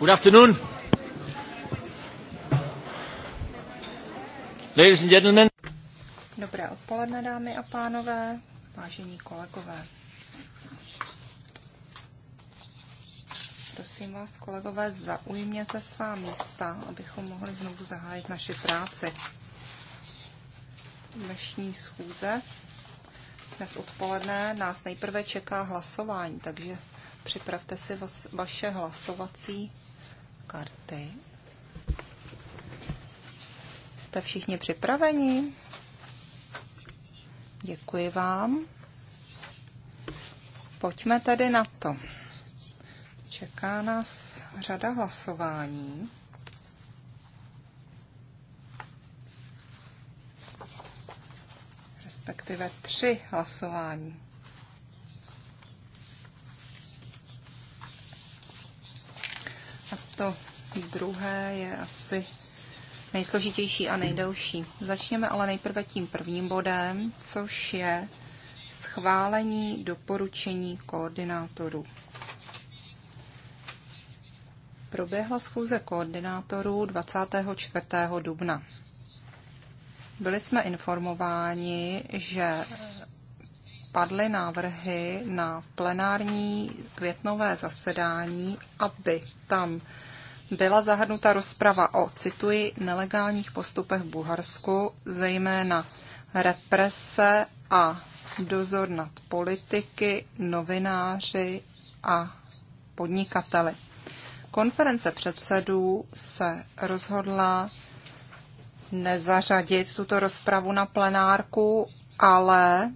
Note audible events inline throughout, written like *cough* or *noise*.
Good afternoon. Ladies and gentlemen. Dobré odpoledne, dámy a pánové, vážení kolegové. Prosím vás, kolegové, zaujměte svá místa, abychom mohli znovu zahájit naši práci. Dnešní schůze dnes odpoledne nás nejprve čeká hlasování, takže připravte si vaše hlasovací karty. Jste všichni připraveni? Děkuji vám. Pojďme tedy na to. Čeká nás řada hlasování. Respektive tři hlasování. to druhé je asi nejsložitější a nejdelší. Začněme ale nejprve tím prvním bodem, což je schválení doporučení koordinátorů. Proběhla schůze koordinátorů 24. dubna. Byli jsme informováni, že padly návrhy na plenární květnové zasedání, aby tam byla zahrnuta rozprava o, cituji, nelegálních postupech v Bulharsku, zejména represe a dozor nad politiky, novináři a podnikateli. Konference předsedů se rozhodla nezařadit tuto rozpravu na plenárku, ale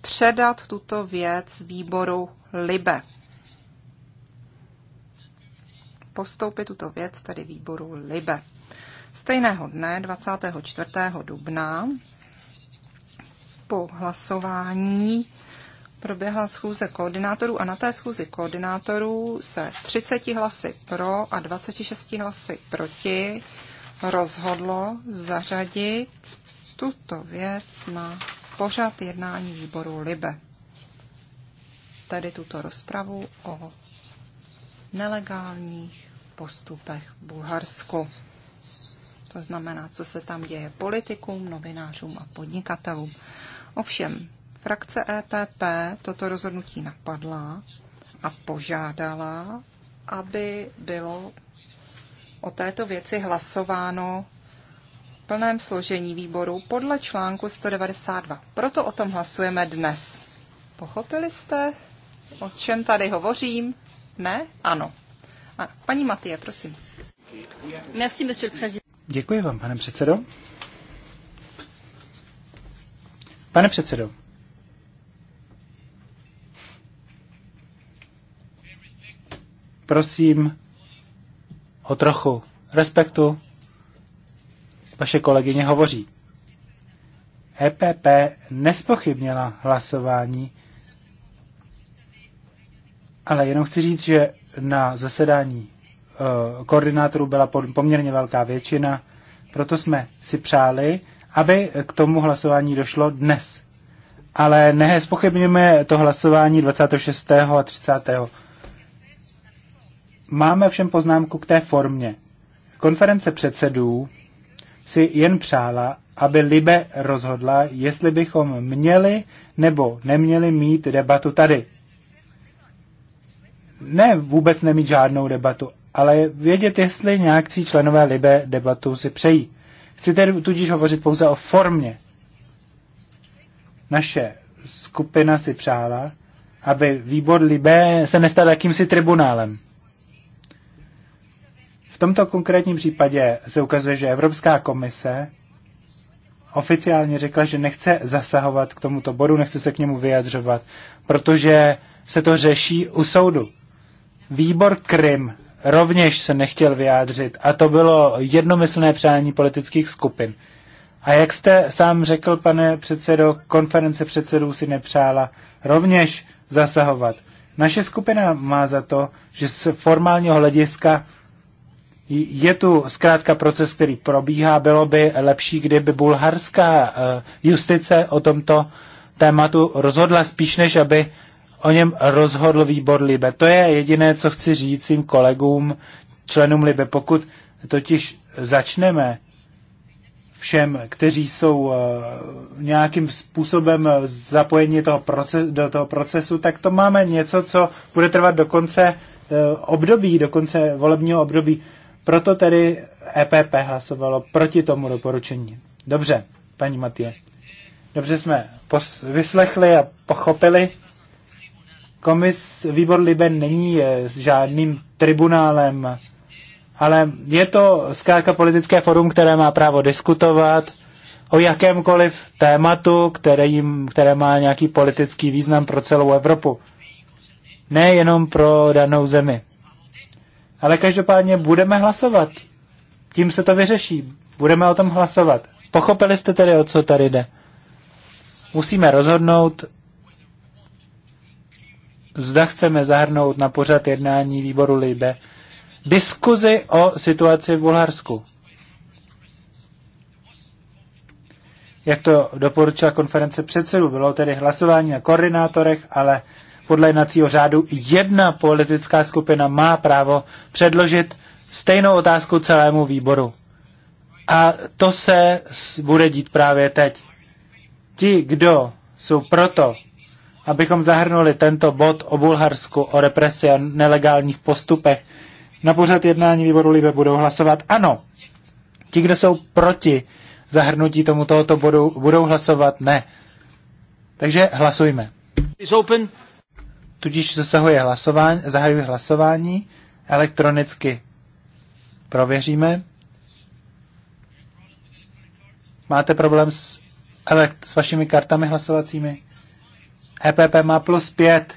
předat tuto věc výboru LIBE postoupit tuto věc tedy výboru LIBE. Stejného dne, 24. dubna, po hlasování proběhla schůze koordinátorů a na té schůzi koordinátorů se 30 hlasy pro a 26 hlasy proti rozhodlo zařadit tuto věc na pořad jednání výboru LIBE. Tedy tuto rozpravu o nelegálních postupech v Bulharsku. To znamená, co se tam děje politikům, novinářům a podnikatelům. Ovšem, frakce EPP toto rozhodnutí napadla a požádala, aby bylo o této věci hlasováno v plném složení výboru podle článku 192. Proto o tom hlasujeme dnes. Pochopili jste, o čem tady hovořím? Ne? Ano. A paní Matie, prosím. Merci, monsieur le président. Děkuji vám, pane předsedo. Pane předsedo, prosím o trochu respektu. Vaše kolegyně hovoří. EPP nespochybnila hlasování, ale jenom chci říct, že na zasedání eh, koordinátorů byla poměrně velká většina, proto jsme si přáli, aby k tomu hlasování došlo dnes. Ale nespochybňujeme to hlasování 26. a 30. Máme všem poznámku k té formě. Konference předsedů si jen přála, aby Libe rozhodla, jestli bychom měli nebo neměli mít debatu tady ne vůbec nemít žádnou debatu, ale vědět, jestli nějakcí členové Libe debatu si přejí. Chci tedy tudíž hovořit pouze o formě. Naše skupina si přála, aby výbor Libé se nestal jakýmsi tribunálem. V tomto konkrétním případě se ukazuje, že Evropská komise oficiálně řekla, že nechce zasahovat k tomuto bodu, nechce se k němu vyjadřovat, protože se to řeší u soudu. Výbor Krym rovněž se nechtěl vyjádřit a to bylo jednomyslné přání politických skupin. A jak jste sám řekl, pane předsedo, konference předsedů si nepřála rovněž zasahovat. Naše skupina má za to, že z formálního hlediska je tu zkrátka proces, který probíhá. Bylo by lepší, kdyby bulharská eh, justice o tomto tématu rozhodla spíš, než aby o něm rozhodl výbor Libe. To je jediné, co chci říct svým kolegům, členům Libe. Pokud totiž začneme všem, kteří jsou eh, nějakým způsobem zapojeni toho proces, do toho procesu, tak to máme něco, co bude trvat do konce eh, období, do konce volebního období. Proto tedy EPP hlasovalo proti tomu doporučení. Dobře, paní Matie. Dobře jsme vyslechli a pochopili Komis, výbor Liben není eh, žádným tribunálem, ale je to zkrátka politické forum, které má právo diskutovat o jakémkoliv tématu, které, jim, které má nějaký politický význam pro celou Evropu. Ne jenom pro danou zemi. Ale každopádně budeme hlasovat. Tím se to vyřeší. Budeme o tom hlasovat. Pochopili jste tedy, o co tady jde. Musíme rozhodnout, zda chceme zahrnout na pořad jednání výboru Libe diskuzi o situaci v Bulharsku. Jak to doporučila konference předsedů, bylo tedy hlasování na koordinátorech, ale podle jednacího řádu jedna politická skupina má právo předložit stejnou otázku celému výboru. A to se bude dít právě teď. Ti, kdo jsou proto, abychom zahrnuli tento bod o Bulharsku, o represi a nelegálních postupech. Na pořad jednání výboru Libe budou hlasovat ano. Ti, kdo jsou proti zahrnutí tomu tohoto bodu, budou hlasovat ne. Takže hlasujme. Tudíž zasahuje hlasování, zahajuje hlasování elektronicky. Prověříme. Máte problém s, elekt, s vašimi kartami hlasovacími? EPP má plus 5.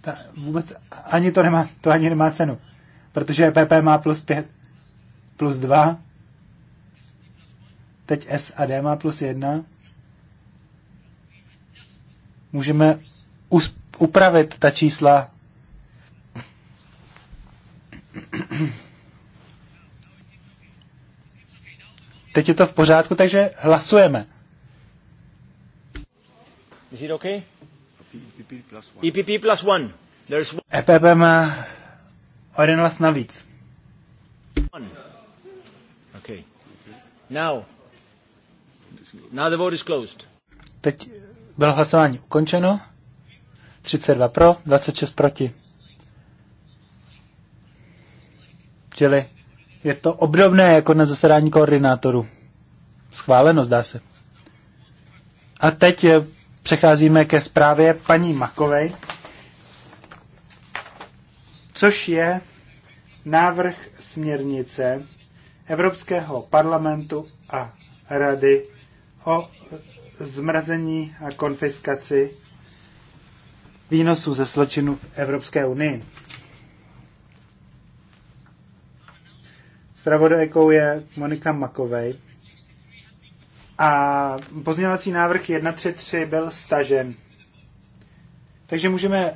Ta, vůbec ani to nemá, to ani nemá cenu. Protože EPP má plus 5, plus 2. Teď S a D má plus 1. Můžeme upravit ta čísla. Teď je to v pořádku, takže hlasujeme. Is it okay? EPP plus one. EPP plus one. There's one. EPP má o jeden hlas navíc. One. Okay. Now. Now the vote is closed. Teď bylo hlasování ukončeno. 32 pro, 26 proti. Čili je to obdobné jako na zasedání koordinátoru. Schváleno, zdá se. A teď přecházíme ke zprávě paní Makovej, což je návrh směrnice Evropského parlamentu a rady o zmrazení a konfiskaci výnosů ze zločinu v Evropské unii. Spravodajkou je Monika Makovej. A pozměňovací návrh 133 byl stažen. Takže můžeme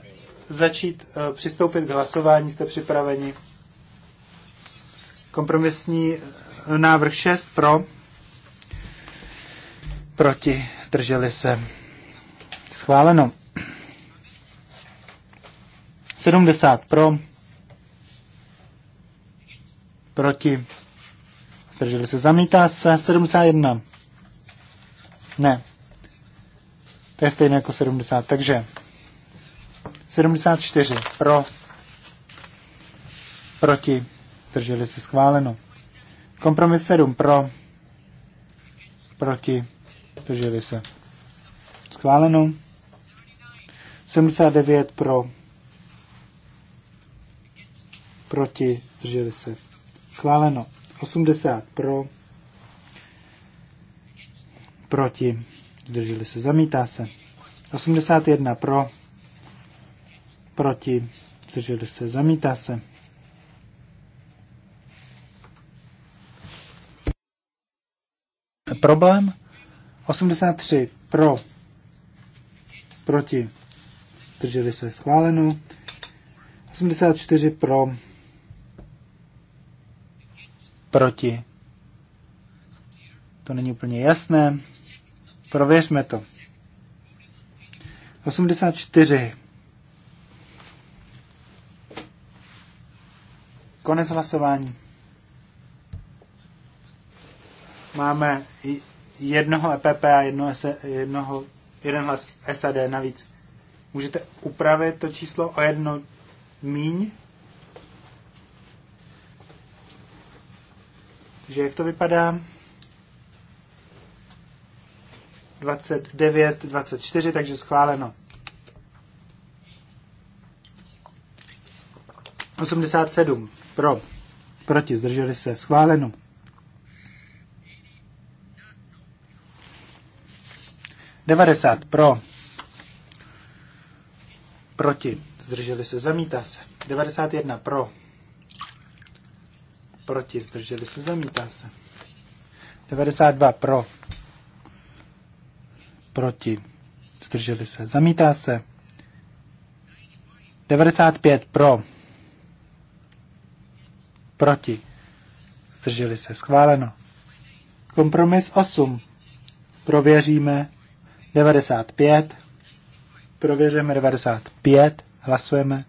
začít uh, přistoupit k hlasování. Jste připraveni? Kompromisní eh, návrh 6 pro. Proti. Zdrželi se. Schváleno. 70 pro. Proti. Zdrželi se. Zamítá se. 71 ne. To je stejné jako 70. Takže 74 pro, proti, drželi se schváleno. Kompromis 7 pro, proti, drželi se schváleno. 79 pro, proti, drželi se schváleno. 80 pro, proti, zdrželi se, zamítá se. 81 pro, proti, zdrželi se, zamítá se. Problém? 83 pro, proti, zdrželi se, schváleno. 84 pro, proti. To není úplně jasné. Prověřme to. 84. Konec hlasování. Máme jednoho EPP a jednoho, e, jednoho, jeden hlas SAD navíc. Můžete upravit to číslo o jedno míň? Takže jak to vypadá? 29, 24, takže schváleno. 87 pro, proti, zdrželi se, schváleno. 90 pro, proti, zdrželi se, zamítá se. 91 pro, proti, zdrželi se, zamítá se. 92 pro, proti, zdrželi se, zamítá se. 95 pro, proti, zdrželi se, schváleno. Kompromis 8, prověříme 95, prověříme 95, hlasujeme.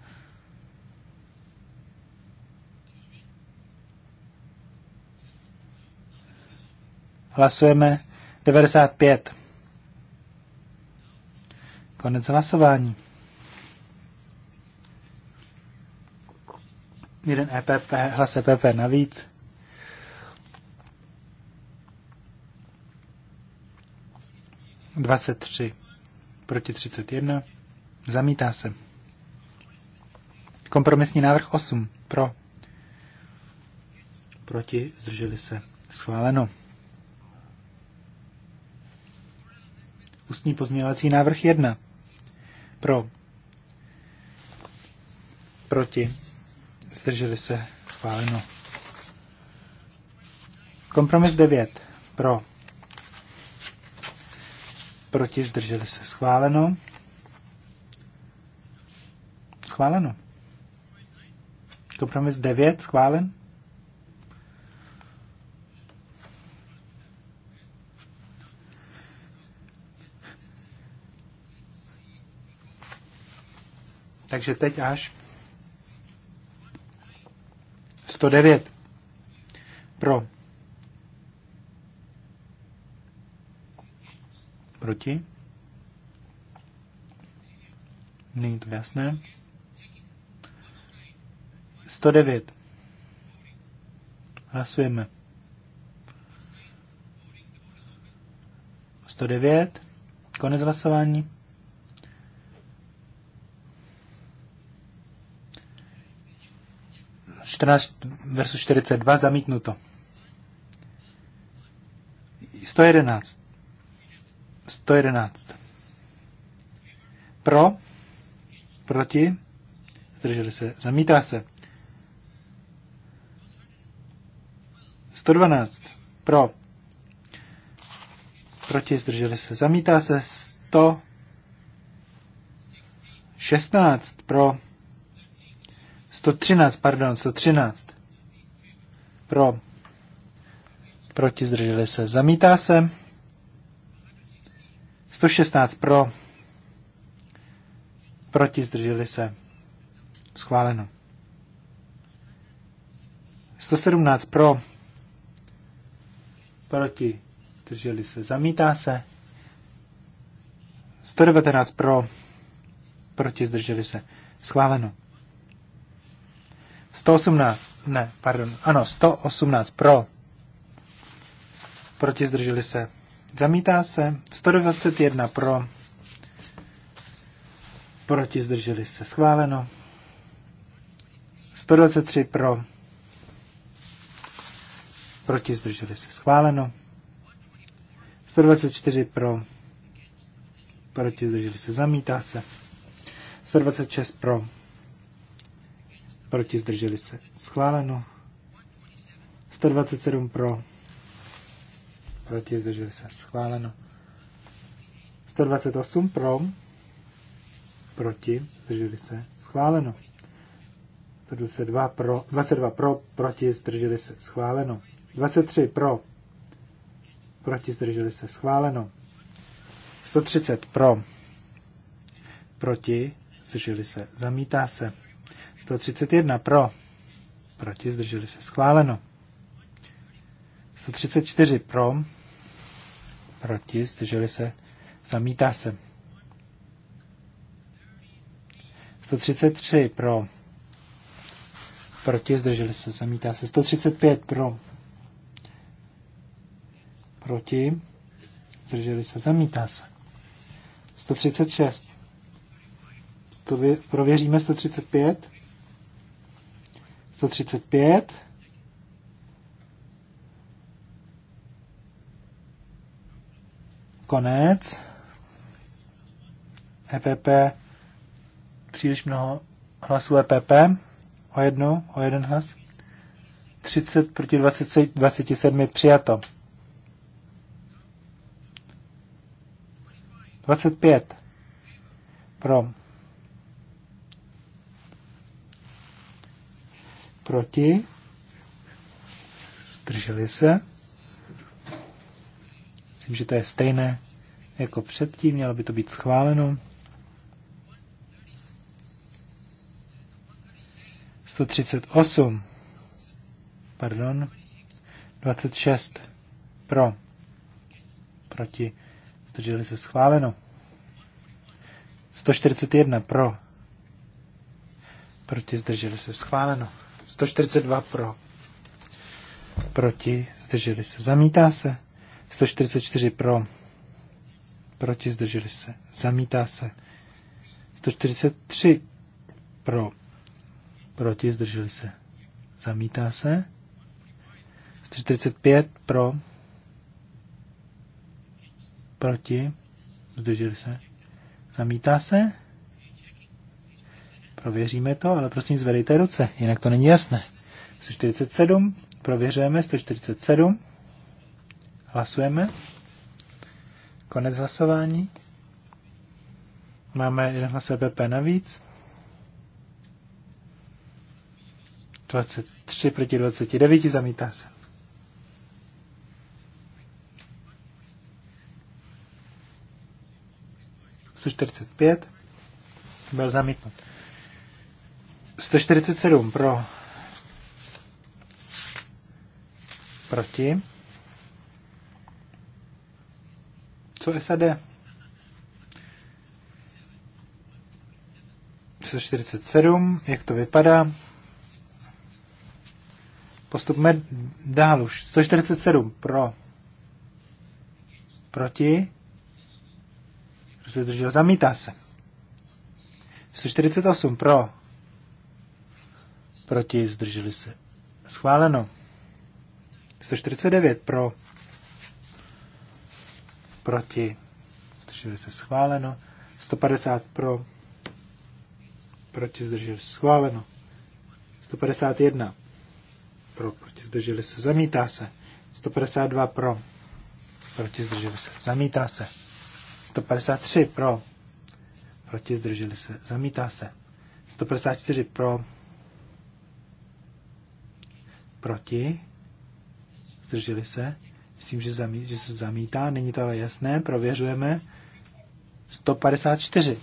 Hlasujeme 95. Konec hlasování. Jeden EPP, hlas EPP navíc. Dvacet tři proti třicet jedna. Zamítá se. Kompromisní návrh osm Pro. Proti. Zdrželi se. Schváleno. Ústní pozměňovací návrh jedna pro, proti, zdrželi se, schváleno. Kompromis 9, pro, proti, zdrželi se, schváleno. Schváleno. Kompromis 9, schválen. Takže teď až 109 pro. Proti. Není to jasné. 109. Hlasujeme. 109. Konec hlasování. 14 versus 42 zamítnuto. 111. 111. Pro, proti, zdrželi se, zamítá se. 112. Pro, proti, zdrželi se, zamítá se. 116. Pro, 113, pardon, 113. Pro. Proti zdrželi se. Zamítá se. 116 pro. Proti zdrželi se. Schváleno. 117 pro. Proti zdrželi se. Zamítá se. 119 pro. Proti zdrželi se. Schváleno. 118, ne, pardon, ano, 118 pro. Proti zdrželi se. Zamítá se. 121 pro. Proti zdrželi se. Schváleno. 123 pro. Proti zdrželi se. Schváleno. 124 pro. Proti zdrželi se. Zamítá se. 126 pro proti zdrželi se. Schváleno. 127 pro, proti zdrželi se. Schváleno. 128 pro, proti zdrželi se. Schváleno. 22 pro, 22 pro, proti zdrželi se. Schváleno. 23 pro, proti zdrželi se. Schváleno. 130 pro, proti zdrželi se. Zamítá se. 131 pro. Proti zdrželi se schváleno. 134 pro. Proti zdrželi se zamítá se. 133 pro. Proti zdrželi se zamítá se. 135 pro. Proti zdrželi se zamítá se. 136 prověříme 135. 135. Konec. EPP. Příliš mnoho hlasů EPP. O jednu, o jeden hlas. 30 proti 20, 27 přijato. 25 pro proti, zdrželi se. Myslím, že to je stejné jako předtím, mělo by to být schváleno. 138, pardon, 26 pro, proti, zdrželi se schváleno. 141 pro, proti zdrželi se schváleno. 142 pro. Proti, zdrželi se. Zamítá se. 144 pro. Proti, zdrželi se. Zamítá se. 143 pro. Proti, zdrželi se. Zamítá se. 145 pro. Proti, zdrželi se. Zamítá se. Prověříme to, ale prosím zvedejte ruce, jinak to není jasné. 147, prověřujeme 147. Hlasujeme. Konec hlasování. Máme jeden hlas EPP navíc. 23 proti 29 zamítá se. byl zamítnut. 147 pro. Proti. Co SAD? 147, jak to vypadá? Postupme dál už. 147 pro. Proti. Kdo se zdržel? Zamítá se. 148 pro proti, zdrželi se. Schváleno. 149 pro, proti, zdrželi se. Schváleno. 150 pro, proti, zdrželi se. Schváleno. 151 pro, proti, zdrželi se. Zamítá se. 152 pro, proti, zdrželi se. Zamítá se. 153 pro, proti, zdrželi se. Zamítá se. 154 pro, Proti? Zdrželi se? Myslím, že, zamí, že se zamítá, není to ale jasné, prověřujeme. 154.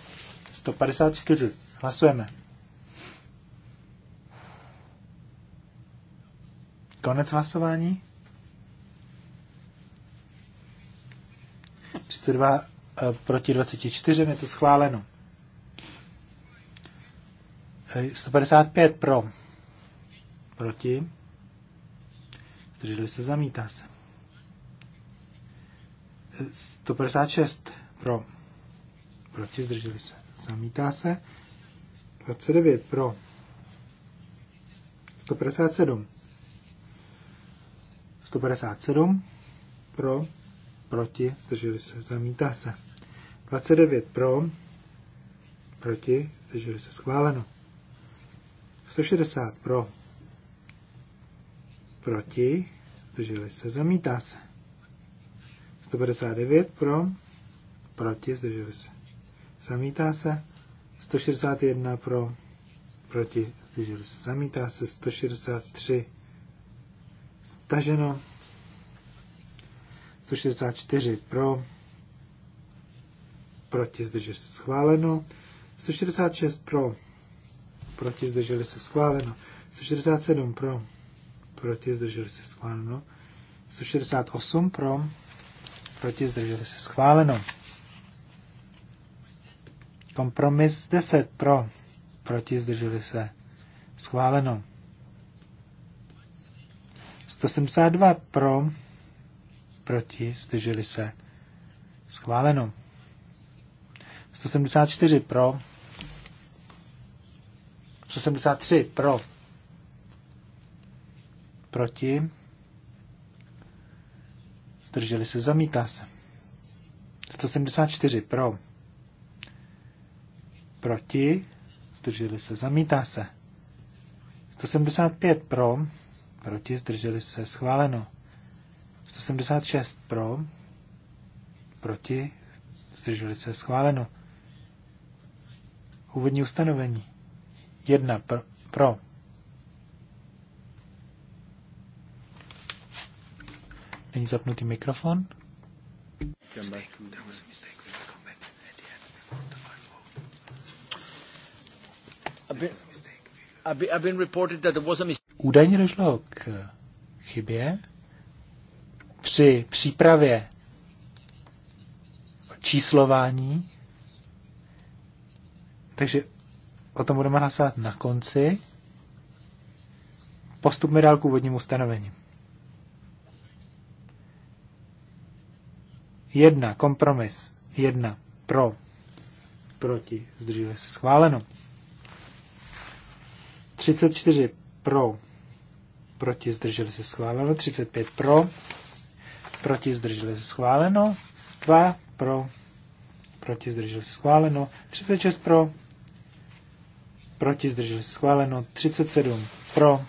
154. Hlasujeme. Konec hlasování. 32 eh, proti 24 je to schváleno. 155 eh, pro. Proti zdrželi se, zamítá se. 156 pro, proti, zdrželi se, zamítá se. 29 pro, 157. 157 pro, proti, zdrželi se, zamítá se. 29 pro, proti, zdrželi se, schváleno. 160 pro, proti, zdrželi se, zamítá se. 159 pro, proti, zdrželi se, zamítá se. 161 pro, proti, zdrželi se, zamítá se. 163 staženo. 164 pro, proti, zdrželi se, schváleno. 166 pro, proti, zdrželi se, schváleno. 167 pro, proti, zdrželi se schváleno. 168 pro, proti, zdrželi se schváleno. Kompromis 10 pro, proti, zdrželi se schváleno. 172 pro, proti, zdrželi se schváleno. 174 pro, 173 pro, Proti? Zdrželi se, zamítá se. 174 pro. Proti? Zdrželi se, zamítá se. 175 pro. Proti? Zdrželi se, schváleno. 176 pro. Proti? Zdrželi se, schváleno. Úvodní ustanovení. 1 pro, pro Není zapnutý mikrofon. Údajně došlo k chybě při přípravě číslování. Takže o tom budeme hlasovat na konci. Postupme dál k úvodnímu stanovení. jedna Kompromis jedna Pro. Proti. Zdrželi se. Schváleno. 34. Pro. Proti. Zdrželi se. Schváleno. 35. Pro. Proti. Zdrželi se. Schváleno. 2. Pro. Proti. Zdrželi se. Schváleno. 36. Pro. Proti. Zdrželi se. Schváleno. 37. Pro.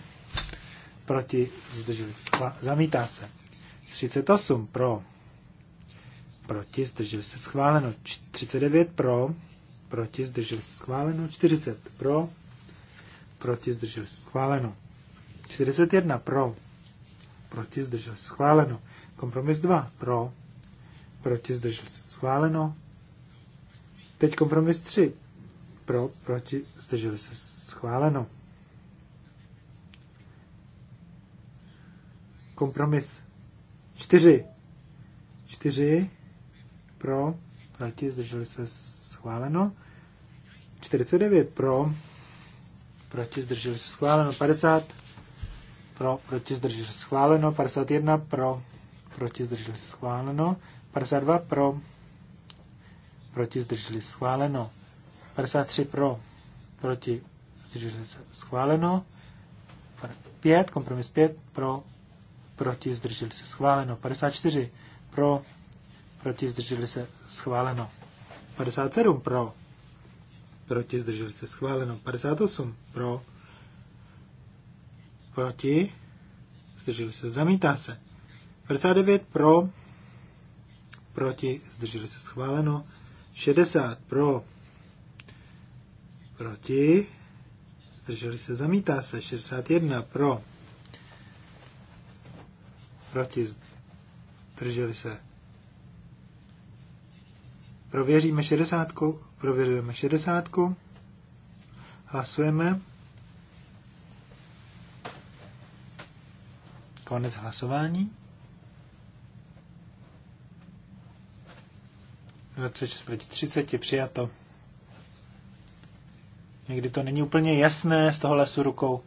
Proti. Zdrželi se. Schváleno. Zamítá se. 38. Pro proti, zdržel se schváleno 39 pro, proti, zdržel se schváleno 40 pro, proti, zdržel se schváleno 41 pro, proti, zdržel se schváleno kompromis 2 pro, proti, zdržel se schváleno teď kompromis 3 pro, proti, zdržel se schváleno kompromis 4 4 pro, proti, zdrželi se schváleno. 49 pro, proti, zdrželi se schváleno. 50 pro, proti, zdrželi se schváleno. 51 pro, proti, zdrželi se schváleno. 52 pro, proti, zdrželi se schváleno. 53 pro, proti, zdrželi se schváleno. 5, kompromis 5 pro, proti, zdrželi se schváleno. 54 pro, proti zdrželi se schváleno. 57 pro, proti zdrželi se schváleno. 58 pro, proti zdrželi se zamítá se. 59 pro, proti zdrželi se schváleno. 60 pro, proti zdrželi se zamítá se. 61 pro, proti zdrželi se Prověříme šedesátku. Prověřujeme šedesátku. Hlasujeme. Konec hlasování. 26 proti 30 přijato. Někdy to není úplně jasné z toho lesu rukou.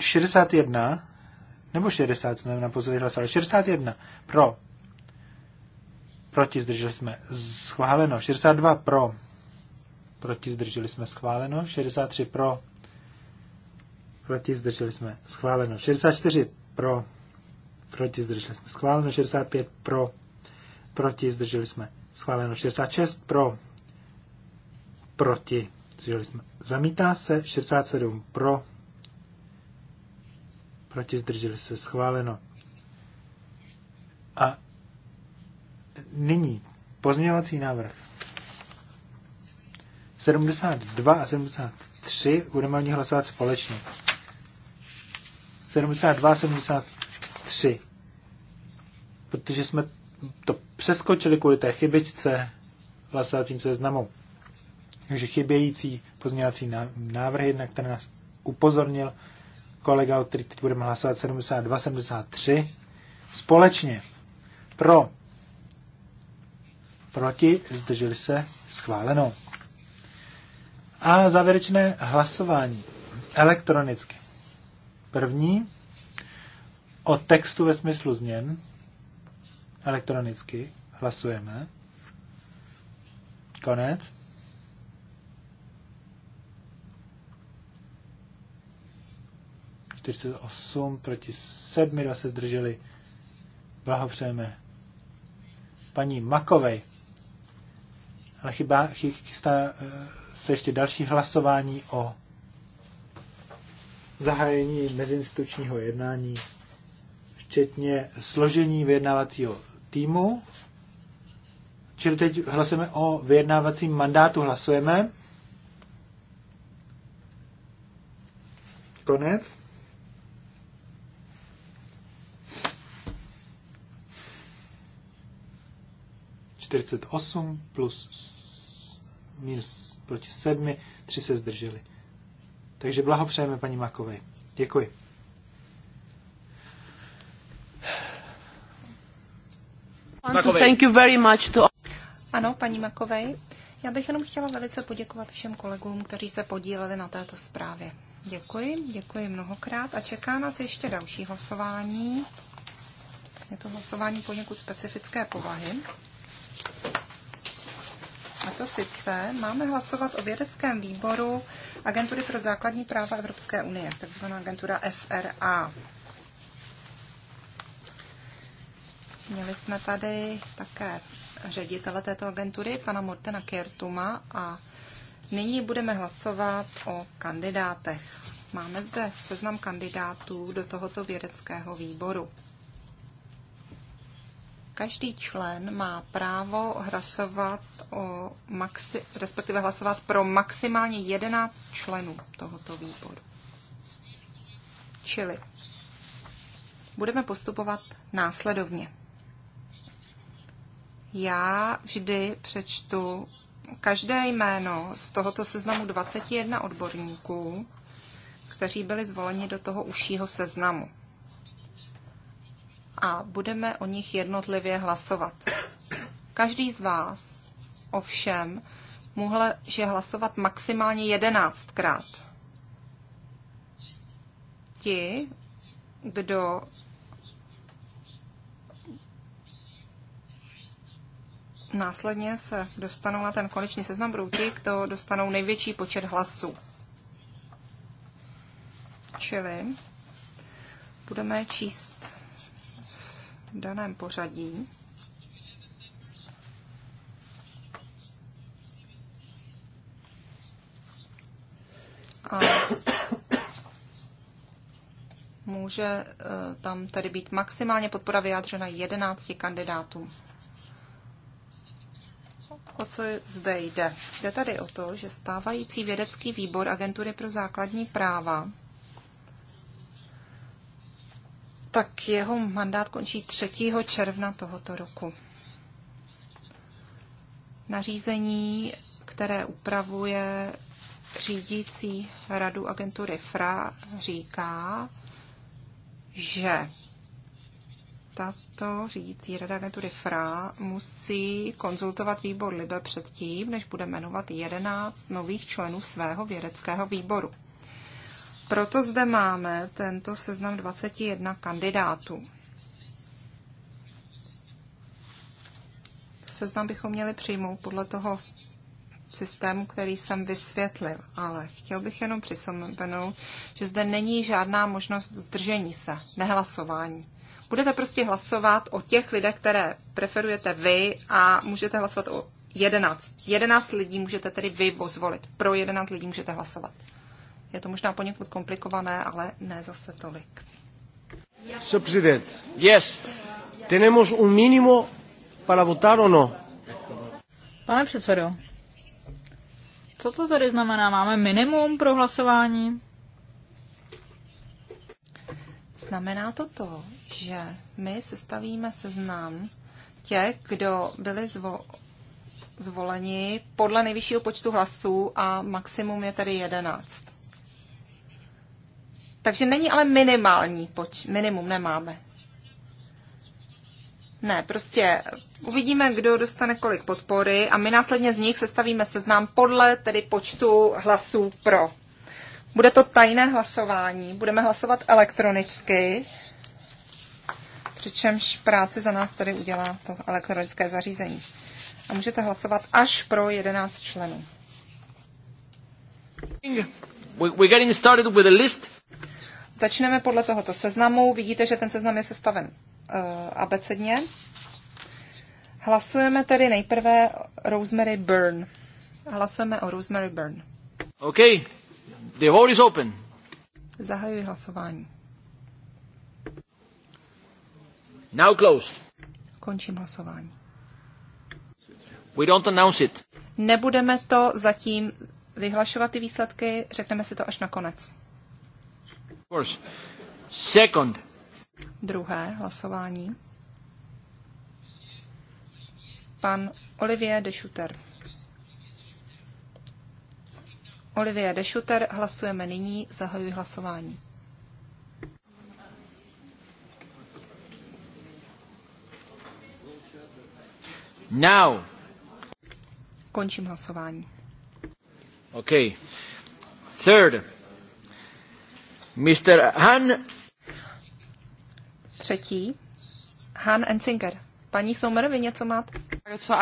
Šedesát jedna nebo 60, jsme na naposledy hlasovali, 61 pro, proti zdrželi jsme schváleno, 62 pro, proti zdrželi jsme schváleno, 63 pro, proti zdrželi jsme schváleno, 64 pro, proti zdrželi jsme schváleno, 65 pro, proti zdrželi jsme schváleno, 66 pro, proti zdrželi jsme, zamítá se, 67 pro, proti, zdrželi se, schváleno. A nyní pozměňovací návrh. 72 a 73 budeme o nich hlasovat společně. 72 a 73. Protože jsme to přeskočili kvůli té chybičce hlasovacím seznamu. Takže chybějící pozměňovací návrhy, na které nás upozornil kolega, o který teď budeme hlasovat, 72, 73, společně pro, proti, zdrželi se, schváleno. A závěrečné hlasování elektronicky. První o textu ve smyslu změn elektronicky hlasujeme. Konec. 48 proti 7, dva se zdrželi. Blahopřejeme paní Makovej. Ale chybá, chystá eh, se ještě další hlasování o zahájení mezinstitučního jednání, včetně složení vyjednávacího týmu. Čili teď hlasujeme o vyjednávacím mandátu. Hlasujeme. Konec. 48 plus minus proti 7, 3 se zdrželi. Takže blahopřejeme paní Makovej. Děkuji. Thank you very much to... Ano, paní Makovej. Já bych jenom chtěla velice poděkovat všem kolegům, kteří se podíleli na této zprávě. Děkuji, děkuji mnohokrát a čeká nás ještě další hlasování. Je to hlasování poněkud specifické povahy. A to sice máme hlasovat o vědeckém výboru Agentury pro základní práva Evropské unie, takzvaná agentura FRA. Měli jsme tady také ředitele této agentury, pana Mortena Kertuma, a nyní budeme hlasovat o kandidátech. Máme zde seznam kandidátů do tohoto vědeckého výboru. Každý člen má právo hlasovat, o maxi, respektive hlasovat pro maximálně 11 členů tohoto výboru. Čili budeme postupovat následovně. Já vždy přečtu každé jméno z tohoto seznamu 21 odborníků, kteří byli zvoleni do toho užšího seznamu a budeme o nich jednotlivě hlasovat. Každý z vás ovšem mohl že hlasovat maximálně jedenáctkrát. Ti, kdo následně se dostanou na ten konečný seznam, budou ti, kdo dostanou největší počet hlasů. Čili budeme číst daném pořadí. A může eh, tam tedy být maximálně podpora vyjádřena 11 kandidátů. O co zde jde? Jde tady o to, že stávající vědecký výbor Agentury pro základní práva jeho mandát končí 3. června tohoto roku. Nařízení, které upravuje řídící radu agentury FRA, říká, že tato řídící rada agentury FRA musí konzultovat výbor LIBE předtím, než bude jmenovat 11 nových členů svého vědeckého výboru. Proto zde máme tento seznam 21 kandidátů. Seznam bychom měli přijmout podle toho systému, který jsem vysvětlil, ale chtěl bych jenom přisomenout, že zde není žádná možnost zdržení se, nehlasování. Budete prostě hlasovat o těch lidech, které preferujete vy a můžete hlasovat o 11. 11 lidí můžete tedy vy zvolit. Pro 11 lidí můžete hlasovat. Je to možná poněkud komplikované, ale ne zase tolik. Sr. yes, tenemos un mínimo para votar o no? Pane předsedo, co to tady znamená? Máme minimum pro hlasování? Znamená to to, že my sestavíme seznam těch, kdo byli zvo- zvoleni podle nejvyššího počtu hlasů a maximum je tedy jedenáct. Takže není ale minimální poč, minimum nemáme. Ne, prostě uvidíme, kdo dostane kolik podpory a my následně z nich sestavíme seznam podle tedy počtu hlasů pro. Bude to tajné hlasování, budeme hlasovat elektronicky, přičemž práci za nás tady udělá to elektronické zařízení. A můžete hlasovat až pro 11 členů. We're getting started with a list. Začneme podle tohoto seznamu. Vidíte, že ten seznam je sestaven eh, abecedně. Hlasujeme tedy nejprve Rosemary Byrne. Hlasujeme o Rosemary Byrne. OK. The vote is open. Zahajuji hlasování. Now closed. Končím hlasování. We don't announce it. Nebudeme to zatím vyhlašovat ty výsledky, řekneme si to až na konec. Druhé hlasování. Pan Olivier de Schutter. Olivier de Schutter, hlasujeme nyní, zahajuji hlasování. Now. Končím hlasování. Okay. Third. Mr. Han. Třetí. Han Enzinger. Paní Sommer, vy něco máte? Co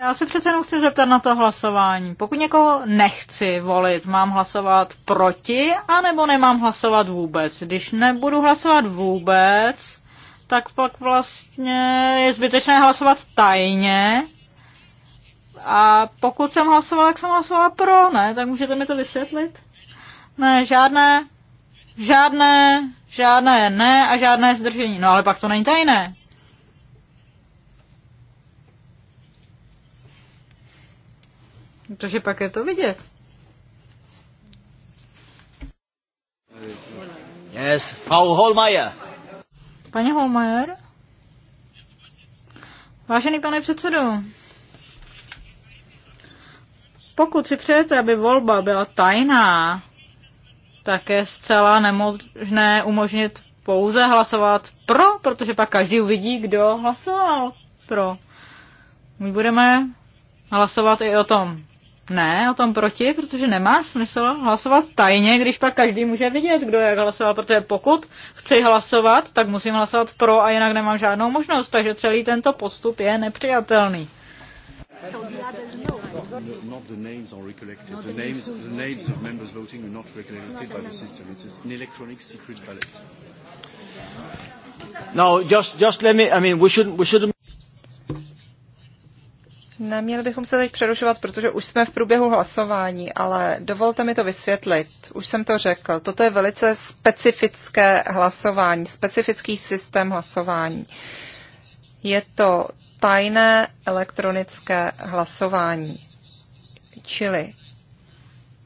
Já se přece jenom chci zeptat na to hlasování. Pokud někoho nechci volit, mám hlasovat proti, anebo nemám hlasovat vůbec? Když nebudu hlasovat vůbec, tak pak vlastně je zbytečné hlasovat tajně. A pokud jsem hlasovala, tak jsem hlasovala pro, ne? Tak můžete mi to vysvětlit? Ne, žádné Žádné, žádné ne a žádné zdržení. No ale pak to není tajné. Protože pak je to vidět. Yes, Frau Holmeier. Paní Holmeier? Vážený pane předsedo, pokud si přejete, aby volba byla tajná, tak je zcela nemožné umožnit pouze hlasovat pro, protože pak každý uvidí, kdo hlasoval pro. My budeme hlasovat i o tom ne, o tom proti, protože nemá smysl hlasovat tajně, když pak každý může vidět, kdo jak hlasoval, protože pokud chci hlasovat, tak musím hlasovat pro a jinak nemám žádnou možnost, takže celý tento postup je nepřijatelný. So the others know. No, not the names are recollected. No, the, the names, the names of members voting are not recollected by the system. It's an electronic secret ballot. No, just, just let me, I mean, we shouldn't, we shouldn't... Neměli bychom se teď přerušovat, protože už jsme v průběhu hlasování, ale dovolte mi to vysvětlit. Už jsem to řekl. Toto je velice specifické hlasování, specifický systém hlasování. Je to tajné elektronické hlasování. Čili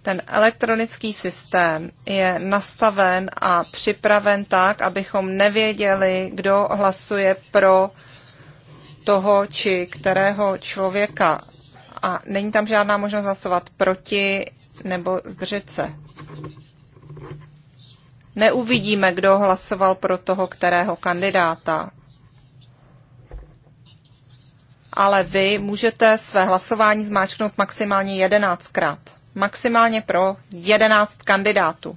ten elektronický systém je nastaven a připraven tak, abychom nevěděli, kdo hlasuje pro toho či kterého člověka. A není tam žádná možnost hlasovat proti nebo zdržet se. Neuvidíme, kdo hlasoval pro toho kterého kandidáta ale vy můžete své hlasování zmáčknout maximálně jedenáctkrát. Maximálně pro jedenáct kandidátů.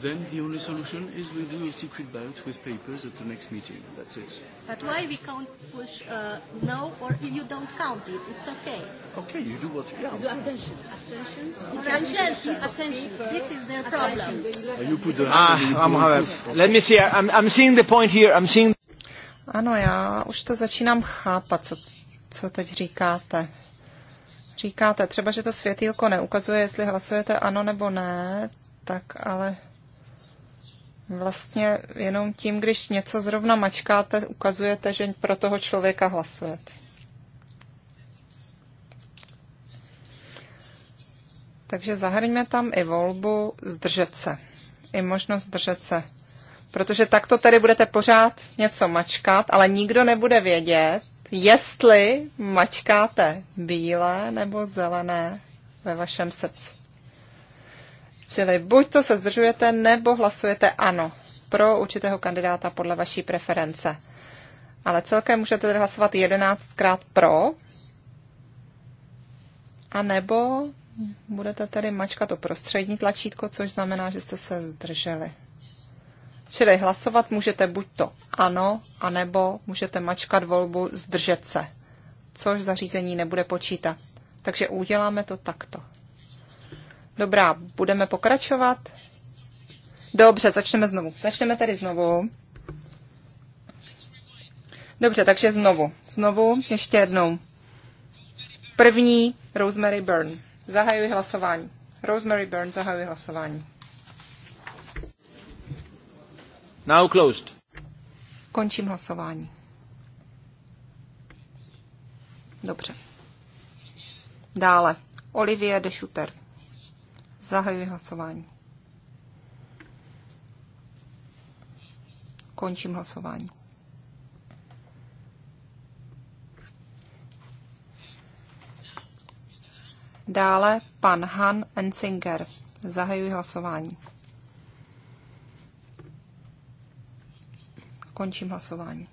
Then the only solution is we do a secret ballot with papers at the next meeting. That's it. But why we can't push uh, no or if you don't count it, it's okay. Okay, you do what you do. Abstention. Abstention. attention, attention. This is their problem. Uh, you put the ah, I'm, let me see. I'm, I'm seeing the point here. I'm seeing ano, já už to začínám chápat, co, co teď říkáte. Říkáte třeba, že to světýlko neukazuje, jestli hlasujete ano nebo ne, tak ale vlastně jenom tím, když něco zrovna mačkáte, ukazujete, že pro toho člověka hlasujete. Takže zahrňme tam i volbu zdržet se. I možnost zdržet se. Protože takto tady budete pořád něco mačkat, ale nikdo nebude vědět, jestli mačkáte bílé nebo zelené ve vašem srdci. Čili buď to se zdržujete, nebo hlasujete ano pro určitého kandidáta podle vaší preference. Ale celkem můžete tedy hlasovat 11krát pro, a nebo budete tedy mačkat to prostřední tlačítko, což znamená, že jste se zdrželi. Čili hlasovat můžete buď to ano, anebo můžete mačkat volbu zdržet se, což zařízení nebude počítat. Takže uděláme to takto. Dobrá, budeme pokračovat? Dobře, začneme znovu. Začneme tady znovu. Dobře, takže znovu. Znovu, ještě jednou. První, Rosemary Byrne. Zahajuji hlasování. Rosemary Byrne, zahajuji hlasování. Now closed. Končím hlasování. Dobře. Dále. Olivier de Schutter. Zahajuji hlasování. Končím hlasování. Dále pan Han Ensinger. Zahajuji hlasování. Končím hlasování.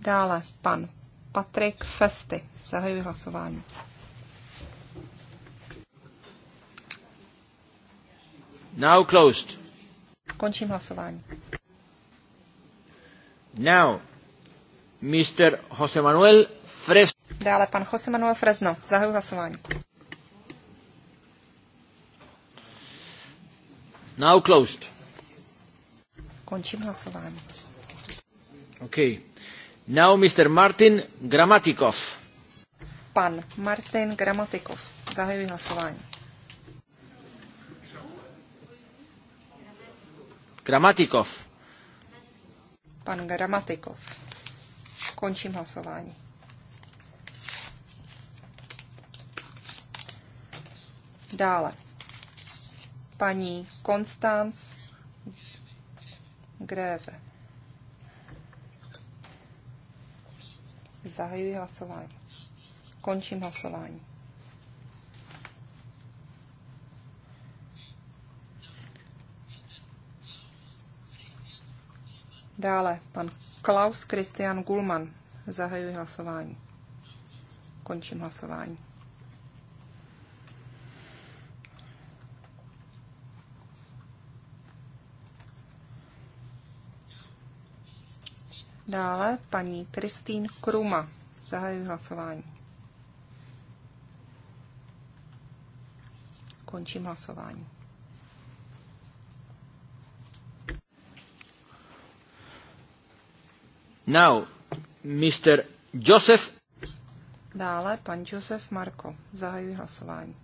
Dále pan Patrik Festy. Zahajuji hlasování. Now closed. Končím hlasování. Now, Mr. Jose Manuel Fresno. Dále pan Jose Manuel Fresno. Zahajuji hlasování. Now closed. Končím hlasování. OK. Now Mr. Martin Gramatikov. Pan Martin Gramatikov. Zahajuji hlasování. Gramatikov. Pan Gramatikov. Končím hlasování. Dále paní Konstanz Gréve. Zahajuji hlasování. Končím hlasování. Dále pan Klaus Christian Gulman. Zahajuji hlasování. Končím hlasování. Dále paní Kristýn Kruma. Zahajuji hlasování. Končím hlasování. Now, Mr. Joseph. Dále pan Josef Marko. Zahajuji hlasování.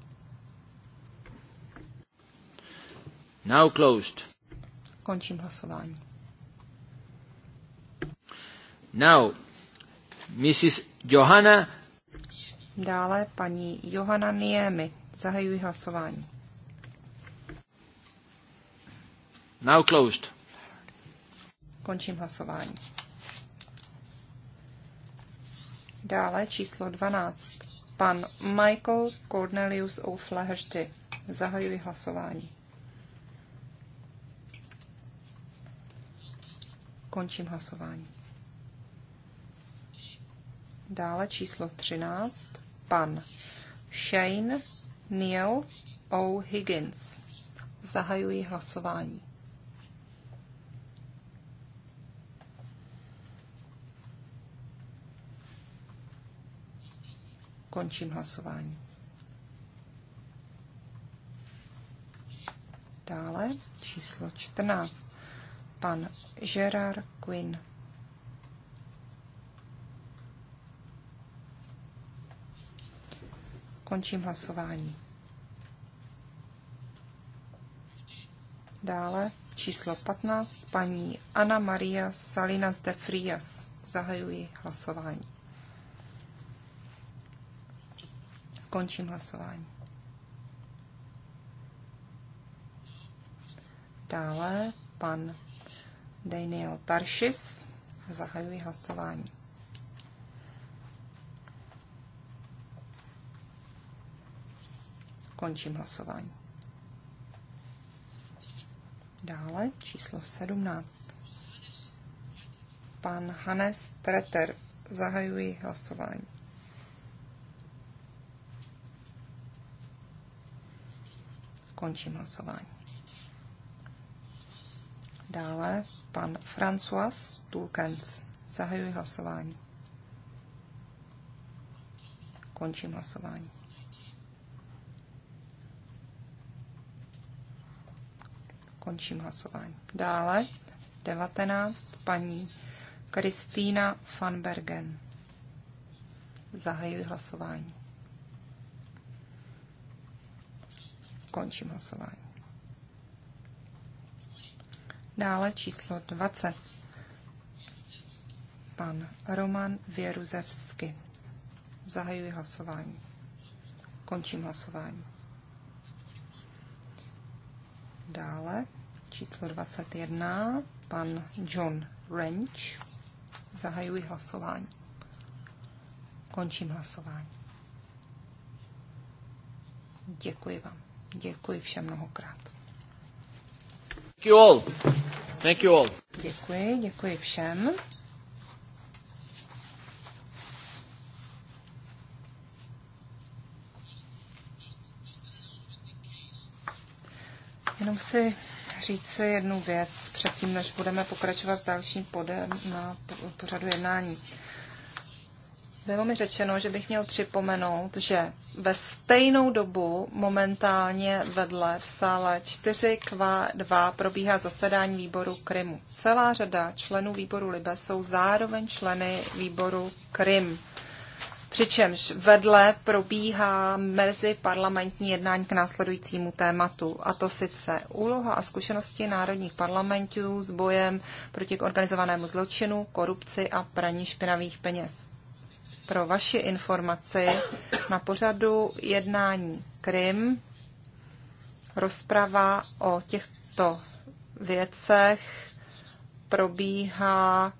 Now closed. Končím hlasování. Now, Mrs. Johanna. Dále paní Johanna Niemi. Zahajuji hlasování. Now closed. Končím hlasování. Dále číslo 12. Pan Michael Cornelius O'Flaherty. Zahajuji hlasování. Končím hlasování. Dále číslo 13, pan Shane Neil O. Higgins. Zahajuji hlasování. Končím hlasování. Dále číslo 14. Pan Gerard Quinn. Končím hlasování. Dále číslo 15, paní Ana Maria Salinas de Frias. Zahajuji hlasování. Končím hlasování. Dále pan Daniel Taršis. Zahajuji hlasování. Končím hlasování. Dále číslo 17. Pan Hannes Treter. Zahajuji hlasování. Končím hlasování. Dále pan François Tulkens. Zahajuji hlasování. Končím hlasování. Končím hlasování. Dále 19. Paní Kristýna van Bergen. Zahajuji hlasování. Končím hlasování. Dále číslo 20. Pan Roman Věruzevsky. Zahajuji hlasování. Končím hlasování. Dále číslo 21, pan John Range. Zahajuji hlasování. Končím hlasování. Děkuji vám. Děkuji všem mnohokrát. Thank you all. Thank you all. Děkuji, děkuji všem. Jenom si říci jednu věc předtím, než budeme pokračovat s dalším podem na pořadu jednání. Bylo mi řečeno, že bych měl připomenout, že ve stejnou dobu momentálně vedle v sále 4 k 2 probíhá zasedání výboru Krymu. Celá řada členů výboru Libe jsou zároveň členy výboru Krym přičemž vedle probíhá mezi parlamentní jednání k následujícímu tématu, a to sice úloha a zkušenosti národních parlamentů s bojem proti organizovanému zločinu, korupci a praní špinavých peněz. Pro vaši informaci na pořadu jednání Krym rozprava o těchto věcech probíhá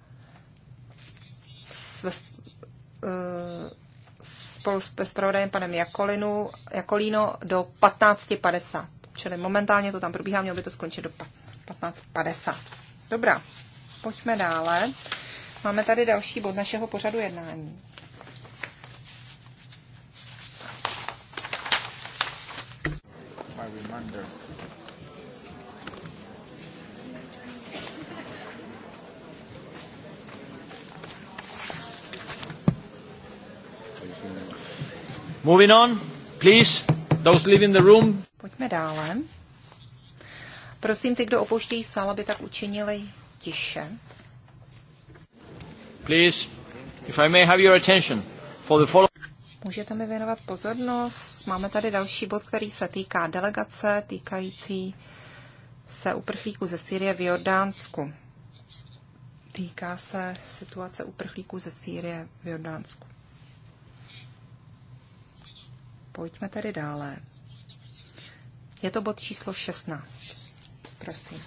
spolu s zpravodajem panem Jakolinu, Jakolino do 15.50. Čili momentálně to tam probíhá, mělo by to skončit do 15.50. Dobrá, pojďme dále. Máme tady další bod našeho pořadu jednání. My reminder. Moving on, please, those leaving the room. Pojďme dále. Prosím ty, kdo opouštějí sál, aby tak učinili tiše. Please, if I may have your attention for the following. Můžete mi věnovat pozornost. Máme tady další bod, který se týká delegace týkající se uprchlíků ze Sýrie v Jordánsku. Týká se situace uprchlíků ze Sýrie v Jordánsku. Pojďme tedy dále. Je to bod číslo 16. Prosím.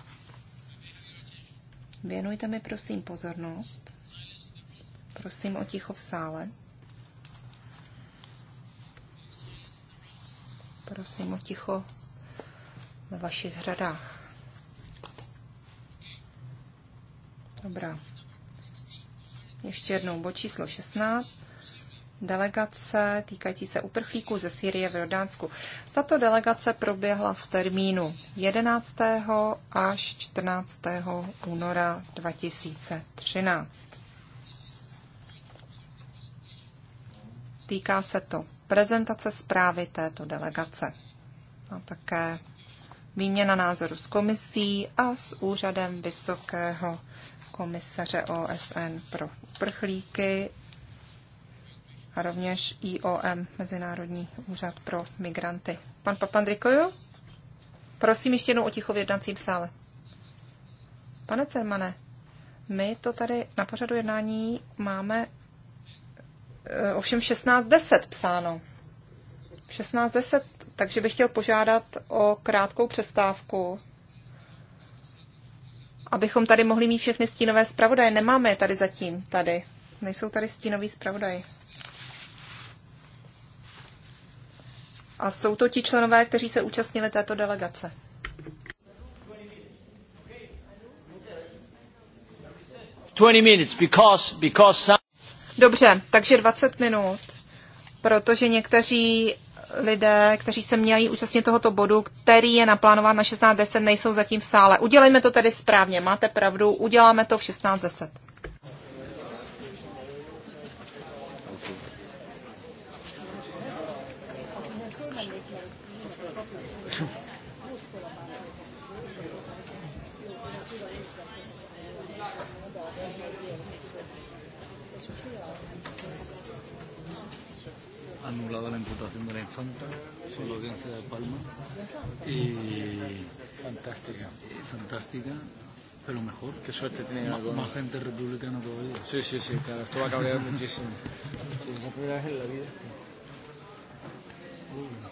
Věnujte mi prosím pozornost. Prosím o ticho v sále. Prosím o ticho ve vašich řadách. Dobrá. Ještě jednou bod číslo 16 delegace týkající se uprchlíků ze Syrie v Jordánsku. Tato delegace proběhla v termínu 11. až 14. února 2013. Týká se to prezentace zprávy této delegace a také výměna názoru s komisí a s úřadem Vysokého komisaře OSN pro uprchlíky a rovněž IOM, Mezinárodní úřad pro migranty. Pan Papandrikoju, prosím ještě jednou o ticho v jednacím sále. Pane Cermane, my to tady na pořadu jednání máme eh, ovšem 16.10 psáno. 16.10, takže bych chtěl požádat o krátkou přestávku, abychom tady mohli mít všechny stínové zpravodaje. Nemáme je tady zatím, tady. Nejsou tady stínový zpravodaji. A jsou to ti členové, kteří se účastnili této delegace. Dobře, takže 20 minut, protože někteří lidé, kteří se měli účastnit tohoto bodu, který je naplánován na 16.10, nejsou zatím v sále. Udělejme to tedy správně, máte pravdu, uděláme to v 16.10. cuenta, solo audiencia de Palma, y fantástica, y fantástica, pero mejor. Qué suerte tienen algunos. Más gente republicana todavía. Sí, sí, sí, claro, esto va a cambiar muchísimo. Sí, no en la vida. Uy.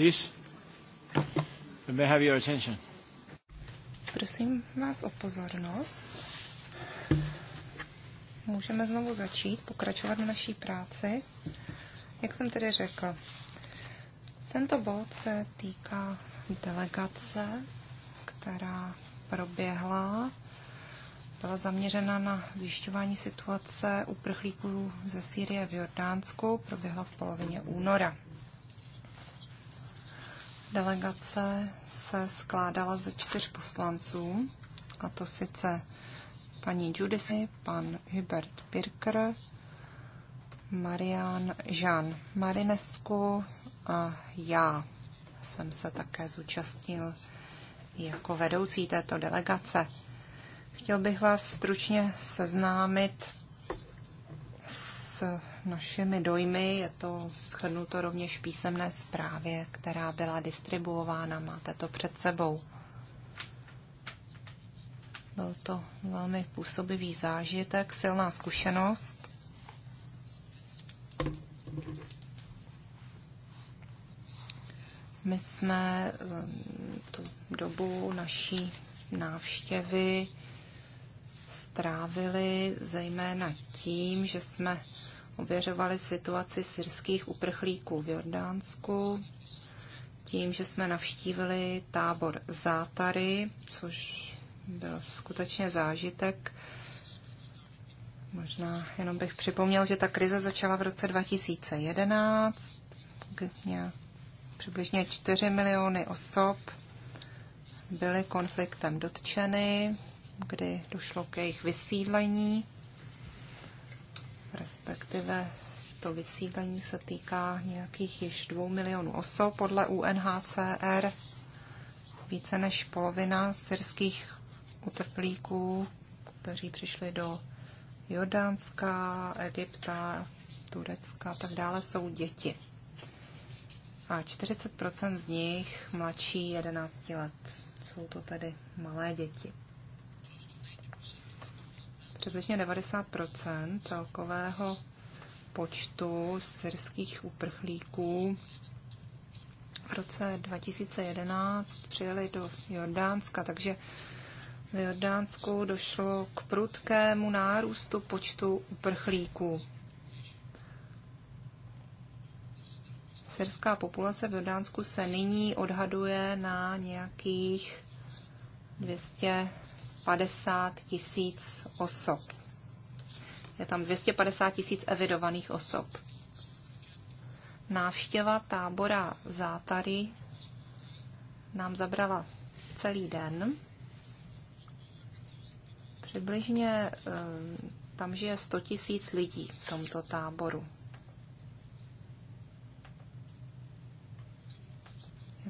Please, we may have your attention. Prosím vás o pozornost. Můžeme znovu začít, pokračovat v naší práci. Jak jsem tedy řekl, tento bod se týká delegace, která proběhla. Byla zaměřena na zjišťování situace uprchlíků ze Sýrie v Jordánsku, proběhla v polovině února delegace se skládala ze čtyř poslanců, a to sice paní Judisy, pan Hubert Pirker, Marian Jean Marinescu a já jsem se také zúčastnil jako vedoucí této delegace. Chtěl bych vás stručně seznámit s našimi dojmy. Je to shrnuto rovněž písemné zprávě, která byla distribuována. Máte to před sebou. Byl to velmi působivý zážitek, silná zkušenost. My jsme um, tu dobu naší návštěvy strávili zejména tím, že jsme ověřovali situaci syrských uprchlíků v Jordánsku tím, že jsme navštívili tábor Zátary, což byl skutečně zážitek. Možná jenom bych připomněl, že ta krize začala v roce 2011, kdy přibližně 4 miliony osob byly konfliktem dotčeny, kdy došlo k jejich vysídlení respektive to vysídlení se týká nějakých již dvou milionů osob podle UNHCR. Více než polovina syrských utrplíků, kteří přišli do Jordánska, Egypta, Turecka a tak dále, jsou děti. A 40 z nich mladší 11 let. Jsou to tedy malé děti přibližně 90 celkového počtu syrských uprchlíků v roce 2011 přijeli do Jordánska, takže v Jordánsku došlo k prudkému nárůstu počtu uprchlíků. Syrská populace v Jordánsku se nyní odhaduje na nějakých 200 250 tisíc osob. Je tam 250 tisíc evidovaných osob. Návštěva tábora Zátary nám zabrala celý den. Přibližně eh, tam žije 100 tisíc lidí v tomto táboru.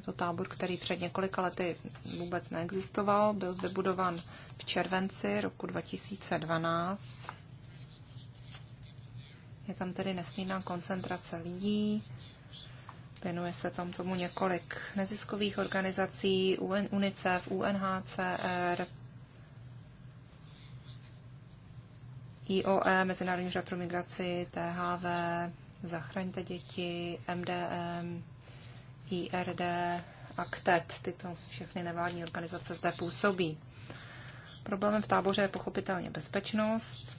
Je to tábor, který před několika lety vůbec neexistoval. Byl vybudovan v červenci roku 2012. Je tam tedy nesmírná koncentrace lidí. Věnuje se tam tomu několik neziskových organizací, UNICEF, UNHCR, IOE, Mezinárodní úřad pro migraci, THV, Zachraňte děti, MDM, IRD a e tyto všechny nevládní organizace zde působí. Problémem v táboře je pochopitelně bezpečnost.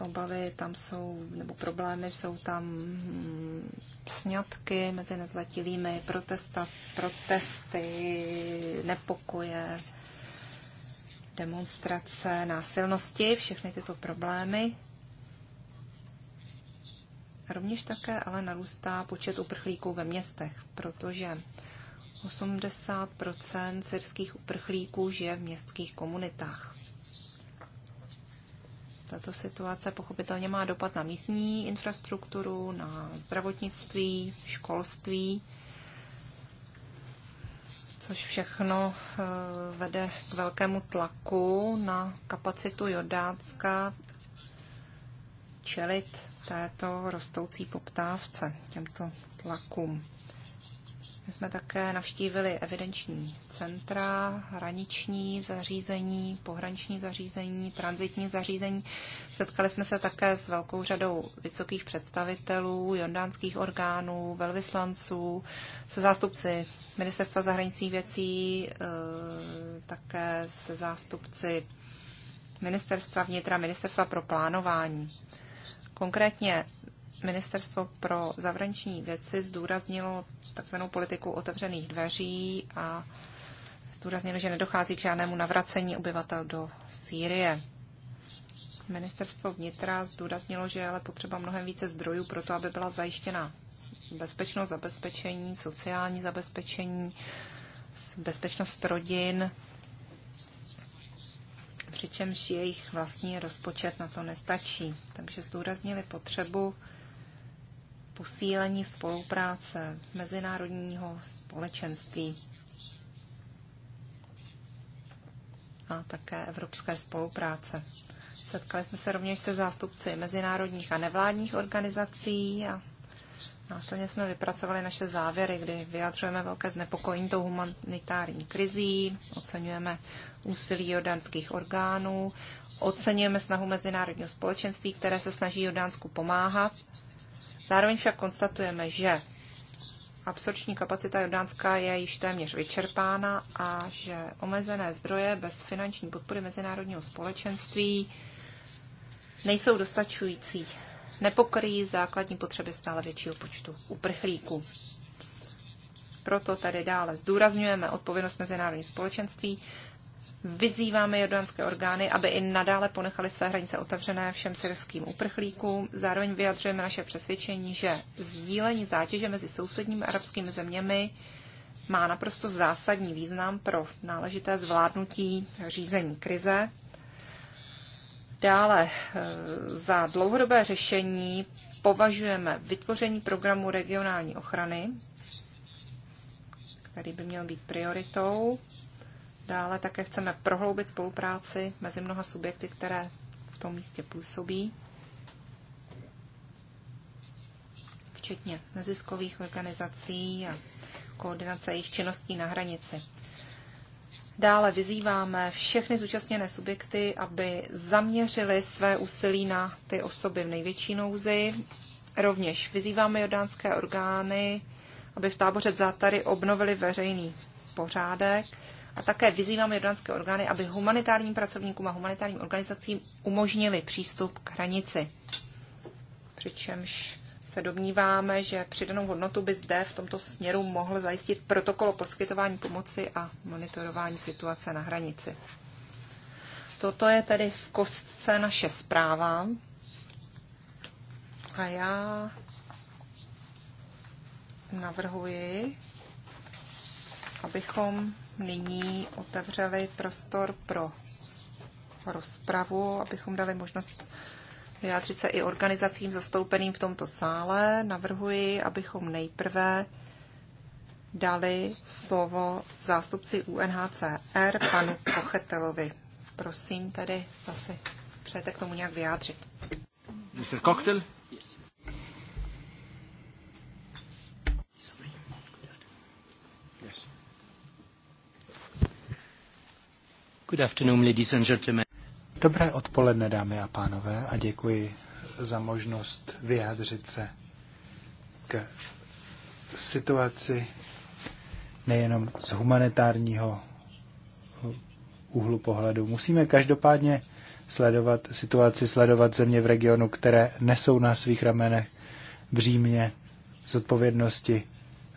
Obavy tam jsou, nebo problémy jsou tam hm, sňatky mezi nezletilými, protesta, protesty, nepokoje, demonstrace, násilnosti, všechny tyto problémy Rovněž také ale narůstá počet uprchlíků ve městech, protože 80 syrských uprchlíků žije v městských komunitách. Tato situace pochopitelně má dopad na místní infrastrukturu, na zdravotnictví, školství, což všechno eh, vede k velkému tlaku na kapacitu Jordánska čelit této rostoucí poptávce, těmto tlakům. My jsme také navštívili evidenční centra, hraniční zařízení, pohraniční zařízení, transitní zařízení. Setkali jsme se také s velkou řadou vysokých představitelů, jordánských orgánů, velvyslanců, se zástupci Ministerstva zahraničních věcí, eh, také se zástupci Ministerstva vnitra, Ministerstva pro plánování. Konkrétně Ministerstvo pro zahraniční věci zdůraznilo takzvanou politiku otevřených dveří a zdůraznilo, že nedochází k žádnému navracení obyvatel do Sýrie. Ministerstvo vnitra zdůraznilo, že je ale potřeba mnohem více zdrojů pro to, aby byla zajištěna bezpečnost zabezpečení, sociální zabezpečení, bezpečnost rodin přičemž jejich vlastní rozpočet na to nestačí. Takže zdůraznili potřebu posílení spolupráce mezinárodního společenství a také evropské spolupráce. Setkali jsme se rovněž se zástupci mezinárodních a nevládních organizací a následně jsme vypracovali naše závěry, kdy vyjadřujeme velké znepokojení tou humanitární krizí, oceňujeme úsilí jordánských orgánů, oceňujeme snahu mezinárodního společenství, které se snaží Jordánsku pomáhat. Zároveň však konstatujeme, že absorpční kapacita Jordánska je již téměř vyčerpána a že omezené zdroje bez finanční podpory mezinárodního společenství nejsou dostačující, nepokryjí základní potřeby stále většího počtu uprchlíků. Proto tedy dále zdůrazňujeme odpovědnost mezinárodní společenství Vyzýváme jordánské orgány, aby i nadále ponechali své hranice otevřené všem syrským uprchlíkům. Zároveň vyjadřujeme naše přesvědčení, že sdílení zátěže mezi sousedními arabskými zeměmi má naprosto zásadní význam pro náležité zvládnutí řízení krize. Dále eh, za dlouhodobé řešení považujeme vytvoření programu regionální ochrany, který by měl být prioritou Dále také chceme prohloubit spolupráci mezi mnoha subjekty, které v tom místě působí, včetně neziskových organizací a koordinace jejich činností na hranici. Dále vyzýváme všechny zúčastněné subjekty, aby zaměřili své úsilí na ty osoby v největší nouzi. Rovněž vyzýváme jordánské orgány, aby v táboře Zátary obnovili veřejný pořádek a také vyzýváme jordánské orgány, aby humanitárním pracovníkům a humanitárním organizacím umožnili přístup k hranici. Přičemž se domníváme, že přidanou hodnotu by zde v tomto směru mohl zajistit protokol o poskytování pomoci a monitorování situace na hranici. Toto je tedy v kostce naše zpráva. A já navrhuji, abychom nyní otevřeli prostor pro rozpravu, abychom dali možnost vyjádřit se i organizacím zastoupeným v tomto sále. Navrhuji, abychom nejprve dali slovo zástupci UNHCR panu Kochetelovi. Prosím tedy, zase přejete k tomu nějak vyjádřit. Mr. Cocktail? Good afternoon, ladies and gentlemen. Dobré odpoledne, dámy a pánové, a děkuji za možnost vyjádřit se k situaci nejenom z humanitárního úhlu pohledu. Musíme každopádně sledovat situaci, sledovat země v regionu, které nesou na svých ramenech břímně zodpovědnosti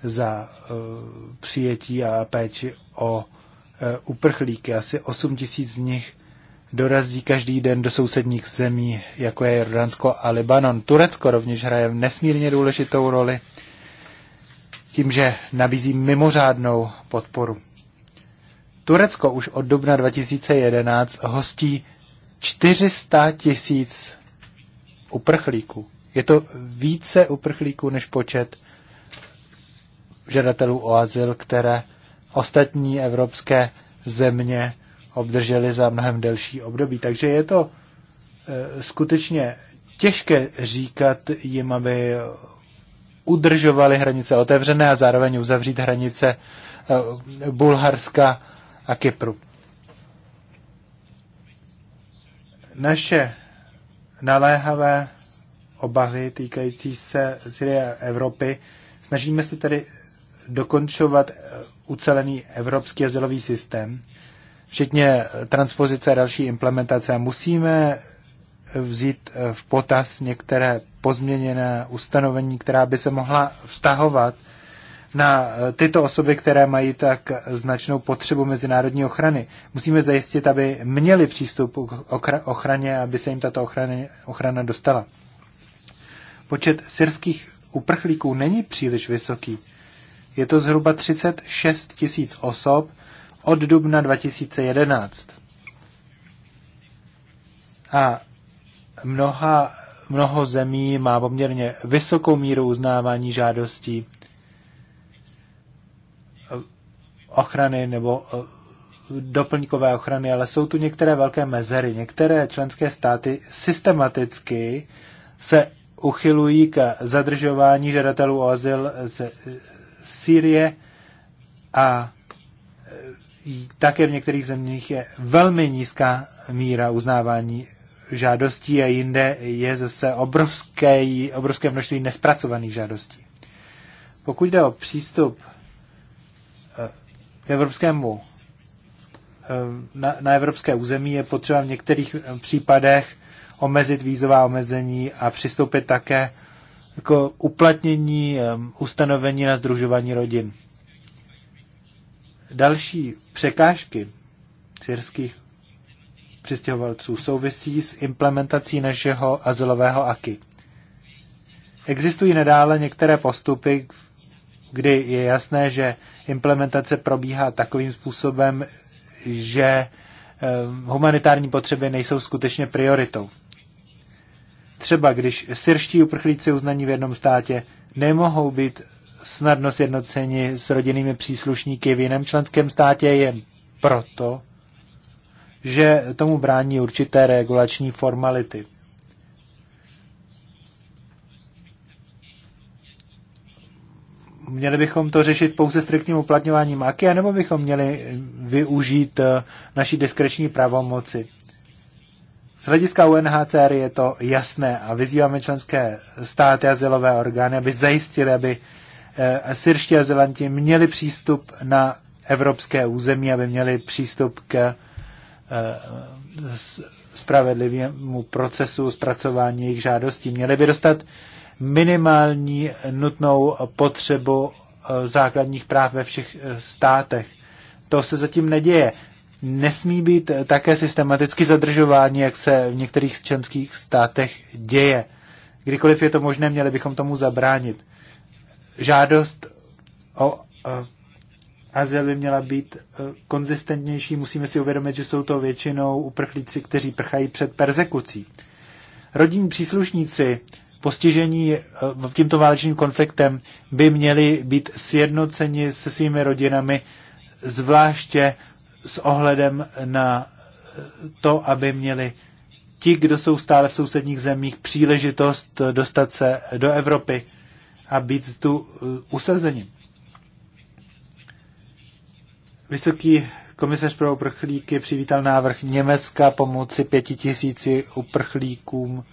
za uh, přijetí a péči o Eh, uprchlíky. Asi 8 tisíc z nich dorazí každý den do sousedních zemí, jako je Jordánsko a Libanon. Turecko rovněž hraje nesmírně důležitou roli tím, že nabízí mimořádnou podporu. Turecko už od dubna 2011 hostí 400 tisíc uprchlíků. Je to více uprchlíků než počet žadatelů o azyl, které ostatní evropské země obdrželi za mnohem delší období. Takže je to eh, skutečně těžké říkat jim, aby udržovali hranice otevřené a zároveň uzavřít hranice eh, Bulharska a Kypru. Naše naléhavé obavy týkající se Syrie a Evropy snažíme se tedy dokončovat eh, ucelený evropský azylový systém, včetně transpozice a další implementace, musíme vzít v potaz některé pozměněné ustanovení, která by se mohla vztahovat na tyto osoby, které mají tak značnou potřebu mezinárodní ochrany. Musíme zajistit, aby měli přístup k ochraně, aby se jim tato ochrana, ochrana dostala. Počet syrských uprchlíků není příliš vysoký. Je to zhruba 36 tisíc osob od dubna 2011. A mnoha, mnoho zemí má poměrně vysokou míru uznávání žádostí ochrany nebo eh, doplňkové ochrany, ale jsou tu některé velké mezery. Některé členské státy systematicky se uchylují k zadržování žadatelů o azyl Syrie a e, také v některých zemích je velmi nízká míra uznávání žádostí a jinde je zase obrovské, obrovské množství nespracovaných žádostí. Pokud jde o přístup k e, evropskému e, na, na evropské území je potřeba v některých případech omezit vízová omezení a přistoupit také jako uplatnění ustanovení na združování rodin. Další překážky syrských přistěhovalců souvisí s implementací našeho azylového aky. Existují nadále některé postupy, kdy je jasné, že implementace probíhá takovým způsobem, že humanitární potřeby nejsou skutečně prioritou. Třeba když syrští uprchlíci uznaní v jednom státě nemohou být snadno sjednoceni s rodinnými příslušníky v jiném členském státě jen proto, že tomu brání určité regulační formality. Měli bychom to řešit pouze striktním uplatňováním AKI, nebo bychom měli využít eh, naší diskreční pravomoci? hlediska UNHCR je to jasné a vyzýváme členské státy azylové orgány, aby zajistili, aby eh, syrští azylanti měli přístup na evropské území, aby měli přístup k eh, spravedlivému procesu zpracování jejich žádostí. Měli by dostat minimální nutnou potřebu eh, základních práv ve všech státech. To se zatím neděje nesmí být také systematicky zadržování, jak se v některých členských státech děje. Kdykoliv je to možné, měli bychom tomu zabránit. Žádost o azyl by měla být e, konzistentnější. Musíme si uvědomit, že jsou to většinou uprchlíci, kteří prchají před persekucí. Rodinní příslušníci postižení e, tímto válečným konfliktem by měli být sjednoceni se svými rodinami, zvláště s ohledem na to, aby měli ti, kdo jsou stále v sousedních zemích, příležitost dostat se do Evropy a být tu uh, usazeni. Vysoký komisař pro uprchlíky přivítal návrh Německa pomoci pěti tisíci uprchlíkům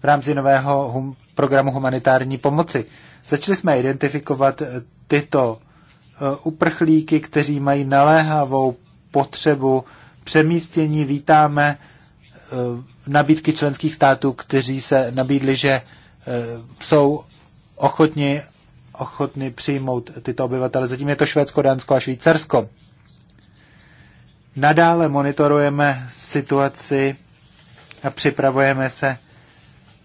v rámci nového hum, programu humanitární pomoci. Začali jsme identifikovat tyto uh, uprchlíky, kteří mají naléhavou potřebu přemístění. Vítáme eh, nabídky členských států, kteří se nabídli, že eh, jsou ochotni, ochotni přijmout tyto obyvatele. Zatím je to Švédsko, Dánsko a Švýcarsko. Nadále monitorujeme situaci a připravujeme se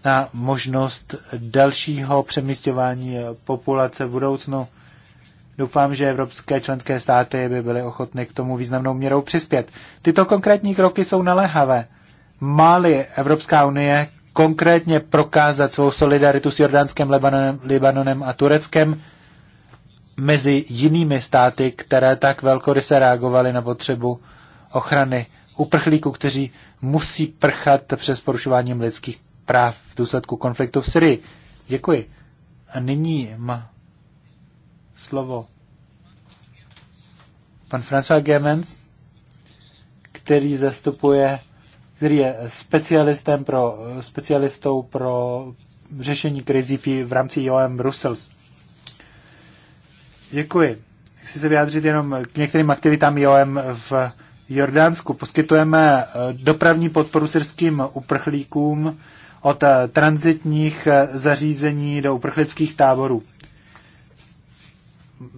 na možnost dalšího přemístěvání populace v budoucnu. Doufám, že evropské členské státy by byly ochotny k tomu významnou měrou přispět. Tyto konkrétní kroky jsou naléhavé. Máli Evropská unie konkrétně prokázat svou solidaritu s Jordánskem, Libanonem, Libanonem a Tureckem mezi jinými státy, které tak velkoryse reagovaly na potřebu ochrany uprchlíků, kteří musí prchat přes porušováním lidských práv v důsledku konfliktu v Syrii. Děkuji. A nyní má slovo pan François Gemens, který zastupuje, který je specialistem pro, specialistou pro řešení krizí v rámci IOM Brussels. Děkuji. Chci se vyjádřit jenom k některým aktivitám IOM v Jordánsku. Poskytujeme eh, dopravní podporu syrským uprchlíkům od eh, transitních eh, zařízení do uprchlických táborů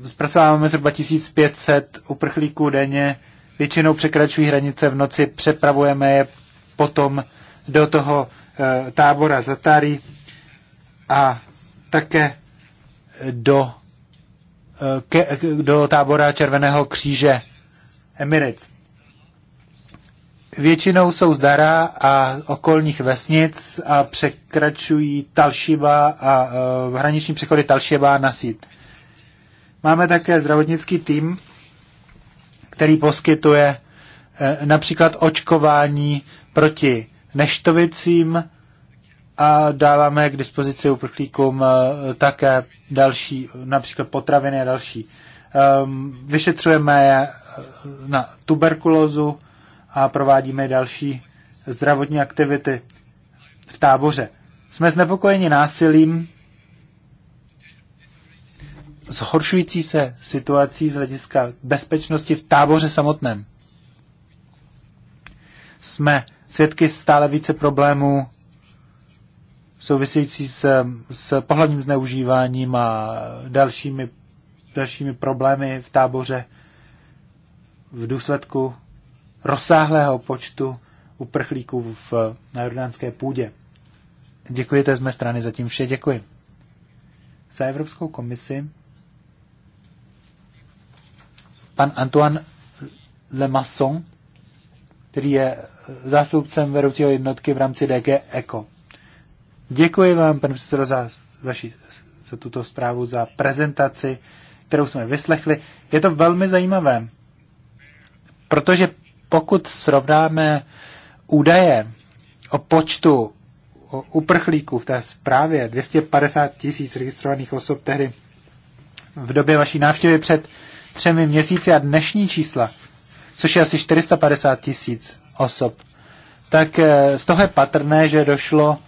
zpracováváme zhruba 1500 uprchlíků denně, většinou překračují hranice v noci, přepravujeme je potom do toho e, tábora Zatari a také do, eh, ke, do tábora Červeného kříže Emirates. Většinou jsou z Dara a okolních vesnic a překračují Talšiba a e, hraniční přechody Talšiba na Nasid. Máme také zdravotnický tým, který poskytuje eh, například očkování proti neštovicím a dáváme k dispozici uprchlíkům eh, také další, například potraviny a další. Ehm, vyšetřujeme je eh, na tuberkulózu a provádíme další zdravotní aktivity v táboře. Jsme znepokojeni násilím, zhoršující se situací z hlediska bezpečnosti v táboře samotném. Jsme svědky stále více problémů související s, s pohlavním zneužíváním a dalšími, dalšími problémy v táboře v důsledku rozsáhlého počtu uprchlíků v, na jordánské půdě. Děkuji, to je z mé strany zatím vše. Děkuji. Za Evropskou komisi pan Antoine Lemasson, který je zástupcem vedoucího jednotky v rámci DG ECO. Děkuji vám, pane předsedo, za, vaši, za tuto zprávu, za prezentaci, kterou jsme vyslechli. Je to velmi zajímavé, protože pokud srovnáme údaje o počtu uprchlíků v té zprávě, 250 tisíc registrovaných osob tehdy v době vaší návštěvy před třemi měsíci a dnešní čísla, což je asi 450 tisíc osob, tak eh, z toho je patrné, že došlo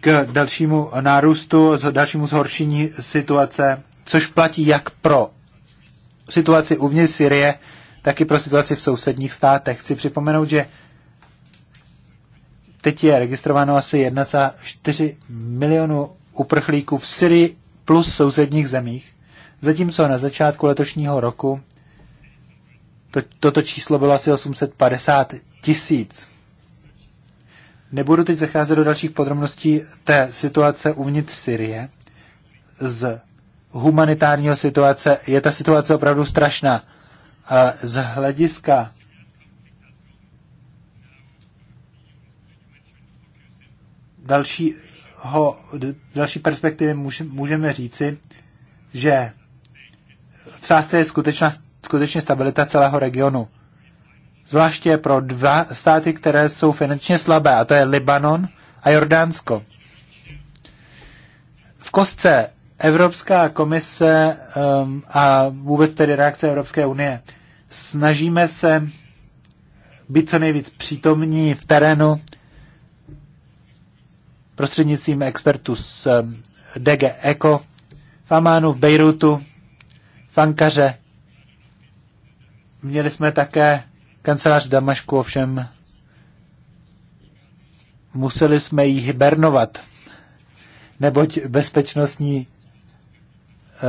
k dalšímu nárůstu, dalšímu zhoršení situace, což platí jak pro situaci uvnitř Syrie, tak i pro situaci v sousedních státech. Chci připomenout, že teď je registrováno asi 1,4 milionu uprchlíků v Syrii plus sousedních zemích, zatímco na začátku letošního roku to, toto číslo bylo asi 850 tisíc. Nebudu teď zacházet do dalších podrobností té situace uvnitř Syrie. Z humanitárního situace je ta situace opravdu strašná. A z hlediska další ho další perspektivy můžeme říci, že v sázce je skutečná, skutečně stabilita celého regionu. Zvláště pro dva státy, které jsou finančně slabé, a to je Libanon a Jordánsko. V kostce Evropská komise um, a vůbec tedy reakce Evropské unie. Snažíme se být co nejvíc přítomní v terénu, prostřednictvím expertů z eh, DG Eco, v Amánu, v Bejrutu, v Ankaře. Měli jsme také kancelář v Damašku, ovšem museli jsme ji hibernovat, neboť bezpečnostní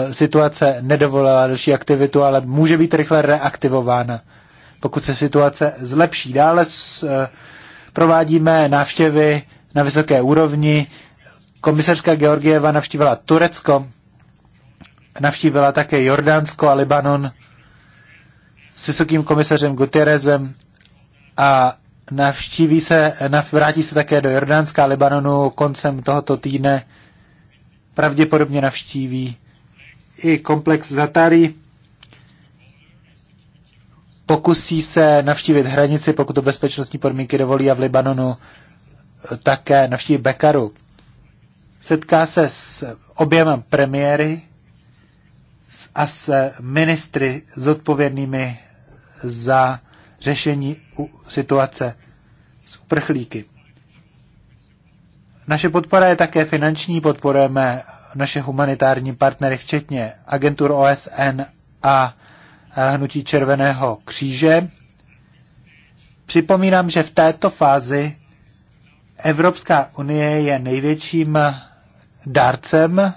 eh, situace nedovolila další aktivitu, ale může být rychle reaktivována, pokud se situace zlepší. Dále s, eh, provádíme návštěvy na vysoké úrovni. Komisařka Georgieva navštívila Turecko, navštívila také Jordánsko a Libanon s vysokým komisařem Guterrezem a navštíví se, vrátí se také do Jordánska a Libanonu koncem tohoto týdne. Pravděpodobně navštíví i komplex Zatari. Pokusí se navštívit hranici, pokud to bezpečnostní podmínky dovolí a v Libanonu také navštíví Bekaru. Setká se s oběma premiéry a s ministry zodpovědnými za řešení situace s uprchlíky. Naše podpora je také finanční, podporujeme naše humanitární partnery, včetně agentur OSN a Hnutí Červeného kříže. Připomínám, že v této fázi Evropská unie je největším dárcem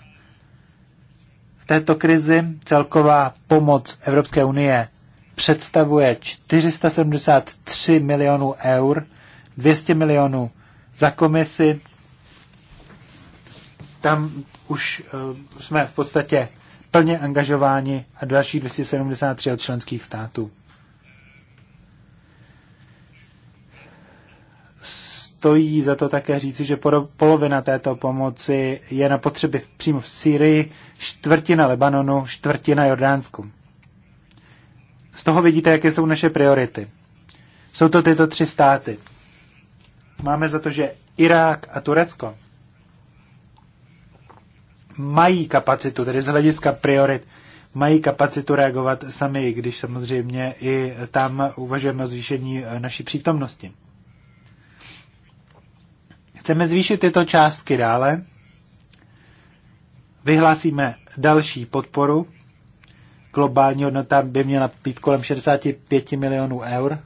v této krizi. Celková pomoc Evropské unie představuje 473 milionů eur, 200 milionů za komisi. Tam už eh, jsme v podstatě plně angažováni a další 273 od členských států. stojí za to také říci, že polovina této pomoci je na potřeby přímo v Syrii, čtvrtina Lebanonu, čtvrtina Jordánsku. Z toho vidíte, jaké jsou naše priority. Jsou to tyto tři státy. Máme za to, že Irák a Turecko mají kapacitu, tedy z hlediska priorit, mají kapacitu reagovat sami, když samozřejmě i tam uvažujeme o zvýšení eh, naší přítomnosti. Chceme zvýšit tyto částky dále. Vyhlásíme další podporu. Globální hodnota by měla být kolem 65 milionů eur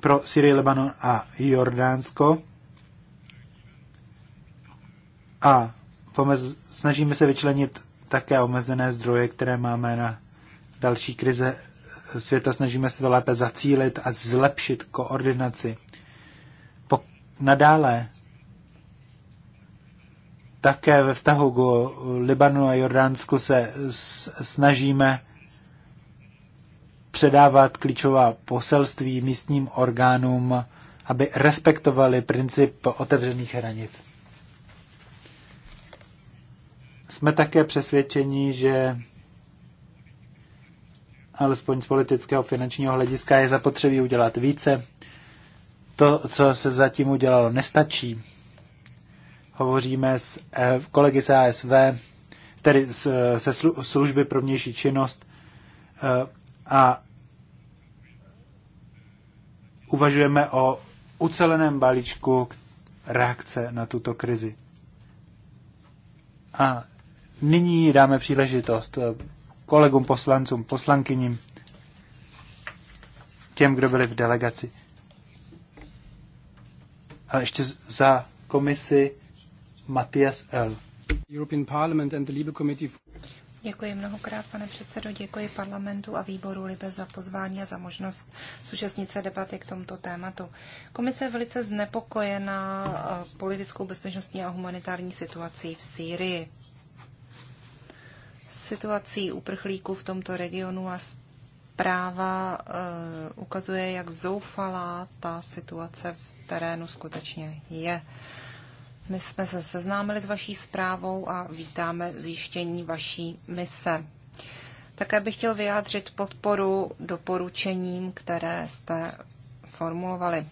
pro Syrii, Libanon a Jordánsko. A pomez, snažíme se vyčlenit také omezené zdroje, které máme na další krize světa. Snažíme se to lépe zacílit a zlepšit koordinaci nadále také ve vztahu k Libanu a Jordánsku se snažíme předávat klíčová poselství místním orgánům, aby respektovali princip otevřených hranic. Jsme také přesvědčeni, že alespoň z politického finančního hlediska je zapotřebí udělat více to, co se zatím udělalo, nestačí. Hovoříme s eh, kolegy z ASV, tedy eh, se služby pro vnější činnost eh, a uvažujeme o uceleném balíčku reakce na tuto krizi. A nyní dáme příležitost kolegům poslancům, poslankyním, těm, kdo byli v delegaci ale ještě za komisi Matias L. European Parliament and the Libe Committee Děkuji mnohokrát, pane předsedo, děkuji parlamentu a výboru Libe za pozvání a za možnost zúčastnit se debaty k tomuto tématu. Komise je velice znepokojena eh, politickou bezpečnostní a humanitární situací v Sýrii. Situací uprchlíků v tomto regionu a zpráva eh, ukazuje, jak zoufalá ta situace v terénu skutečně je. My jsme se seznámili s vaší zprávou a vítáme zjištění vaší mise. Také bych chtěl vyjádřit podporu doporučením, které jste formulovali.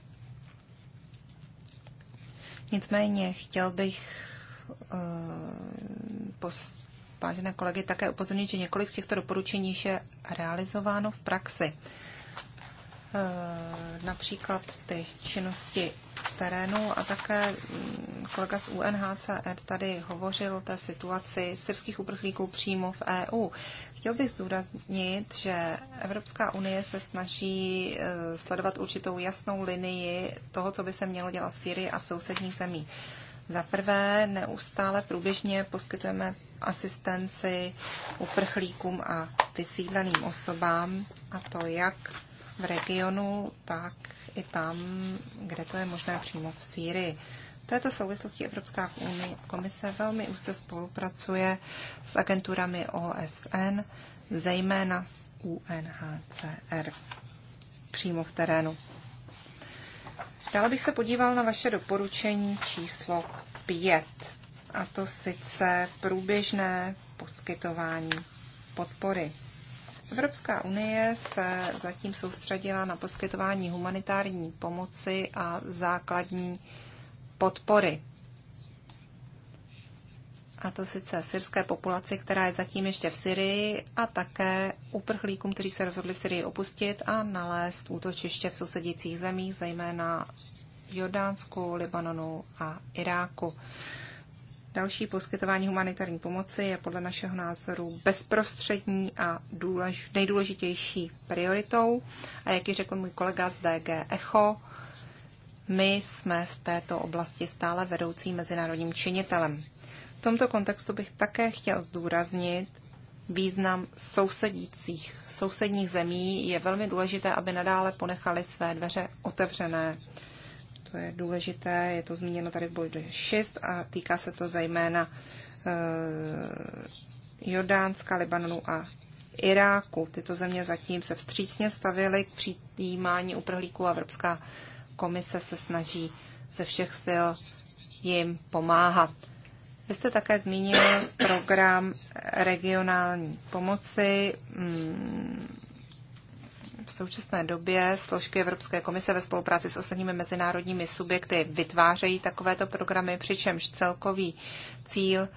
Nicméně chtěl bych uh, pos, vážené kolegy také upozornit, že několik z těchto doporučení je realizováno v praxi. Uh, Eh, například ty činnosti v terénu a také mm, kolega z UNHCR tady hovořil o té situaci syrských uprchlíků přímo v EU. Chtěl bych zdůraznit, že Evropská unie se snaží eh, sledovat určitou jasnou linii toho, co by se mělo dělat v Syrii a v sousedních zemích. Za prvé, neustále průběžně poskytujeme asistenci uprchlíkům a vysídleným osobám, a to jak v regionu, tak i tam, kde to je možné přímo v Sýrii. V této souvislosti Evropská unie, komise velmi úzce spolupracuje s agenturami OSN, zejména s UNHCR přímo v terénu. Dále bych se podíval na vaše doporučení číslo 5, a to sice průběžné poskytování podpory. Evropská unie se zatím soustředila na poskytování humanitární pomoci a základní podpory. A to sice syrské populaci, která je zatím ještě v Syrii, a také uprchlíkům, kteří se rozhodli Syrii opustit a nalézt útočiště v sousedících zemích, zejména Jordánsku, Libanonu a Iráku. Další poskytování humanitární pomoci je podle našeho názoru bezprostřední a důlež, nejdůležitější prioritou. A jak ji řekl můj kolega z DG Echo, my jsme v této oblasti stále vedoucí mezinárodním činitelem. V tomto kontextu bych také chtěl zdůraznit význam sousedících, sousedních zemí. Je velmi důležité, aby nadále ponechali své dveře otevřené to je důležité, je to zmíněno tady v bodě 6 a týká se to zejména uh, Jordánska, Libanonu a Iráku. Tyto země zatím se vstřícně stavily k přijímání uprhlíků a Evropská komise se snaží ze všech sil jim pomáhat. Vy jste také zmínil program regionální pomoci. Hmm v současné době složky Evropské komise ve spolupráci s ostatními mezinárodními subjekty vytvářejí takovéto programy, přičemž celkový cíl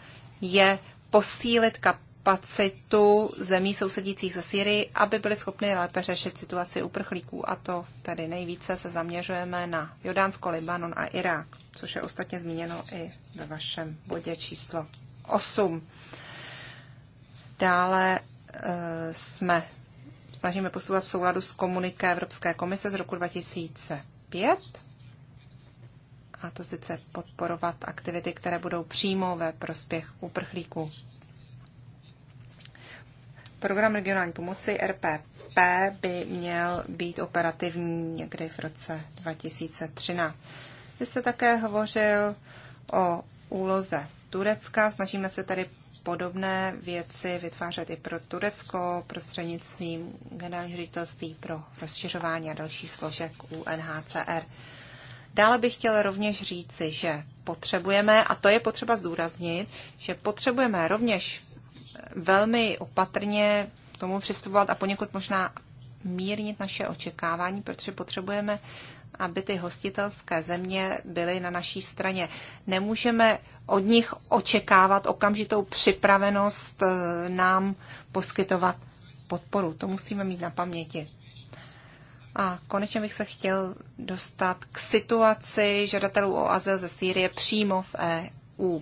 je posílit kapacitu zemí sousedících ze Syrii, aby byly schopny lépe řešit situaci uprchlíků. A to tady nejvíce se zaměřujeme na Jordánsko, Libanon a Irák, což je ostatně zmíněno i ve vašem bodě číslo 8. Dále eh, jsme snažíme postupovat v souladu s komuniké Evropské komise z roku 2005. A to sice podporovat aktivity, které budou přímo ve prospěch uprchlíků. Program regionální pomoci RPP by měl být operativní někdy v roce 2013. Vy jste také hovořil o úloze Turecka. Snažíme se tady podobné věci vytvářet i pro Turecko prostřednictvím generálního ředitelství pro rozšiřování a dalších složek UNHCR. Dále bych chtěla rovněž říci, že potřebujeme, a to je potřeba zdůraznit, že potřebujeme rovněž velmi opatrně tomu přistupovat a poněkud možná mírnit naše očekávání, protože potřebujeme aby ty hostitelské země byly na naší straně. Nemůžeme od nich očekávat okamžitou připravenost eh, nám poskytovat podporu. To musíme mít na paměti. A konečně bych se chtěl dostat k situaci žadatelů o azyl ze Sýrie přímo v EU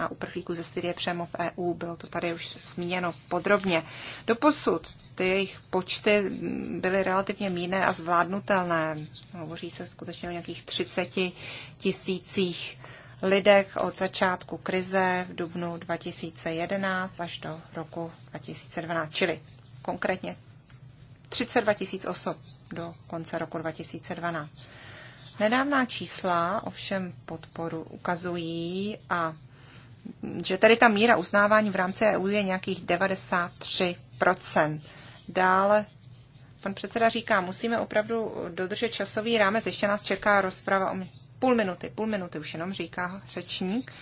a uprchlíků ze Syrie přemo v EU. Bylo to tady už zmíněno podrobně. Doposud ty jejich počty byly relativně míné a zvládnutelné. Hovoří se skutečně o nějakých 30 tisících lidech od začátku krize v dubnu 2011 až do roku 2012, čili konkrétně 32 tisíc osob do konce roku 2012. Nedávná čísla ovšem podporu ukazují a že tady ta míra uznávání v rámci EU je nějakých 93%. Dále pan předseda říká, musíme opravdu dodržet časový rámec, ještě nás čeká rozprava o půl minuty, půl minuty už jenom říká řečník.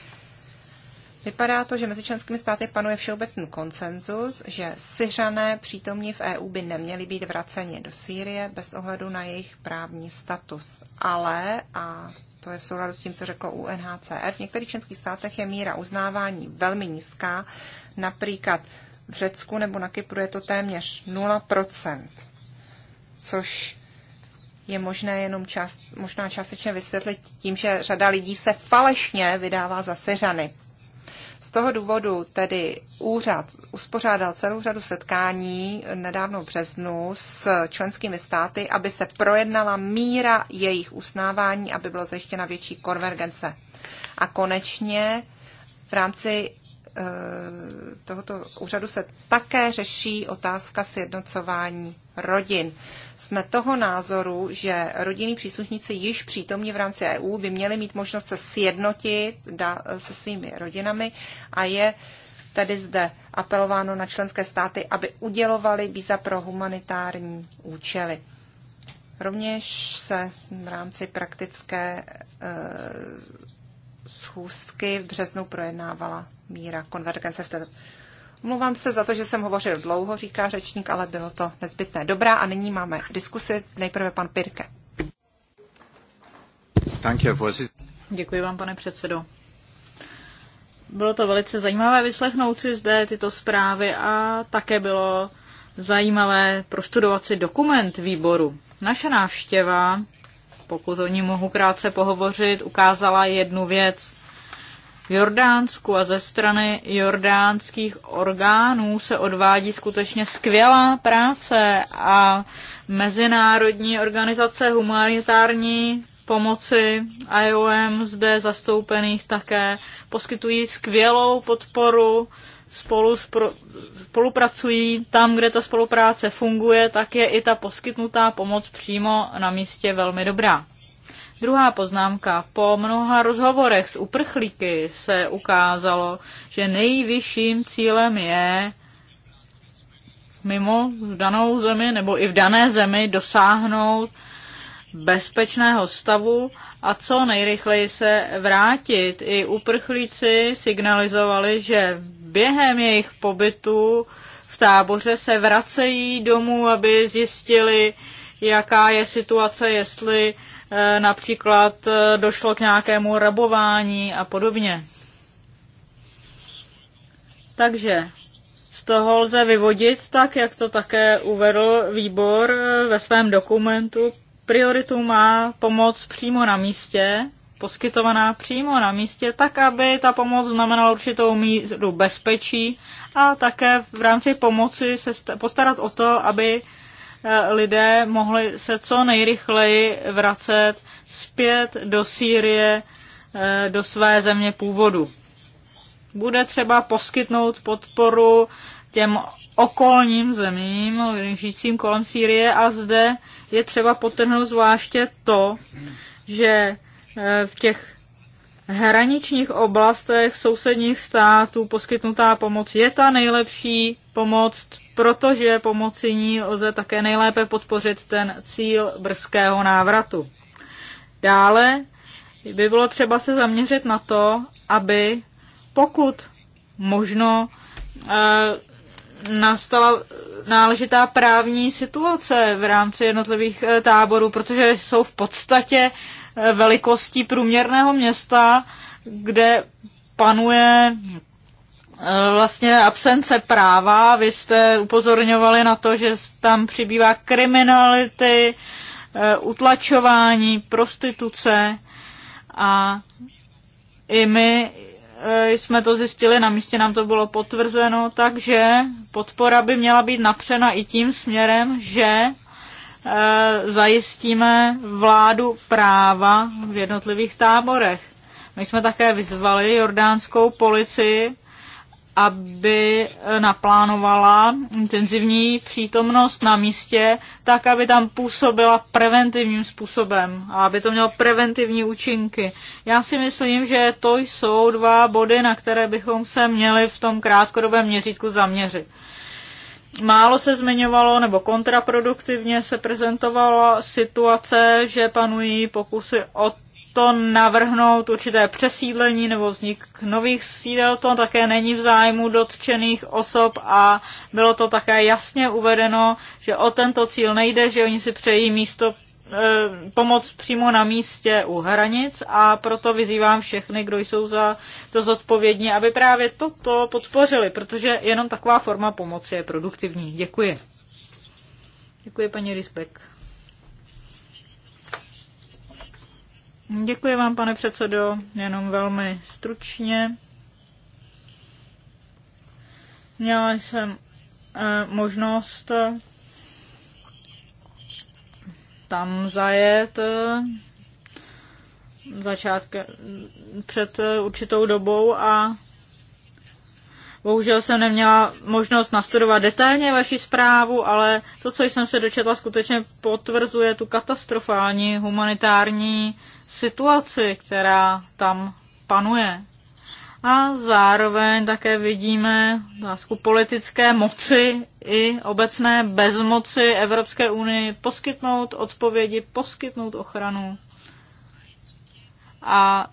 Vypadá to, že mezi členskými státy panuje všeobecný konsenzus, že Syřané přítomní v EU by neměli být vraceni do Sýrie bez ohledu na jejich právní status. Ale, a to je v souladu s tím, co řeklo UNHCR, v některých členských státech je míra uznávání velmi nízká, například v Řecku nebo na Kypru je to téměř 0%, což je možné jenom část, možná částečně vysvětlit tím, že řada lidí se falešně vydává za seřany. Z toho důvodu tedy úřad uspořádal celou řadu setkání nedávno v březnu s členskými státy, aby se projednala míra jejich usnávání, aby byla zajištěna větší konvergence. A konečně v rámci eh, tohoto úřadu se také řeší otázka sjednocování rodin jsme toho názoru, že rodinní příslušníci již přítomní v rámci EU by měli mít možnost se sjednotit se svými rodinami a je tedy zde apelováno na členské státy, aby udělovali víza pro humanitární účely. Rovněž se v rámci praktické e, schůzky v březnu projednávala míra konvergence v této Omlouvám se za to, že jsem hovořil dlouho, říká řečník, ale bylo to nezbytné. Dobrá, a nyní máme diskusi. Nejprve pan Pirke. Děkuji vám, pane předsedo. Bylo to velice zajímavé vyslechnout si zde tyto zprávy a také bylo zajímavé prostudovat si dokument výboru. Naše návštěva, pokud o ní mohu krátce pohovořit, ukázala jednu věc v Jordánsku a ze strany jordánských orgánů se odvádí skutečně skvělá práce a mezinárodní organizace humanitární pomoci IOM zde zastoupených také poskytují skvělou podporu, spolu spro, spolupracují tam, kde ta spolupráce funguje, tak je i ta poskytnutá pomoc přímo na místě velmi dobrá. Druhá poznámka. Po mnoha rozhovorech s uprchlíky se ukázalo, že nejvyšším cílem je mimo v danou zemi nebo i v dané zemi dosáhnout bezpečného stavu a co nejrychleji se vrátit. I uprchlíci signalizovali, že během jejich pobytu v táboře se vracejí domů, aby zjistili, jaká je situace, jestli Eh, například eh, došlo k nějakému rabování a podobně. Takže z toho lze vyvodit, tak jak to také uvedl výbor eh, ve svém dokumentu, prioritu má pomoc přímo na místě, poskytovaná přímo na místě, tak aby ta pomoc znamenala určitou míru bezpečí a také v rámci pomoci se postarat o to, aby Eh, lidé mohli se co nejrychleji vracet zpět do Sýrie, eh, do své země původu. Bude třeba poskytnout podporu těm okolním zemím, žijícím kolem Sýrie a zde je třeba potrhnout zvláště to, že eh, v těch hraničních oblastech sousedních států poskytnutá pomoc je ta nejlepší pomoc, protože pomocí ní lze také nejlépe podpořit ten cíl brzkého návratu. Dále by bylo třeba se zaměřit na to, aby pokud možno eh, nastala náležitá právní situace v rámci jednotlivých eh, táborů, protože jsou v podstatě velikostí průměrného města, kde panuje e, vlastně absence práva. Vy jste upozorňovali na to, že tam přibývá kriminality, e, utlačování, prostituce a i my e, jsme to zjistili, na místě nám to bylo potvrzeno, takže podpora by měla být napřena i tím směrem, že Eh, zajistíme vládu práva v jednotlivých táborech. My jsme také vyzvali jordánskou policii, aby eh, naplánovala intenzivní přítomnost na místě, tak aby tam působila preventivním způsobem a aby to mělo preventivní účinky. Já si myslím, že to jsou dva body, na které bychom se měli v tom krátkodobém měřítku zaměřit. Málo se zmiňovalo nebo kontraproduktivně se prezentovala situace, že panují pokusy o to navrhnout určité přesídlení nebo vznik nových sídel. To také není v zájmu dotčených osob a bylo to také jasně uvedeno, že o tento cíl nejde, že oni si přejí místo Eh, pomoc přímo na místě u hranic a proto vyzývám všechny, kdo jsou za to zodpovědní, aby právě toto podpořili, protože jenom taková forma pomoci je produktivní. Děkuji. Děkuji, paní Rysbek. Děkuji vám, pane předsedo, jenom velmi stručně. Měla jsem eh, možnost tam zajet eh, začátkem, před eh, určitou dobou a bohužel jsem neměla možnost nastudovat detailně vaši zprávu, ale to, co jsem se dočetla, skutečně potvrzuje tu katastrofální humanitární situaci, která tam panuje a zároveň také vidíme zásku politické moci i obecné bezmoci Evropské unii poskytnout odpovědi, poskytnout ochranu a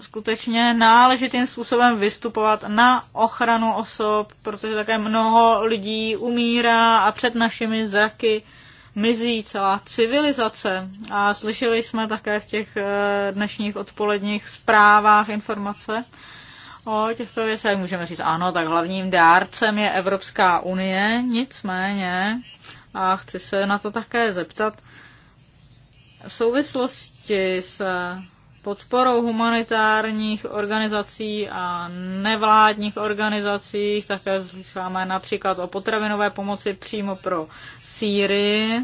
skutečně náležitým způsobem vystupovat na ochranu osob, protože také mnoho lidí umírá a před našimi zraky mizí celá civilizace. A slyšeli jsme také v těch eh, dnešních odpoledních zprávách informace, o těchto věcech můžeme říct, ano, tak hlavním dárcem je Evropská unie, nicméně, a chci se na to také zeptat, v souvislosti s podporou humanitárních organizací a nevládních organizací, také slyšíme například o potravinové pomoci přímo pro Sýrii,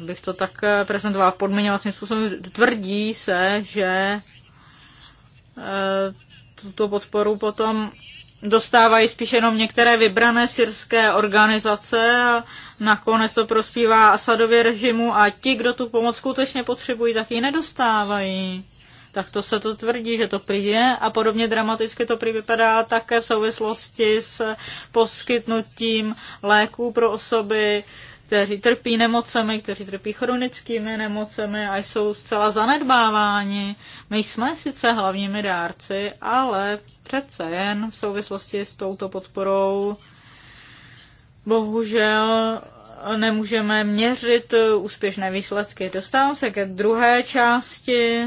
bych to tak eh, prezentovala podmiňovacím způsobem, tvrdí se, že eh, tuto podporu potom dostávají spíš jenom některé vybrané syrské organizace a nakonec to prospívá Asadově režimu a ti, kdo tu pomoc skutečně potřebují, tak ji nedostávají. Tak to se to tvrdí, že to přijde a podobně dramaticky to prý vypadá také v souvislosti s poskytnutím léků pro osoby kteří trpí nemocemi, kteří trpí chronickými nemocemi a jsou zcela zanedbáváni. My jsme sice hlavními dárci, ale přece jen v souvislosti s touto podporou bohužel nemůžeme měřit úspěšné výsledky. Dostávám se ke druhé části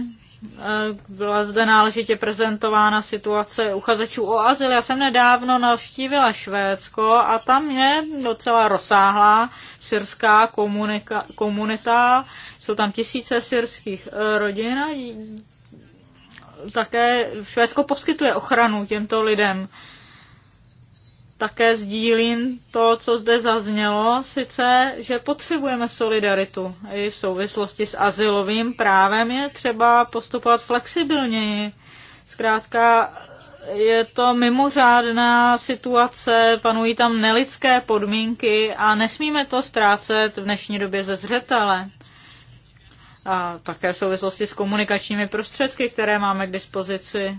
Eh, byla zde náležitě prezentována situace uchazečů o azyl. Já jsem nedávno navštívila Švédsko a tam je docela rozsáhlá syrská komunika, komunita. Jsou tam tisíce syrských eh, rodin a také Švédsko poskytuje ochranu těmto lidem také sdílím to, co zde zaznělo, sice, že potřebujeme solidaritu. I v souvislosti s asilovým právem je třeba postupovat flexibilněji. Zkrátka, je to mimořádná situace, panují tam nelidské podmínky a nesmíme to ztrácet v dnešní době ze zřetele. A také v souvislosti s komunikačními prostředky, které máme k dispozici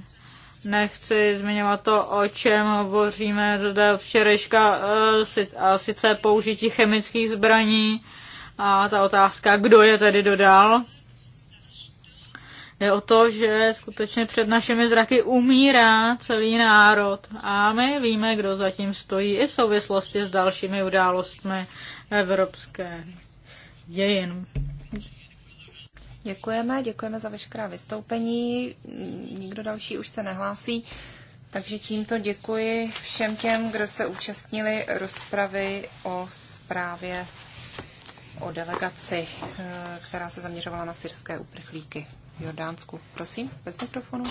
nechci zmiňovat to, o čem hovoříme zde včerejška, eh, a sice použití chemických zbraní a ta otázka, kdo je tedy dodal. Je o to, že skutečně před našimi zraky umírá celý národ a my víme, kdo zatím stojí i v souvislosti s dalšími událostmi evropské dějin. Děkujeme, děkujeme za veškerá vystoupení. Nikdo další už se nehlásí. Takže tímto děkuji všem těm, kdo se účastnili rozpravy o zprávě o delegaci, která se zaměřovala na syrské uprchlíky v Jordánsku. Prosím, bez mikrofonu.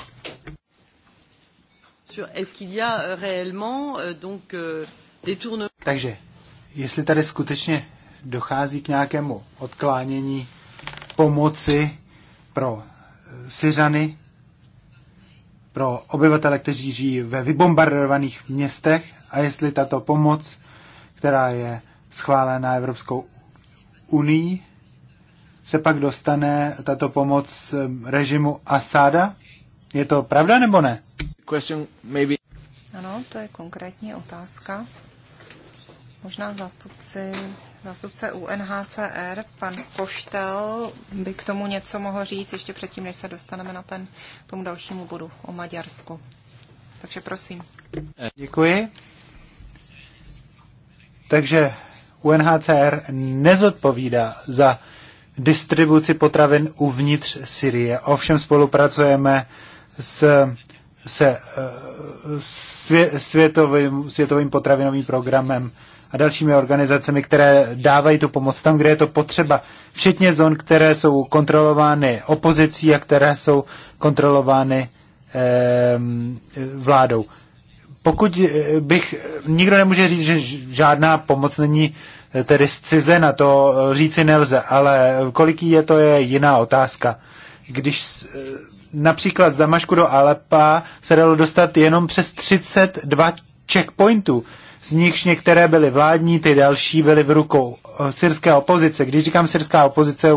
Euh, euh, euh, Takže, jestli tady skutečně dochází k nějakému odklánění pomoci pro eh, Syřany, pro obyvatele, kteří žijí ve vybombardovaných městech a jestli tato pomoc, která je schválená Evropskou unii, se pak dostane tato pomoc eh, režimu Asáda? Je to pravda nebo ne? Question maybe. Ano, to je konkrétní otázka. Možná zástupci, zástupce UNHCR, pan Koštel, by k tomu něco mohl říct ještě předtím, než se dostaneme na ten, k tomu dalšímu bodu o Maďarsku. Takže prosím. Děkuji. Takže UNHCR nezodpovídá za distribuci potravin uvnitř Syrie. Ovšem spolupracujeme s, se eh, svě, světovým, světovým potravinovým programem a dalšími organizacemi, které dávají tu pomoc tam, kde je to potřeba, včetně zón, které jsou kontrolovány opozicí a které jsou kontrolovány eh, vládou. Pokud eh, bych, nikdo nemůže říct, že žádná pomoc není eh, tedy zcizena, to eh, říci nelze, ale koliký je, to je jiná otázka. Když například z Damašku do Alepa se dalo dostat jenom přes 32 checkpointů z nichž některé byly vládní, ty další byly v rukou eh, syrské opozice. Když říkám syrská opozice,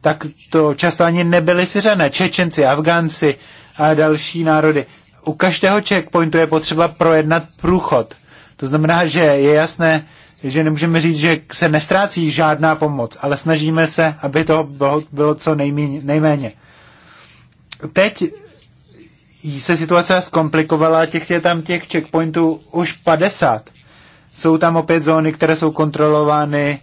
tak to často ani nebyly syřané, Čečenci, Afgánci a další národy. U každého checkpointu je potřeba projednat průchod. To znamená, že je jasné, že nemůžeme říct, že se nestrácí žádná pomoc, ale snažíme se, aby to bylo, bylo co nejméně, nejméně. Teď se situace zkomplikovala, těch je tam těch checkpointů už 50. Jsou tam opět zóny, které jsou kontrolovány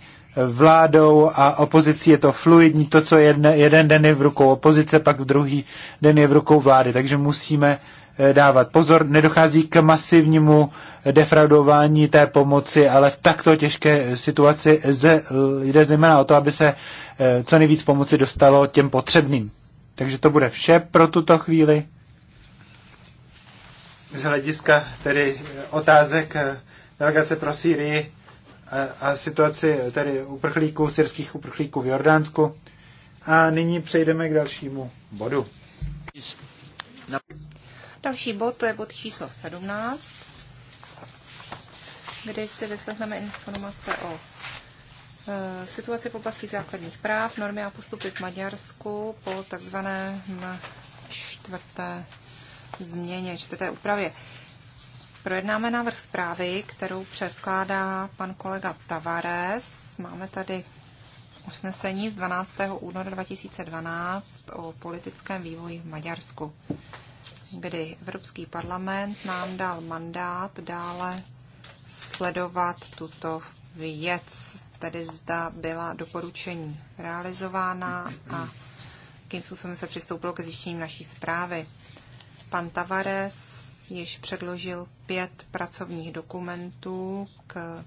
vládou a opozicí je to fluidní, to, co jedne, jeden den je v rukou opozice, pak v druhý den je v rukou vlády. Takže musíme eh, dávat pozor, nedochází k masivnímu defraudování té pomoci, ale v takto těžké situaci jde zejména o to, aby se eh, co nejvíc pomoci dostalo těm potřebným. Takže to bude vše pro tuto chvíli. Z hlediska tedy eh, otázek delegace pro Sýrii a, a situaci tedy uprchlíků, syrských uprchlíků v Jordánsku. A nyní přejdeme k dalšímu bodu. Další bod to je bod číslo 17, kde si vyslechneme informace o e, situaci v oblasti základních práv, normy a postupy v Maďarsku po takzvaném čtvrté změně, čtvrté úpravě. E, Projednáme návrh zprávy, kterou předkládá pan kolega Tavares. Máme tady usnesení z 12. února 2012 o politickém vývoji v Maďarsku, kdy Evropský parlament nám dal mandát dále sledovat tuto věc, tedy zda byla doporučení realizována a kým způsobem se přistoupilo ke zjištění naší zprávy. Pan Tavares již předložil pět pracovních dokumentů k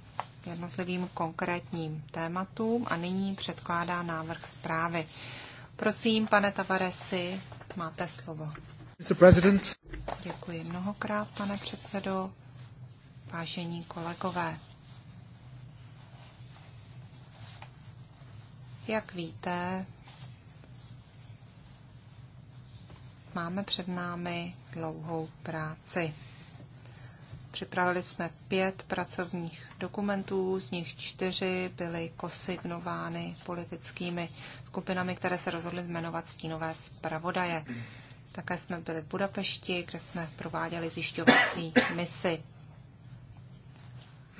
jednotlivým konkrétním tématům a nyní předkládá návrh zprávy. Prosím, pane Tavaresi, máte slovo. Děkuji mnohokrát, pane předsedo. Vážení kolegové, jak víte, Máme před námi dlouhou práci. Připravili jsme pět pracovních dokumentů, z nich čtyři byly kosignovány politickými skupinami, které se rozhodly zmenovat stínové zpravodaje. Také jsme byli v Budapešti, kde jsme prováděli zjišťovací misi.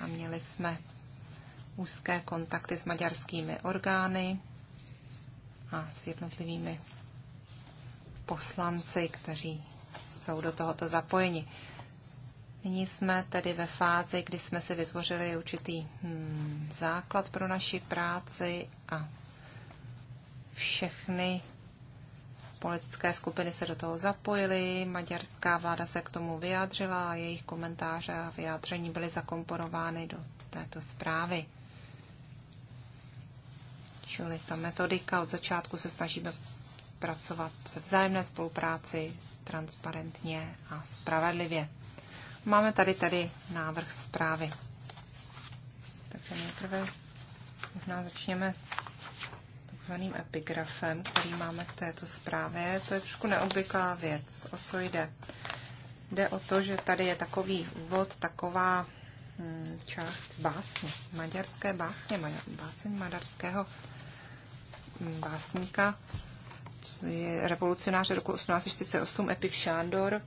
A měli jsme úzké kontakty s maďarskými orgány a s jednotlivými poslanci, kteří jsou do tohoto zapojeni. Nyní jsme tedy ve fázi, kdy jsme si vytvořili určitý hmm, základ pro naši práci a všechny politické skupiny se do toho zapojily, maďarská vláda se k tomu vyjádřila a jejich komentáře a vyjádření byly zakomponovány do této zprávy. Čili ta metodika od začátku se snažíme pracovat ve vzájemné spolupráci transparentně a spravedlivě. Máme tady tady návrh zprávy. Takže nejprve možná začněme takzvaným epigrafem, který máme v této zprávě. To je trošku neobvyklá věc. O co jde? Jde o to, že tady je takový úvod, taková hm, část básně, maďarské básně, básně maďarského hm, básníka je revolucionáře roku 1848 Epif Šándor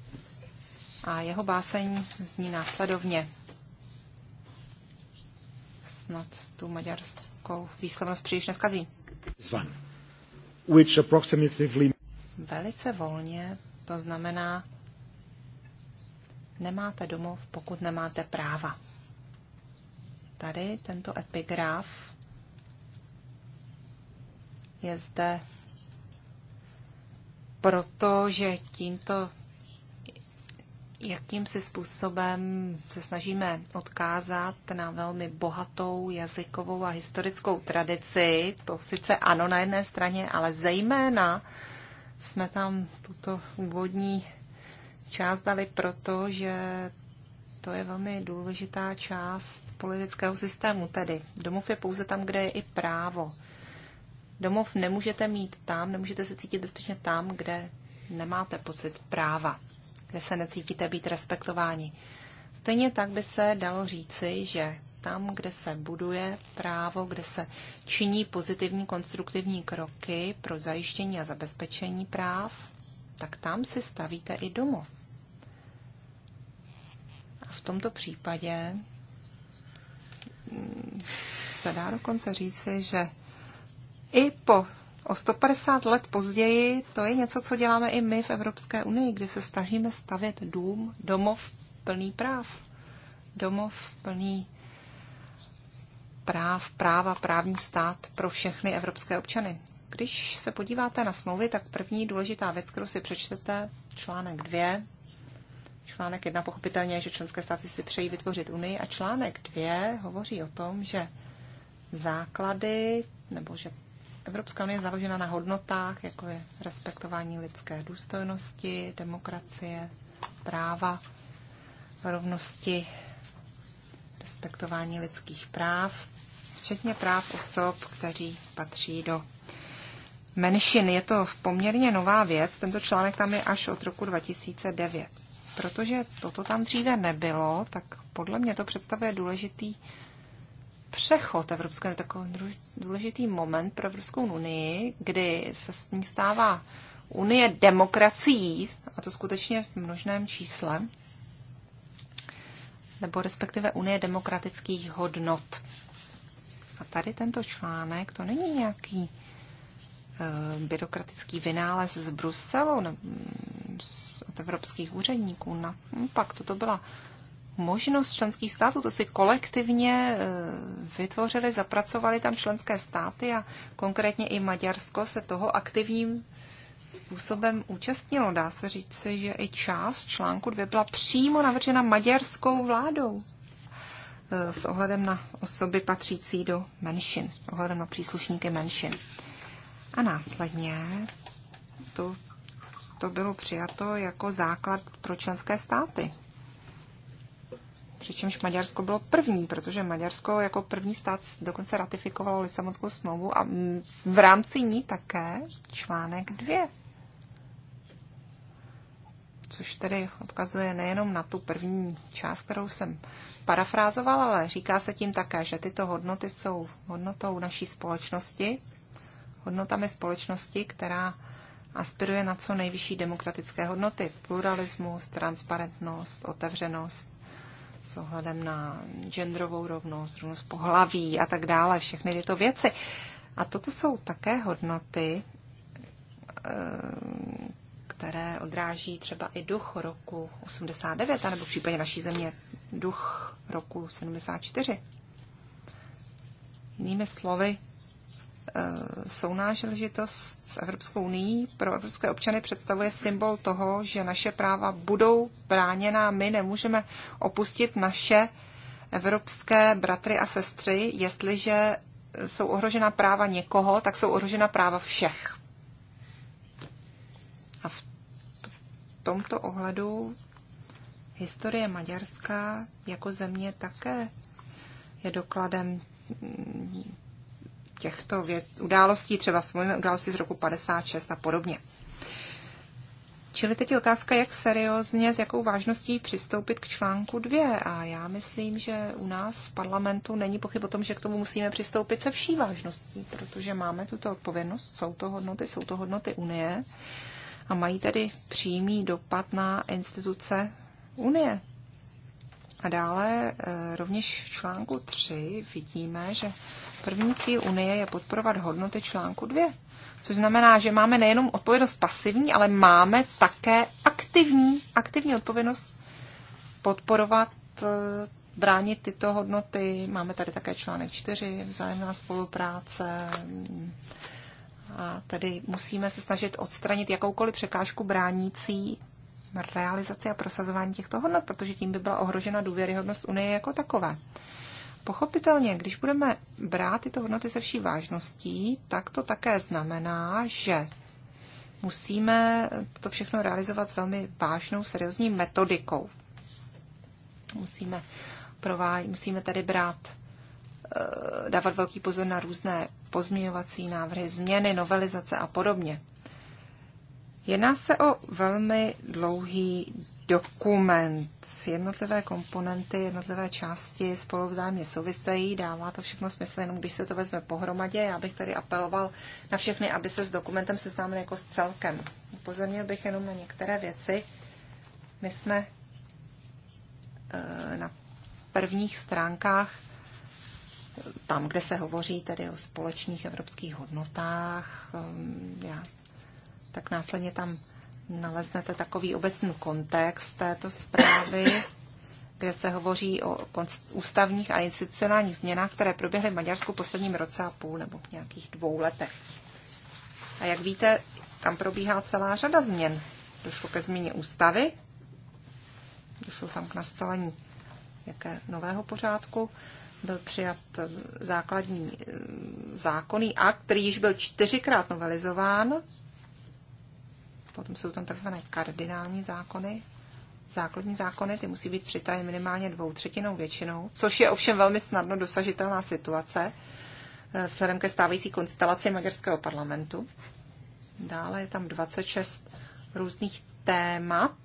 a jeho báseň zní následovně. Snad tu maďarskou výslovnost příliš neskazí. Which approximately... Velice volně, to znamená, nemáte domov, pokud nemáte práva. Tady tento epigraf je zde protože tímto jakým si způsobem se snažíme odkázat na velmi bohatou jazykovou a historickou tradici. To sice ano na jedné straně, ale zejména jsme tam tuto úvodní část dali proto, že to je velmi důležitá část politického systému, tedy domov je pouze tam, kde je i právo domov nemůžete mít tam, nemůžete se cítit bezpečně tam, kde nemáte pocit práva, kde se necítíte být respektováni. Stejně tak by se dalo říci, že tam, kde se buduje právo, kde se činí pozitivní konstruktivní kroky pro zajištění a zabezpečení práv, tak tam si stavíte i domov. A v tomto případě mm, se dá dokonce říci, že i po o 150 let později, to je něco, co děláme i my v Evropské unii, kdy se snažíme stavět dům, domov plný práv. Domov plný práv, práva, právní stát pro všechny evropské občany. Když se podíváte na smlouvy, tak první důležitá věc, kterou si přečtete, článek 2, článek 1 pochopitelně je, že členské státy si přejí vytvořit Unii a článek 2 hovoří o tom, že základy nebo že Evropská unie je založena na hodnotách, jako je respektování lidské důstojnosti, demokracie, práva, rovnosti, respektování lidských práv, včetně práv osob, kteří patří do menšin. Je to poměrně nová věc, tento článek tam je až od roku 2009. Protože toto tam dříve nebylo, tak podle mě to představuje důležitý přechod Evropské takový důležitý moment pro Evropskou unii, kdy se s ní stává unie demokracií, a to skutečně v množném čísle, nebo respektive unie demokratických hodnot. A tady tento článek, to není nějaký eh, byrokratický vynález z Bruselu, od evropských úředníků. Na no, pak toto byla možnost členských států. To si kolektivně e, vytvořili, zapracovali tam členské státy a konkrétně i Maďarsko se toho aktivním způsobem účastnilo. Dá se říci, že i část článku 2 byla přímo navržena maďarskou vládou e, s ohledem na osoby patřící do menšin, s ohledem na příslušníky menšin. A následně to, to bylo přijato jako základ pro členské státy. Přičemž Maďarsko bylo první, protože Maďarsko jako první stát dokonce ratifikovalo Lisabonskou smlouvu a v rámci ní také článek 2. Což tedy odkazuje nejenom na tu první část, kterou jsem parafrázoval, ale říká se tím také, že tyto hodnoty jsou hodnotou naší společnosti, hodnotami společnosti, která aspiruje na co nejvyšší demokratické hodnoty. Pluralismus, transparentnost, otevřenost, s ohledem na genderovou rovnost, rovnost pohlaví a tak dále, všechny tyto věci. A toto jsou také hodnoty, eh, které odráží třeba i duch roku 89, anebo v případě naší země duch roku 74. Jinými slovy, Eh, sounáležitost s Evropskou unii pro evropské občany představuje symbol toho, že naše práva budou bráněná. My nemůžeme opustit naše evropské bratry a sestry, jestliže jsou ohrožena práva někoho, tak jsou ohrožena práva všech. A v tomto ohledu historie Maďarska jako země také je dokladem těchto věd, událostí, třeba smluvíme události z roku 56 a podobně. Čili teď je otázka, jak seriózně, s jakou vážností přistoupit k článku 2. A já myslím, že u nás v parlamentu není pochyb o tom, že k tomu musíme přistoupit se vší vážností, protože máme tuto odpovědnost, jsou to hodnoty, jsou to hodnoty Unie a mají tedy přímý dopad na instituce Unie. A dále eh, rovněž v článku 3 vidíme, že První cíl Unie je podporovat hodnoty článku 2, což znamená, že máme nejenom odpovědnost pasivní, ale máme také aktivní, aktivní odpovědnost podporovat, eh, bránit tyto hodnoty. Máme tady také článek 4, vzájemná spolupráce. A tedy musíme se snažit odstranit jakoukoliv překážku bránící realizaci a prosazování těchto hodnot, protože tím by byla ohrožena důvěryhodnost Unie jako takové. Pochopitelně, když budeme brát tyto hodnoty se vší vážností, tak to také znamená, že musíme to všechno realizovat s velmi vážnou, seriózní metodikou. Musíme, provádět, musíme tady brát, eh, dávat velký pozor na různé pozměňovací návrhy, změny, novelizace a podobně. Jedná se o velmi dlouhý dokument. Jednotlivé komponenty, jednotlivé části spolu vzájemně souvisejí, dává to všechno smysl, jenom když se to vezme pohromadě. Já bych tady apeloval na všechny, aby se s dokumentem seznámili jako s celkem. Upozornil bych jenom na některé věci. My jsme e, na prvních stránkách, tam, kde se hovoří tedy o společných evropských hodnotách, e, já tak následně tam naleznete takový obecný kontext této zprávy, kde se hovoří o ústavních a institucionálních změnách, které proběhly v Maďarsku posledním roce a půl nebo nějakých dvou letech. A jak víte, tam probíhá celá řada změn. Došlo ke změně ústavy, došlo tam k nastolení jaké nového pořádku, byl přijat eh, základní eh, zákonný akt, který již byl čtyřikrát novelizován Potom jsou tam takzvané kardinální zákony. Základní zákony, ty musí být přitajeny minimálně dvou třetinou většinou, což je ovšem velmi snadno dosažitelná situace eh, vzhledem ke stávající konstelaci maďarského parlamentu. Dále je tam 26 různých témat,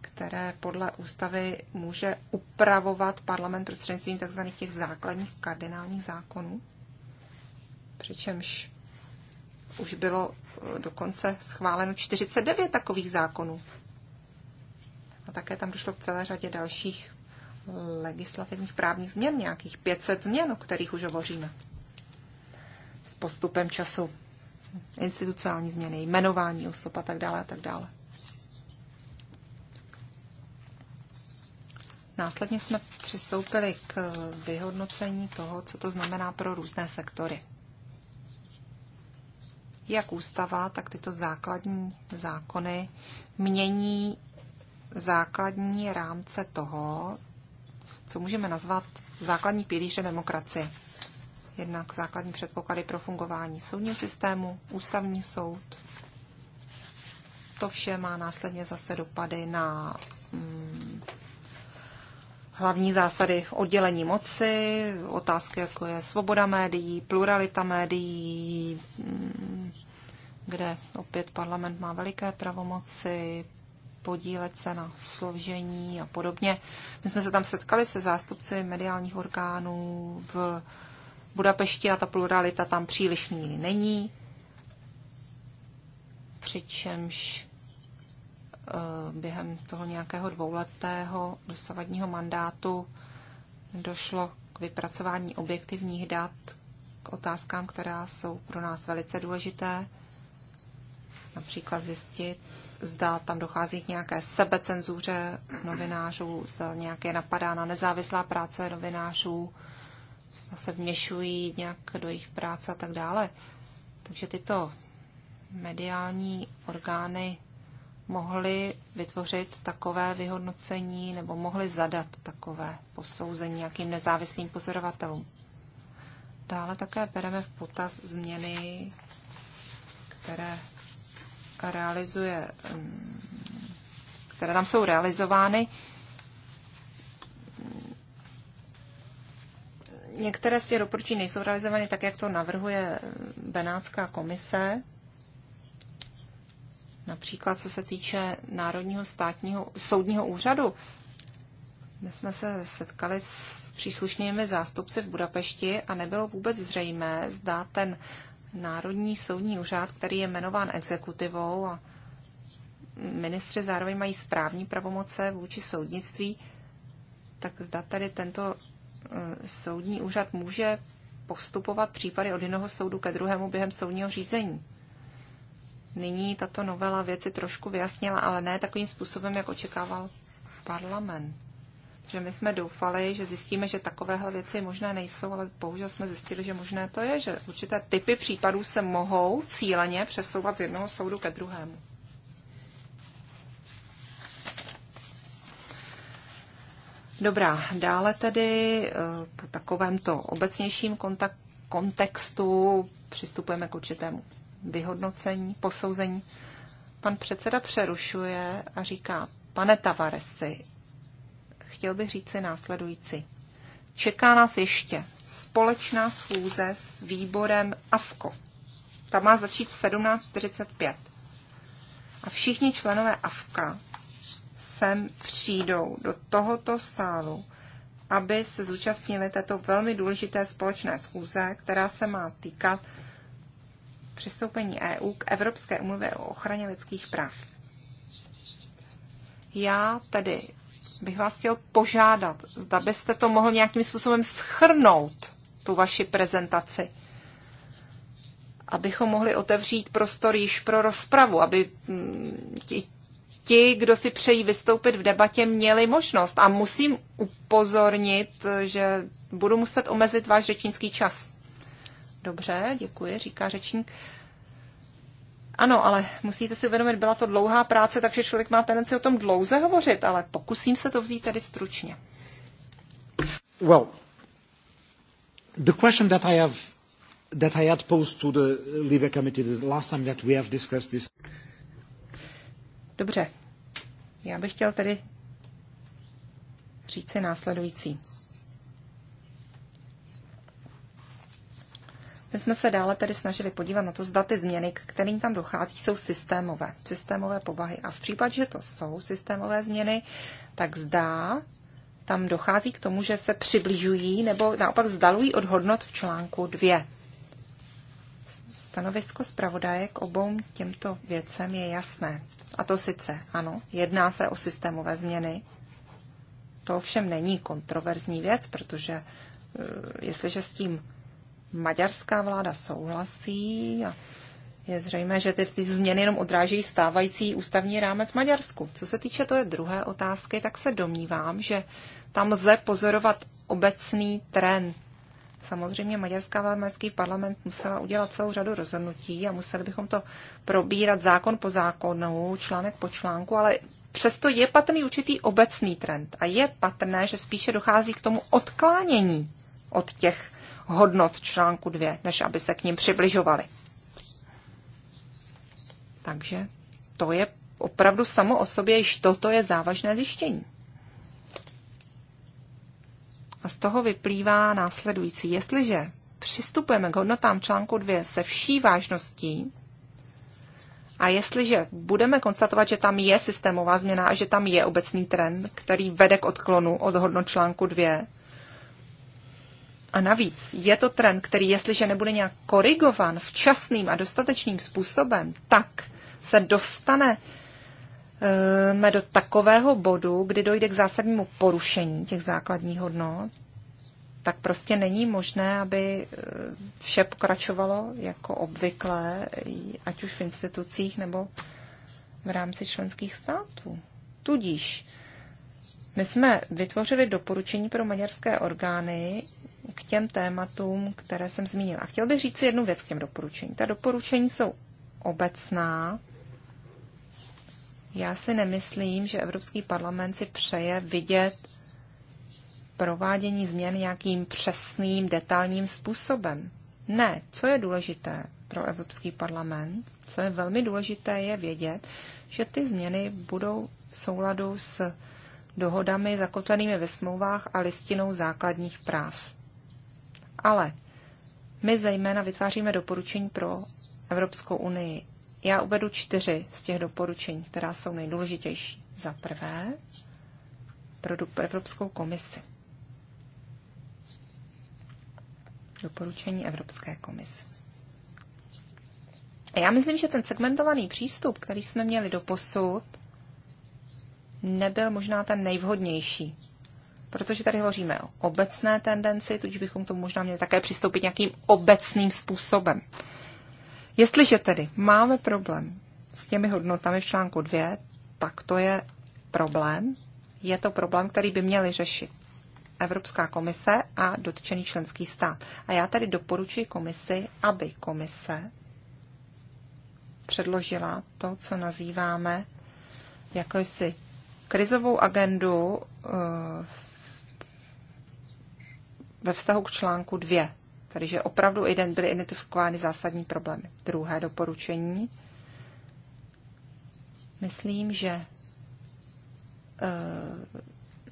které podle ústavy může upravovat parlament prostřednictvím tzv. těch základních kardinálních zákonů. Přičemž už bylo eh, dokonce schváleno 49 takových zákonů. A také tam došlo k celé řadě dalších eh, legislativních právních změn, nějakých 500 změn, o kterých už hovoříme. S postupem času institucionální změny, jmenování osob a tak dále a tak dále. Následně jsme přistoupili k eh, vyhodnocení toho, co to znamená pro různé sektory jak ústava, tak tyto základní zákony mění základní rámce toho, co můžeme nazvat základní pilíře demokracie. Jednak základní předpoklady pro fungování soudního systému, ústavní soud. To vše má následně zase dopady na mm, hlavní zásady oddělení moci, otázky jako je svoboda médií, pluralita médií, mm, kde opět parlament má veliké pravomoci podílet se na složení a podobně. My jsme se tam setkali se zástupci mediálních orgánů v Budapešti a ta pluralita tam příliš není. Přičemž Eh, během toho nějakého dvouletého dosavadního mandátu došlo k vypracování objektivních dat k otázkám, která jsou pro nás velice důležité. Například zjistit, zda tam dochází k nějaké sebecenzuře novinářů, zda nějaké napadá na nezávislá práce novinářů, zda se vměšují nějak do jejich práce a tak dále. Takže tyto mediální orgány mohli vytvořit takové vyhodnocení nebo mohli zadat takové posouzení nějakým nezávislým pozorovatelům. Dále také bereme v potaz změny, které realizuje, mm, které tam jsou realizovány. Některé z těch doporučení nejsou realizovány tak, jak to navrhuje mm, Benátská komise, Například co se týče Národního státního soudního úřadu, my jsme se setkali s příslušnými zástupci v Budapešti a nebylo vůbec zřejmé, zda ten Národní soudní úřad, který je jmenován exekutivou a ministři zároveň mají správní pravomoce vůči soudnictví, tak zda tady tento eh, soudní úřad může postupovat případy od jednoho soudu ke druhému během soudního řízení nyní tato novela věci trošku vyjasnila, ale ne takovým způsobem, jak očekával parlament. Že my jsme doufali, že zjistíme, že takovéhle věci možné nejsou, ale bohužel jsme zjistili, že možné to je, že určité typy případů se mohou cíleně přesouvat z jednoho soudu ke druhému. Dobrá, dále tedy eh, po takovémto obecnějším kontakt, kontextu přistupujeme k určitému vyhodnocení, posouzení. Pan předseda přerušuje a říká, pane Tavaresi, chtěl bych říci následující. Čeká nás ještě společná schůze s výborem AFKO. Ta má začít v 17.45. A všichni členové AFKA sem přijdou do tohoto sálu, aby se zúčastnili této velmi důležité společné schůze, která se má týkat přistoupení EU k Evropské umluvě o ochraně lidských práv. Já tedy bych vás chtěl požádat, zda byste to mohl nějakým způsobem schrnout, tu vaši prezentaci, abychom mohli otevřít prostor již pro rozpravu, aby mm, ti, ti, kdo si přejí vystoupit v debatě, měli možnost. A musím upozornit, že budu muset omezit váš řečnický čas. Dobře, děkuji, říká řečník. Ano, ale musíte si uvědomit, byla to dlouhá práce, takže člověk má tendenci o tom dlouze hovořit, ale pokusím se to vzít tady stručně. Well, the question that I have that I had posed to the Libe committee the last time that we have discussed this. Dobře. Já bych chtěl tedy říct říci následující. My jsme se dále tedy snažili podívat na to, zda ty změny, k kterým tam dochází, jsou systémové, systémové povahy. A v případě, že to jsou systémové změny, tak zdá, tam dochází k tomu, že se přibližují nebo naopak vzdalují od hodnot v článku 2. Stanovisko zpravodaje k obou těmto věcem je jasné. A to sice, ano, jedná se o systémové změny. To ovšem není kontroverzní věc, protože eh, jestliže s tím maďarská vláda souhlasí a je zřejmé, že ty, ty změny jenom odráží stávající ústavní rámec Maďarsku. Co se týče to je druhé otázky, tak se domnívám, že tam lze pozorovat obecný trend. Samozřejmě maďarská vláda, maďarský parlament musela udělat celou řadu rozhodnutí a museli bychom to probírat zákon po zákonu, článek po článku, ale přesto je patrný určitý obecný trend a je patrné, že spíše dochází k tomu odklánění od těch hodnot článku 2, než aby se k ním přibližovali. Takže to je opravdu samo o sobě, již toto je závažné zjištění. A z toho vyplývá následující. Jestliže přistupujeme k hodnotám článku 2 se vší vážností, a jestliže budeme konstatovat, že tam je systémová změna a že tam je obecný trend, který vede k odklonu od hodnot článku 2, a navíc je to trend, který jestliže nebude nějak korigován včasným a dostatečným způsobem, tak se dostane jsme eh, do takového bodu, kdy dojde k zásadnímu porušení těch základních hodnot, tak prostě není možné, aby eh, vše pokračovalo jako obvykle, ať už v institucích nebo v rámci členských států. Tudíž my jsme vytvořili doporučení pro maďarské orgány, k těm tématům, které jsem zmínila. A chtěl bych říct si jednu věc k těm doporučením. Ta doporučení jsou obecná. Já si nemyslím, že Evropský parlament si přeje vidět provádění změn nějakým přesným, detailním způsobem. Ne, co je důležité pro Evropský parlament, co je velmi důležité, je vědět, že ty změny budou v souladu s dohodami zakotvenými ve smlouvách a listinou základních práv. Ale my zejména vytváříme doporučení pro Evropskou unii. Já uvedu čtyři z těch doporučení, která jsou nejdůležitější. Za prvé, pro Evropskou komisi. Doporučení Evropské komise. A já myslím, že ten segmentovaný přístup, který jsme měli do posud, nebyl možná ten nejvhodnější. Protože tady hovoříme o obecné tendenci, tudíž bychom to možná měli také přistoupit nějakým obecným způsobem. Jestliže tedy máme problém s těmi hodnotami v článku 2, tak to je problém. Je to problém, který by měli řešit Evropská komise a dotčený členský stát. A já tady doporučuji komisi, aby komise předložila to, co nazýváme jakousi krizovou agendu eh, ve vztahu k článku 2, tedy že opravdu byly identifikovány zásadní problémy. Druhé doporučení. Myslím, že e,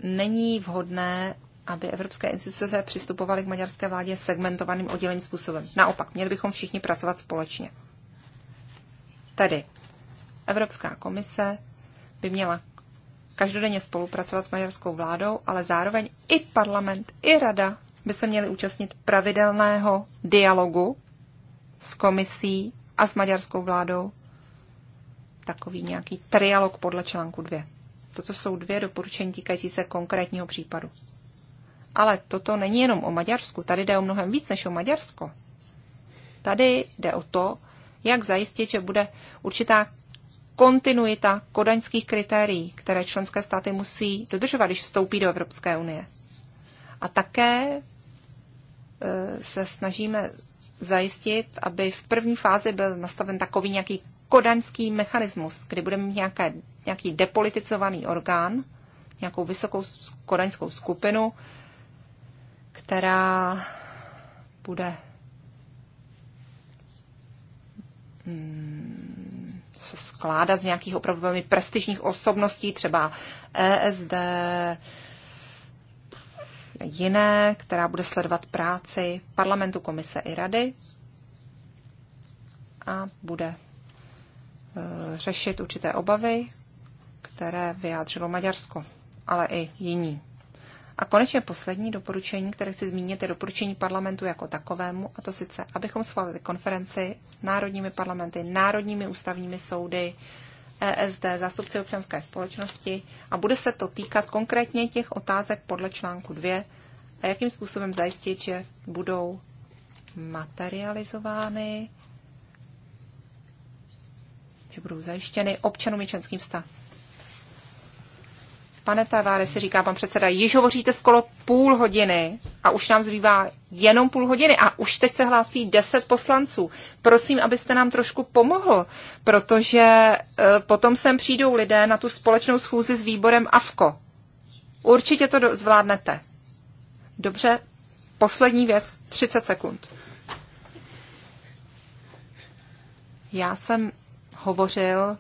není vhodné, aby evropské instituce přistupovaly k maďarské vládě segmentovaným odděleným způsobem. Naopak, měli bychom všichni pracovat společně. Tedy Evropská komise by měla každodenně spolupracovat s maďarskou vládou, ale zároveň i parlament, i rada by se měli účastnit pravidelného dialogu s komisí a s maďarskou vládou. Takový nějaký trialog podle článku 2. Toto jsou dvě doporučení týkající se konkrétního případu. Ale toto není jenom o Maďarsku, tady jde o mnohem víc než o Maďarsko. Tady jde o to, jak zajistit, že bude určitá kontinuita kodaňských kritérií, které členské státy musí dodržovat, když vstoupí do Evropské unie. A také Eh, se snažíme zajistit, aby v první fázi byl nastaven takový nějaký kodaňský mechanismus, kdy budeme mít nějaké, nějaký depolitizovaný orgán, nějakou vysokou kodaňskou skupinu, která bude mm, se skládat z nějakých opravdu velmi prestižních osobností, třeba ESD, jiné, která bude sledovat práci parlamentu, komise i rady a bude e, řešit určité obavy, které vyjádřilo Maďarsko, ale i jiní. A konečně poslední doporučení, které chci zmínit, je doporučení parlamentu jako takovému, a to sice, abychom schválili konferenci národními parlamenty, národními ústavními soudy, ESD, zástupci občanské společnosti a bude se to týkat konkrétně těch otázek podle článku 2 a jakým způsobem zajistit, že budou materializovány, že budou zajištěny občanům i členským státům. Pane Tavare, se říká pan předseda, již hovoříte skoro půl hodiny a už nám zbývá jenom půl hodiny a už teď se hlásí deset poslanců. Prosím, abyste nám trošku pomohl, protože uh, potom sem přijdou lidé na tu společnou schůzi s výborem AFKO. Určitě to do, zvládnete. Dobře, poslední věc, 30 sekund. Já jsem hovořil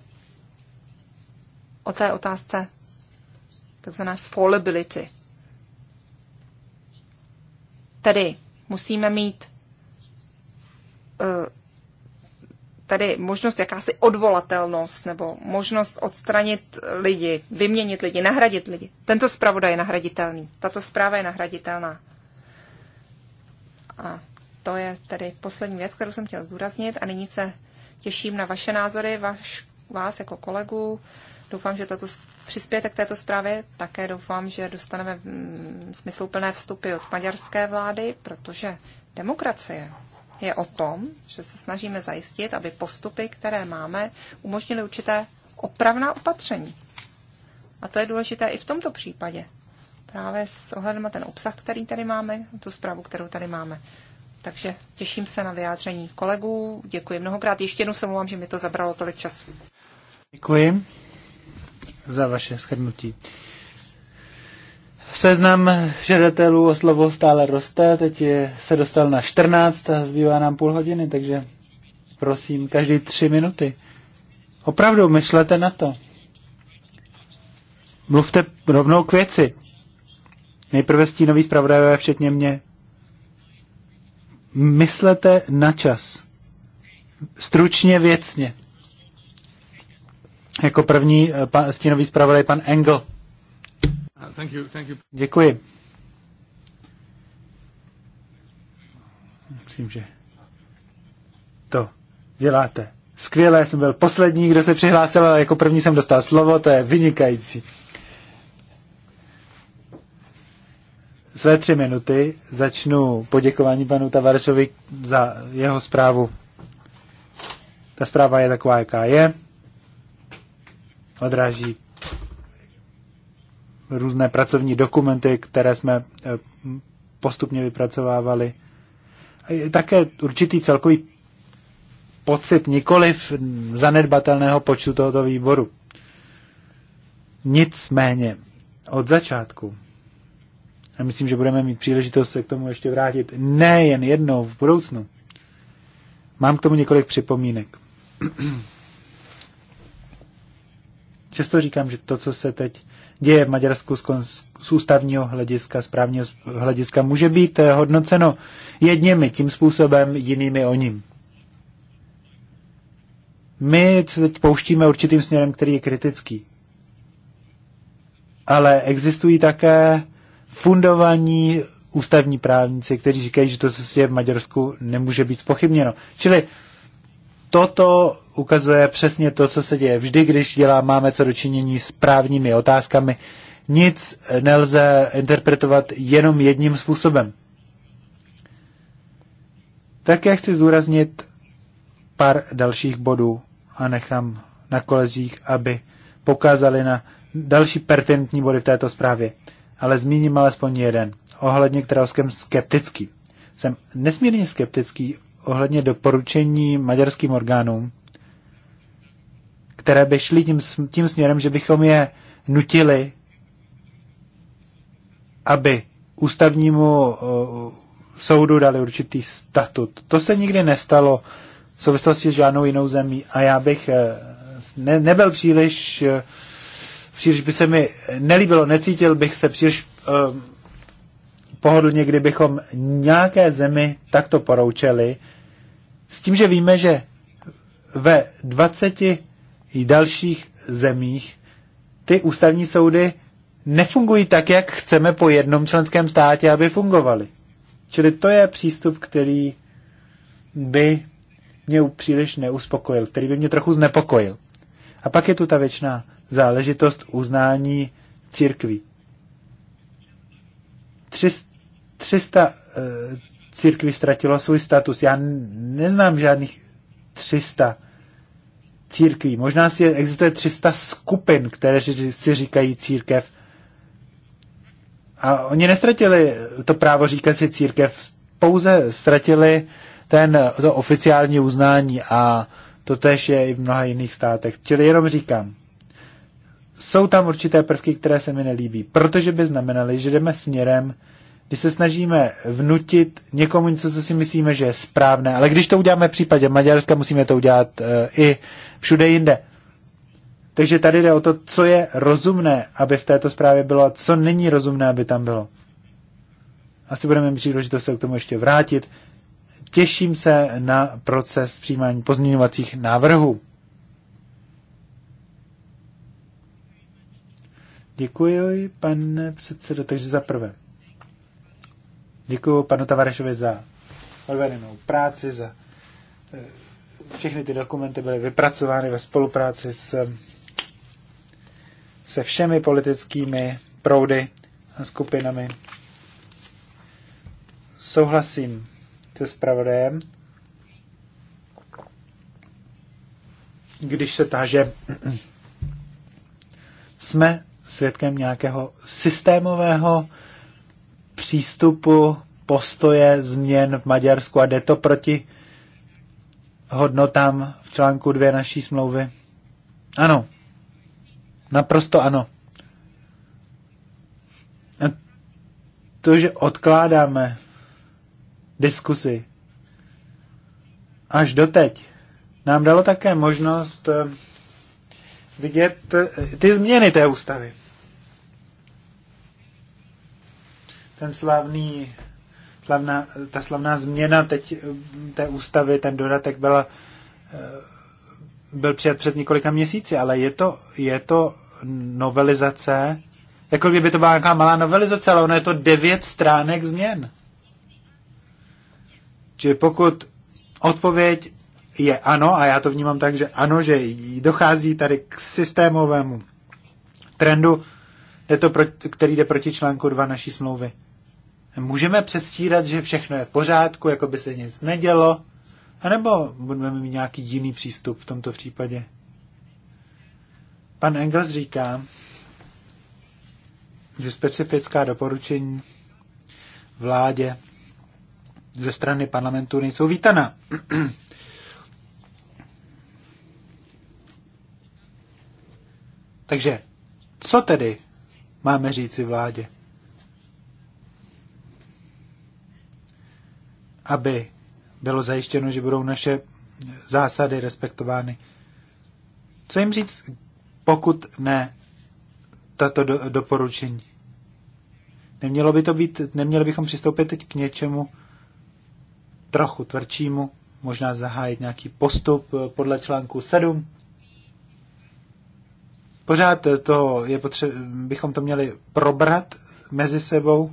o té otázce takzvaná fallibility. Tedy musíme mít eh, tady možnost jakási odvolatelnost nebo možnost odstranit lidi, vyměnit lidi, nahradit lidi. Tento zpravodaj je nahraditelný, tato zpráva je nahraditelná. A to je tedy poslední věc, kterou jsem chtěl zdůraznit a nyní se těším na vaše názory, vaš, vás jako kolegu. Doufám, že tato přispějete k této zprávě. Také doufám, že dostaneme mm, smysluplné vstupy od maďarské vlády, protože demokracie je o tom, že se snažíme zajistit, aby postupy, které máme, umožnily určité opravná opatření. A to je důležité i v tomto případě. Právě s ohledem na ten obsah, který tady máme, tu zprávu, kterou tady máme. Takže těším se na vyjádření kolegů. Děkuji mnohokrát. Ještě jednou se mluvám, že mi to zabralo tolik času. Děkuji za vaše schrnutí. Seznam žadatelů o slovo stále roste, teď je, se dostal na 14 a zbývá nám půl hodiny, takže prosím, každý tři minuty. Opravdu, myslete na to. Mluvte rovnou k věci. Nejprve stínový zpravodajové, včetně mě. Myslete na čas. Stručně, věcně. Jako první eh, pan, stínový zpravodaj pan Engel. Thank you, thank you. Děkuji. Myslím, že to děláte. skvěle. jsem byl poslední, kdo se přihlásil, ale jako první jsem dostal slovo, to je vynikající. Své tři minuty začnu poděkování panu Tavaresovi za jeho zprávu. Ta zpráva je taková, jaká je odráží různé pracovní dokumenty, které jsme eh, postupně vypracovávali. A je také určitý celkový pocit nikoliv zanedbatelného počtu tohoto výboru. Nicméně, od začátku, a myslím, že budeme mít příležitost se k tomu ještě vrátit, nejen jednou v budoucnu, mám k tomu několik připomínek. *clears throat* často říkám, že to, co se teď děje v Maďarsku z, z ústavního hlediska, z právního hlediska, může být eh, hodnoceno jedněmi tím způsobem, jinými o ním. My se teď pouštíme určitým směrem, který je kritický. Ale existují také fundovaní ústavní právníci, kteří říkají, že to, se v Maďarsku, nemůže být spochybněno. Čili toto ukazuje přesně to, co se děje. Vždy, když dělá, máme co dočinění s právními otázkami, nic nelze interpretovat jenom jedním způsobem. Také chci zúraznit pár dalších bodů a nechám na kolezích, aby pokázali na další pertinentní body v této zprávě. Ale zmíním alespoň jeden, ohledně kterého jsem skeptický. Jsem nesmírně skeptický ohledně doporučení maďarským orgánům které by šly tím, tím směrem, že bychom je nutili, aby ústavnímu soudu dali určitý statut. To se nikdy nestalo v souvislosti s žádnou jinou zemí a já bych e, ne, nebyl příliš, e, příliš by se mi nelíbilo, necítil bych se příliš uh, pohodlně, kdybychom nějaké zemi takto poroučeli, s tím, že víme, že ve 20 i dalších zemích ty ústavní soudy nefungují tak, jak chceme po jednom členském státě, aby fungovaly. Čili to je přístup, který by mě příliš neuspokojil, který by mě trochu znepokojil. A pak je tu ta věčná záležitost uznání církví. 300 eh, církví ztratilo svůj status. Já neznám žádných 300 církví. Možná si existuje 300 skupin, které si říkají církev. A oni nestratili to právo říkat si církev, pouze ztratili ten, to oficiální uznání a to tež je i v mnoha jiných státech. Čili jenom říkám, jsou tam určité prvky, které se mi nelíbí, protože by znamenaly, že jdeme směrem, když se snažíme vnutit někomu něco, co si myslíme, že je správné, ale když to uděláme v případě Maďarska, musíme to udělat e, i všude jinde. Takže tady jde o to, co je rozumné, aby v této zprávě bylo a co není rozumné, aby tam bylo. Asi budeme mít příležitost se k tomu ještě vrátit. Těším se na proces přijímání pozměňovacích návrhů. Děkuji, pane předsedo. Takže za prvé. Děkuji panu Tavarešovi za odvedenou práci, za eh, všechny ty dokumenty byly vypracovány ve spolupráci s, se všemi politickými proudy a skupinami. Souhlasím se zpravodajem, když se táže, *clears throat* jsme svědkem nějakého systémového přístupu, postoje, změn v Maďarsku a jde to proti hodnotám v článku dvě naší smlouvy? Ano. Naprosto ano. A to, že odkládáme diskusy až doteď, nám dalo také možnost eh, vidět eh, ty změny té ústavy. ten slavný, slavná, ta slavná změna teď eh, té ústavy, ten dodatek byla, eh, byl přijat před několika měsíci, ale je to, je to novelizace, jako kdyby to byla nějaká malá novelizace, ale ono je to devět stránek změn. Čili pokud odpověď je ano, a já to vnímám tak, že ano, že dochází tady k systémovému trendu, je to který jde proti článku 2 naší smlouvy. Můžeme předstírat, že všechno je v pořádku, jako by se nic nedělo, anebo budeme mít nějaký jiný přístup v tomto případě. Pan Engels říká, že specifická doporučení vládě ze strany parlamentu nejsou vítana. *clears throat* Takže co tedy máme říci vládě? aby bylo zajištěno, že budou naše zásady respektovány. Co jim říct, pokud ne tato do, doporučení? Nemělo by to být, neměli bychom přistoupit teď k něčemu trochu tvrdšímu, možná zahájit nějaký postup eh, podle článku 7. Pořád eh, to je potře- bychom to měli probrat mezi sebou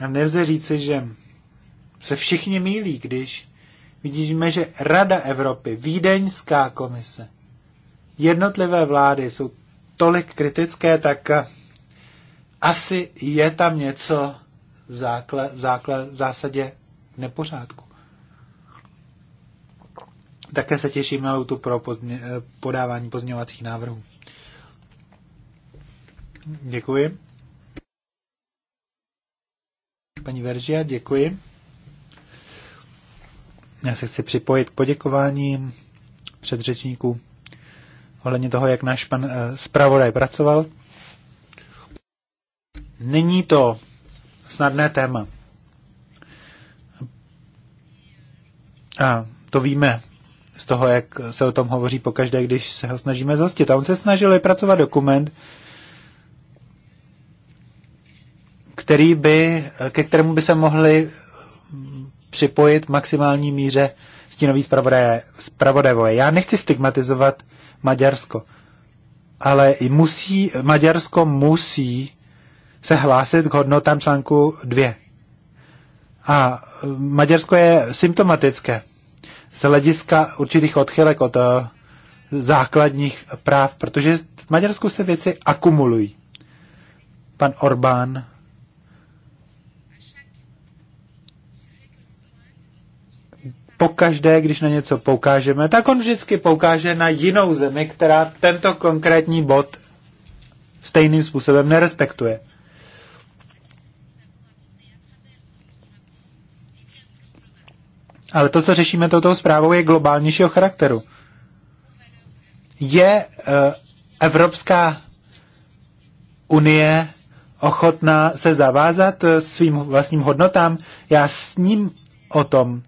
a nelze říci, že se všichni mílí, když vidíme, že Rada Evropy, Vídeňská komise, jednotlivé vlády jsou tolik kritické, tak eh, asi je tam něco v, zákle, v, zákle, v zásadě v nepořádku. Také se těším na lhutu pro pozdě, eh, podávání pozměňovacích návrhů. Děkuji. Paní Veržia, děkuji. Já se chci připojit k poděkování předřečníků ohledně toho, jak náš pan eh, zpravodaj pracoval. Není to snadné téma. A to víme z toho, jak se o tom hovoří pokaždé, když se ho snažíme zhostit. A on se snažil pracovat dokument, který by, ke kterému by se mohli připojit v maximální míře stínový zpravodajové. Já nechci stigmatizovat Maďarsko, ale musí, Maďarsko musí se hlásit k hodnotám článku 2. A e, Maďarsko je symptomatické z hlediska určitých odchylek od e, základních práv, protože v Maďarsku se věci akumulují. Pan Orbán pokaždé, když na něco poukážeme, tak on vždycky poukáže na jinou zemi, která tento konkrétní bod stejným způsobem nerespektuje. Ale to, co řešíme touto zprávou, je globálnějšího charakteru. Je uh, Evropská unie ochotná se zavázat eh, svým vlastním hodnotám? Já s ním o tom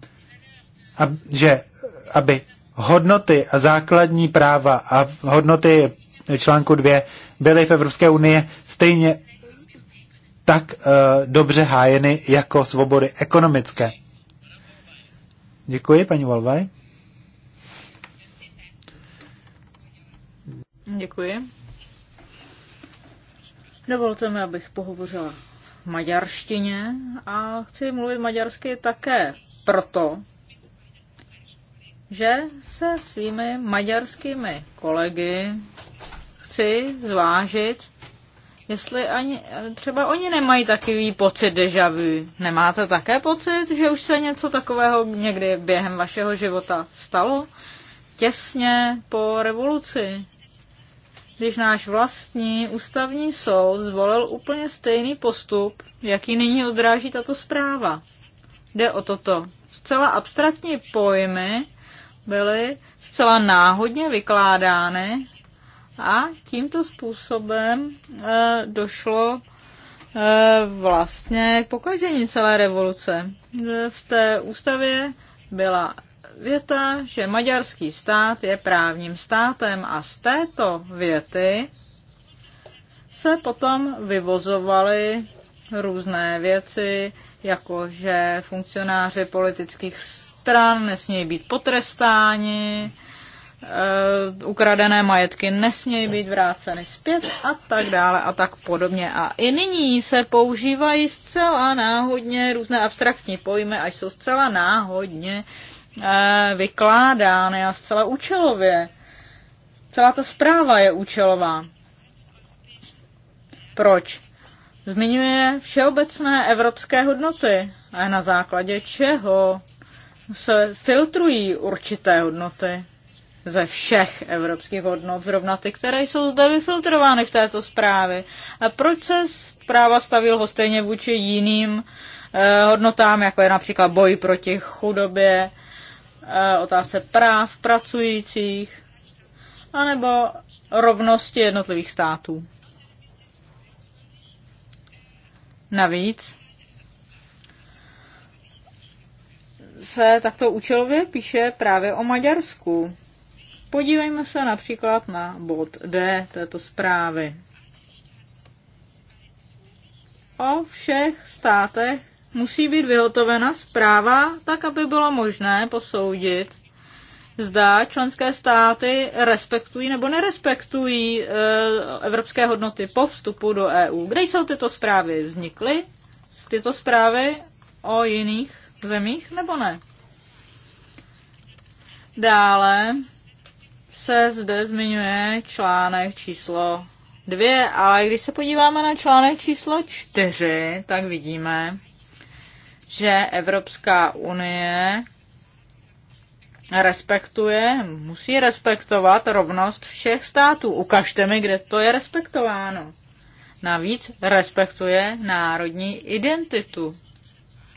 že aby hodnoty a základní práva a hodnoty článku 2 byly v Evropské unii stejně tak uh, dobře hájeny jako svobody ekonomické. Děkuji, paní Volvaj. Děkuji. Dovolte mi, abych pohovořila maďarštině a chci mluvit maďarsky také proto, že se svými maďarskými kolegy chci zvážit, jestli ani, třeba oni nemají takový pocit deja vu. Nemáte také pocit, že už se něco takového někdy během vašeho života stalo? Těsně po revoluci, když náš vlastní ústavní soud zvolil úplně stejný postup, jaký nyní odráží tato zpráva. Jde o toto. Zcela abstraktní pojmy byly zcela náhodně vykládány a tímto způsobem e, došlo e, vlastně k pokažení celé revoluce. Eh, v té ústavě byla věta, že maďarský stát je právním státem a z této věty se potom vyvozovaly různé věci, jako že funkcionáři politických stran, nesmějí být potrestáni, eh, ukradené majetky nesmějí být vráceny zpět a tak dále a tak podobně. A i nyní se používají zcela náhodně různé abstraktní pojmy a jsou zcela náhodně eh, vykládány a zcela účelově. Celá ta zpráva je účelová. Proč? Zmiňuje všeobecné evropské hodnoty. A na základě čeho se filtrují určité hodnoty ze všech evropských hodnot, zrovna ty, které jsou zde vyfiltrovány v této zprávě. A proč se zpráva stavil ho stejně vůči jiným eh, hodnotám, jako je například boj proti chudobě, eh, otázce práv pracujících, anebo rovnosti jednotlivých států. Navíc se takto účelově píše právě o Maďarsku. Podívejme se například na bod D této zprávy. O všech státech musí být vyhotovena zpráva, tak aby bylo možné posoudit, zda členské státy respektují nebo nerespektují e, evropské hodnoty po vstupu do EU. Kde jsou tyto zprávy? Vznikly tyto zprávy o jiných zemích, nebo ne? Dále se zde zmiňuje článek číslo dvě, ale když se podíváme na článek číslo čtyři, tak vidíme, že Evropská unie respektuje, musí respektovat rovnost všech států. Ukažte mi, kde to je respektováno. Navíc respektuje národní identitu.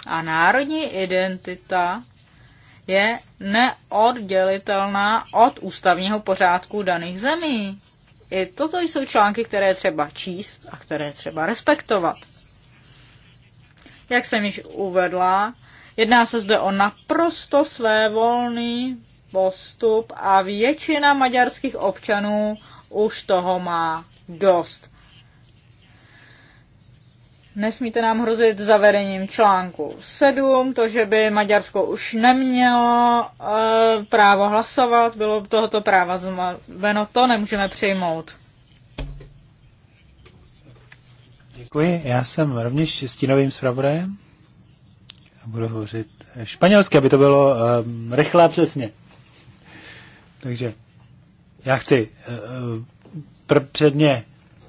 A národní identita je neoddělitelná od ústavního pořádku daných zemí. I toto jsou články, které třeba číst a které třeba respektovat. Jak jsem již uvedla, jedná se zde o naprosto svévolný postup a většina maďarských občanů už toho má dost. Nesmíte nám hrozit zavedením článku 7, to, že by Maďarsko už nemělo e, právo hlasovat, bylo tohoto práva zmaveno, to nemůžeme přijmout. Děkuji, já jsem rovněž stínovým zpravodajem a budu hovořit eh, španělsky, aby to bylo um, eh, rychle a přesně. Takže já chci uh, pr- předně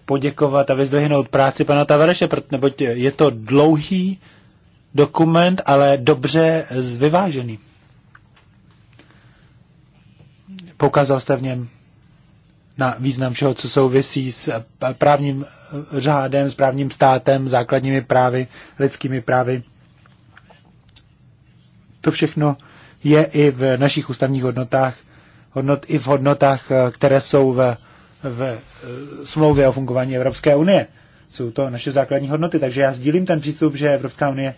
poděkovat a vyzdvihnout práci pana Tavareše, neboť je to dlouhý dokument, ale dobře vyvážený. Poukázal jste v něm na význam všeho, co souvisí s právním řádem, s právním státem, základními právy, lidskými právy. To všechno je i v našich ústavních hodnotách, hodnot, i v hodnotách, které jsou v v e, smlouvě o fungování Evropské unie. Jsou to naše základní hodnoty, takže já sdílím ten přístup, že Evropská unie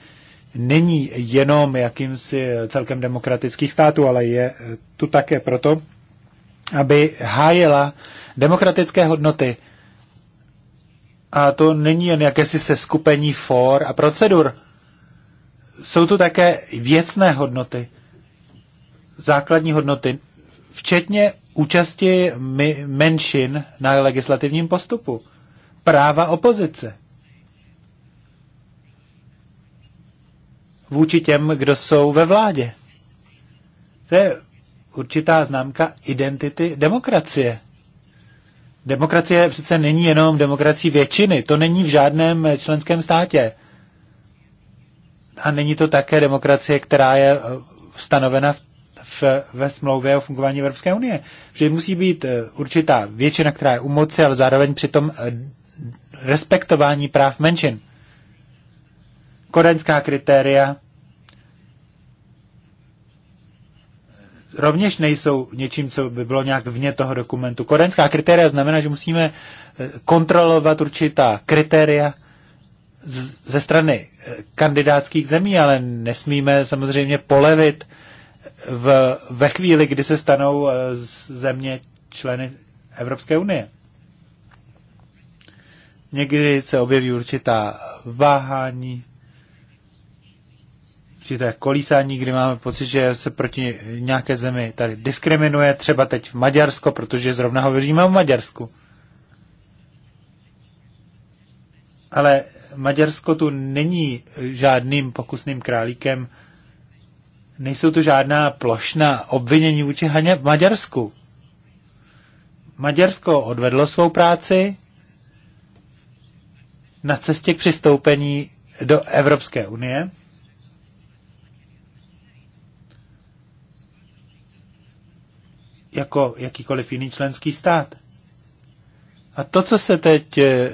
není jenom jakýmsi celkem demokratických států, ale je e, tu také proto, aby hájela demokratické hodnoty. A to není jen jakési seskupení for a procedur. Jsou tu také věcné hodnoty, základní hodnoty, včetně účasti menšin na legislativním postupu. Práva opozice. Vůči těm, kdo jsou ve vládě. To je určitá známka identity demokracie. Demokracie přece není jenom demokracie většiny, to není v žádném členském státě. A není to také demokracie, která je eh, stanovena v v, ve smlouvě o fungování Evropské unie. Že musí být eh, určitá většina, která je u moci, ale zároveň přitom eh, respektování práv menšin. Kodaňská kritéria eh, rovněž nejsou něčím, co by bylo nějak vně toho dokumentu. Kodaňská kritéria znamená, že musíme kontrolovat určitá kritéria, ze strany kandidátských zemí, ale nesmíme samozřejmě polevit v, ve chvíli, kdy se stanou eh, země členy Evropské unie. Někdy se objeví určitá váhání, určité kolísání, kdy máme pocit, že se proti nějaké zemi tady diskriminuje, třeba teď Maďarsko, protože zrovna hovoříme o Maďarsku. Ale Maďarsko tu není žádným pokusným králíkem nejsou to žádná plošná obvinění vůči Haně Maďarsku. Maďarsko odvedlo svou práci na cestě k přistoupení do Evropské unie. jako jakýkoliv jiný členský stát. A to, co se teď eh,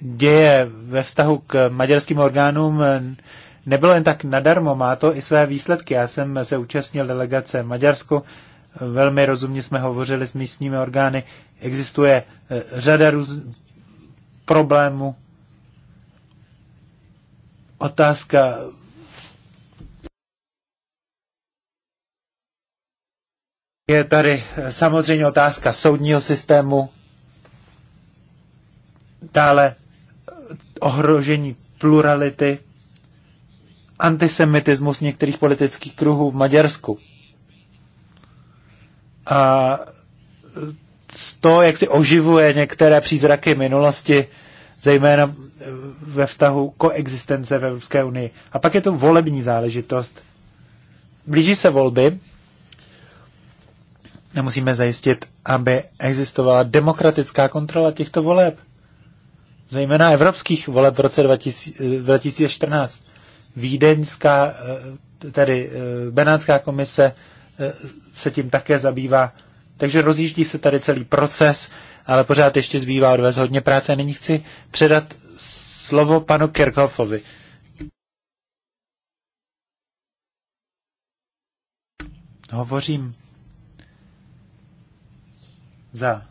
děje ve vztahu k maďarským orgánům, nebylo jen tak nadarmo, má to i své výsledky. Já jsem se účastnil delegace v Maďarsku, velmi rozumně jsme hovořili s místními orgány, existuje e, řada růz... problémů. Otázka je tady e, samozřejmě otázka soudního systému, dále e, ohrožení plurality antisemitismus některých politických kruhů v Maďarsku. A to, jak si oživuje některé přízraky minulosti, zejména ve vztahu koexistence v Evropské unii. A pak je to volební záležitost. Blíží se volby Nemusíme musíme zajistit, aby existovala demokratická kontrola těchto voleb. Zejména evropských voleb v roce 2014. Vídeňská, eh, tedy eh, Benátská komise eh, se tím také zabývá. Takže rozjíždí se tady celý proces, ale pořád ještě zbývá odvez hodně práce. nyní chci předat slovo panu Kirchhoffovi. Hovořím za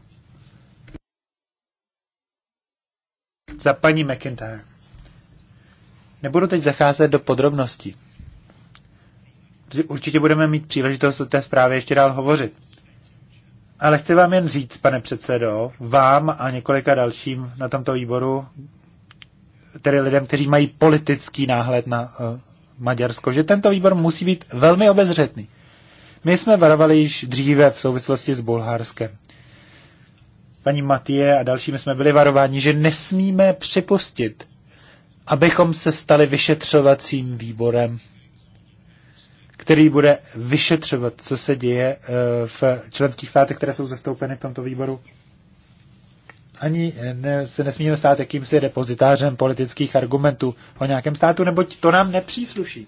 za paní McIntyre. Nebudu teď zacházet do podrobností. Určitě budeme mít příležitost o té zprávě ještě dál hovořit. Ale chci vám jen říct, pane předsedo, vám a několika dalším na tomto výboru, tedy lidem, kteří mají politický náhled na uh, Maďarsko, že tento výbor musí být velmi obezřetný. My jsme varovali již dříve v souvislosti s Bulharskem. Paní Matie a dalšími jsme byli varováni, že nesmíme připustit, abychom se stali vyšetřovacím výborem, který bude vyšetřovat, co se děje eh, v členských státech, které jsou zastoupeny v tomto výboru. Ani eh, ne, se nesmíme stát jakýmsi depozitářem politických argumentů o nějakém státu, neboť to nám nepřísluší.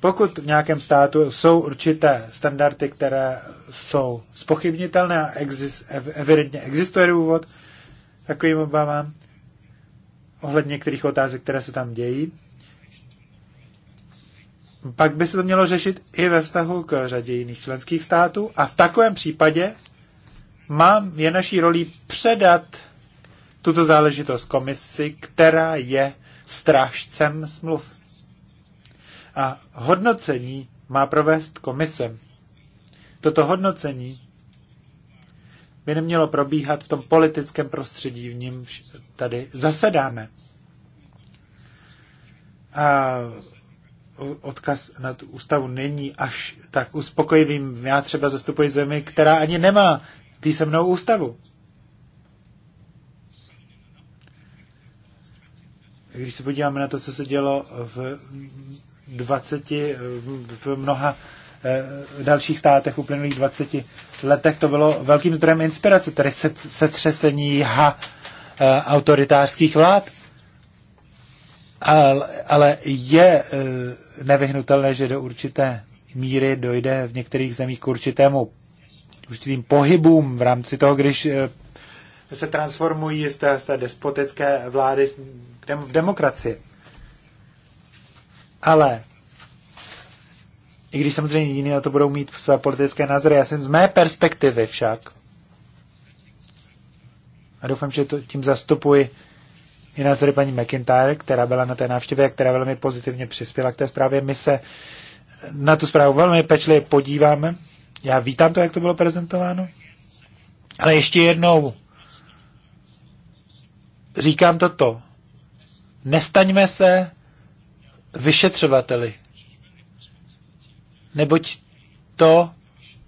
Pokud v nějakém státu jsou určité standardy, které jsou spochybnitelné a exist, evidentně existuje důvod takovým obavám, ohledně některých otázek, které se tam dějí. Pak by se to mělo řešit i ve vztahu k řadě jiných členských států a v takovém případě mám, je naší rolí předat tuto záležitost komisi, která je strážcem smluv. A hodnocení má provést komise. Toto hodnocení by nemělo probíhat v tom politickém prostředí, v něm tady zasedáme. A odkaz na tu ústavu není až tak uspokojivým. Já třeba zastupuji zemi, která ani nemá písemnou ústavu. Když se podíváme na to, co se dělo v 20, v mnoha Eh, v dalších státech uplynulých 20 letech, to bylo velkým zdrojem inspirace, tedy setřesení ha eh, autoritářských vlád. ale je eh, nevyhnutelné, že do určité míry dojde v některých zemích k určitému určitým pohybům v rámci toho, když se transformují z té, z té despotické vlády v demokracii. Ale i když samozřejmě jiní na to budou mít své politické názory. Já jsem z mé perspektivy však, a doufám, že to, tím zastupuji i názory paní McIntyre, která byla na té návštěvě a která velmi pozitivně přispěla k té zprávě. My se na tu zprávu velmi pečlivě podíváme. Já vítám to, jak to bylo prezentováno. Ale ještě jednou říkám toto. Nestaňme se vyšetřovateli neboť to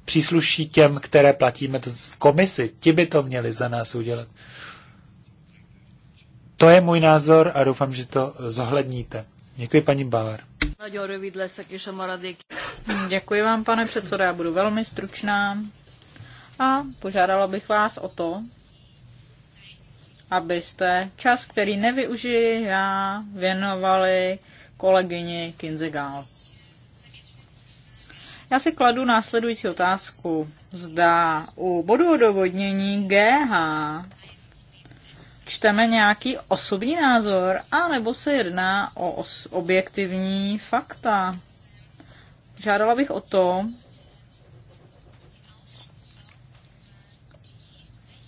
přísluší těm, které platíme to v komisi. Ti by to měli za nás udělat. To je můj názor a doufám, že to zohledníte. Děkuji, paní Bauer. Děkuji vám, pane předsedo, já budu velmi stručná a požádala bych vás o to, abyste čas, který nevyužiji já, věnovali kolegyni Kinzigal. Já si kladu následující otázku. Zda u bodu odovodnění GH čteme nějaký osobní názor, anebo se jedná o objektivní fakta. Žádala bych o to,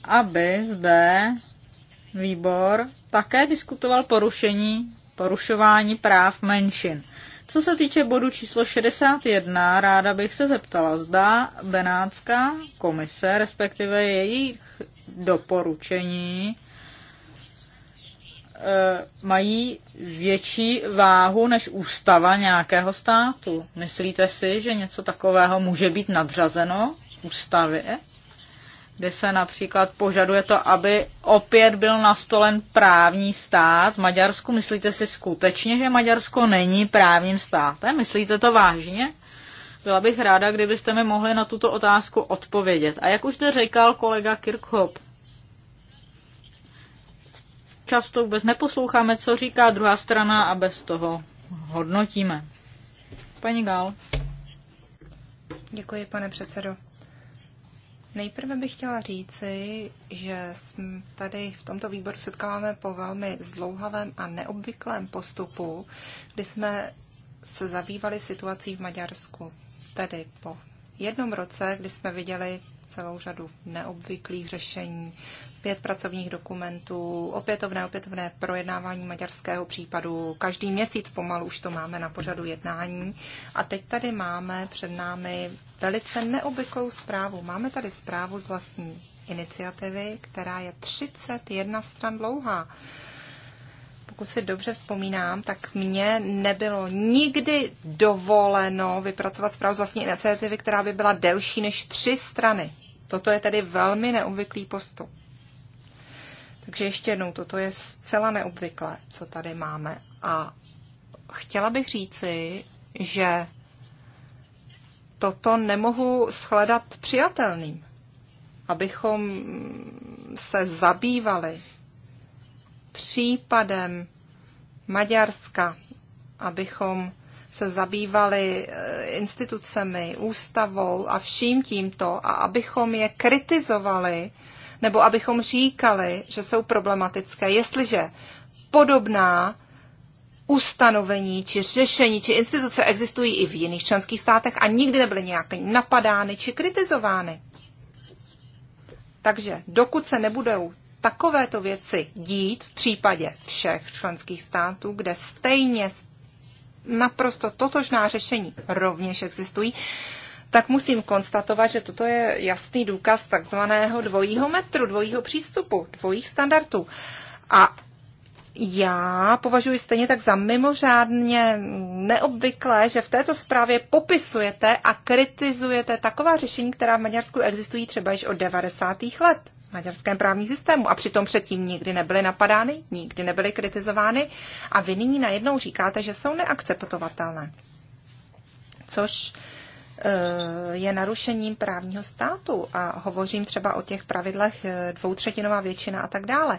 aby zde výbor také diskutoval porušení, porušování práv menšin. Co se týče bodu číslo 61, ráda bych se zeptala, zda Benátská komise, respektive jejich doporučení, eh, mají větší váhu než ústava nějakého státu. Myslíte si, že něco takového může být nadřazeno ústavě? kde se například požaduje to, aby opět byl nastolen právní stát v Maďarsku. Myslíte si skutečně, že Maďarsko není právním státem? Myslíte to vážně? Byla bych ráda, kdybyste mi mohli na tuto otázku odpovědět. A jak už jste říkal kolega Kirchhoff, často vůbec neposloucháme, co říká druhá strana a bez toho hodnotíme. Paní Gál. Děkuji, pane předsedo. Nejprve bych chtěla říci, že tady v tomto výboru setkáváme po velmi zdlouhavém a neobvyklém postupu, kdy jsme se zabývali situací v Maďarsku. Tedy po jednom roce, kdy jsme viděli celou řadu neobvyklých řešení, pět pracovních dokumentů, opětovné, opětovné projednávání maďarského případu. Každý měsíc pomalu už to máme na pořadu jednání. A teď tady máme před námi velice neobvyklou zprávu. Máme tady zprávu z vlastní iniciativy, která je 31 stran dlouhá pokud si dobře vzpomínám, tak mně nebylo nikdy dovoleno vypracovat zprávu z vlastní iniciativy, která by byla delší než tři strany. Toto je tedy velmi neobvyklý postup. Takže ještě jednou, toto je zcela neobvyklé, co tady máme. A chtěla bych říci, že toto nemohu shledat přijatelným, abychom se zabývali případem Maďarska, abychom se zabývali eh, institucemi, ústavou a vším tímto a abychom je kritizovali nebo abychom říkali, že jsou problematické, jestliže podobná ustanovení či řešení či instituce existují i v jiných členských státech a nikdy nebyly nějak napadány či kritizovány. Takže dokud se nebudou takovéto věci dít v případě všech členských států, kde stejně naprosto totožná řešení rovněž existují, tak musím konstatovat, že toto je jasný důkaz takzvaného dvojího metru, dvojího přístupu, dvojích standardů. A já považuji stejně tak za mimořádně neobvyklé, že v této zprávě popisujete a kritizujete taková řešení, která v Maďarsku existují třeba již od 90. let v maďarském právním systému a přitom předtím nikdy nebyly napadány, nikdy nebyly kritizovány a vy nyní najednou říkáte, že jsou neakceptovatelné. Což Eh, je narušením právního státu a hovořím třeba o těch pravidlech eh, dvoutřetinová většina a tak dále.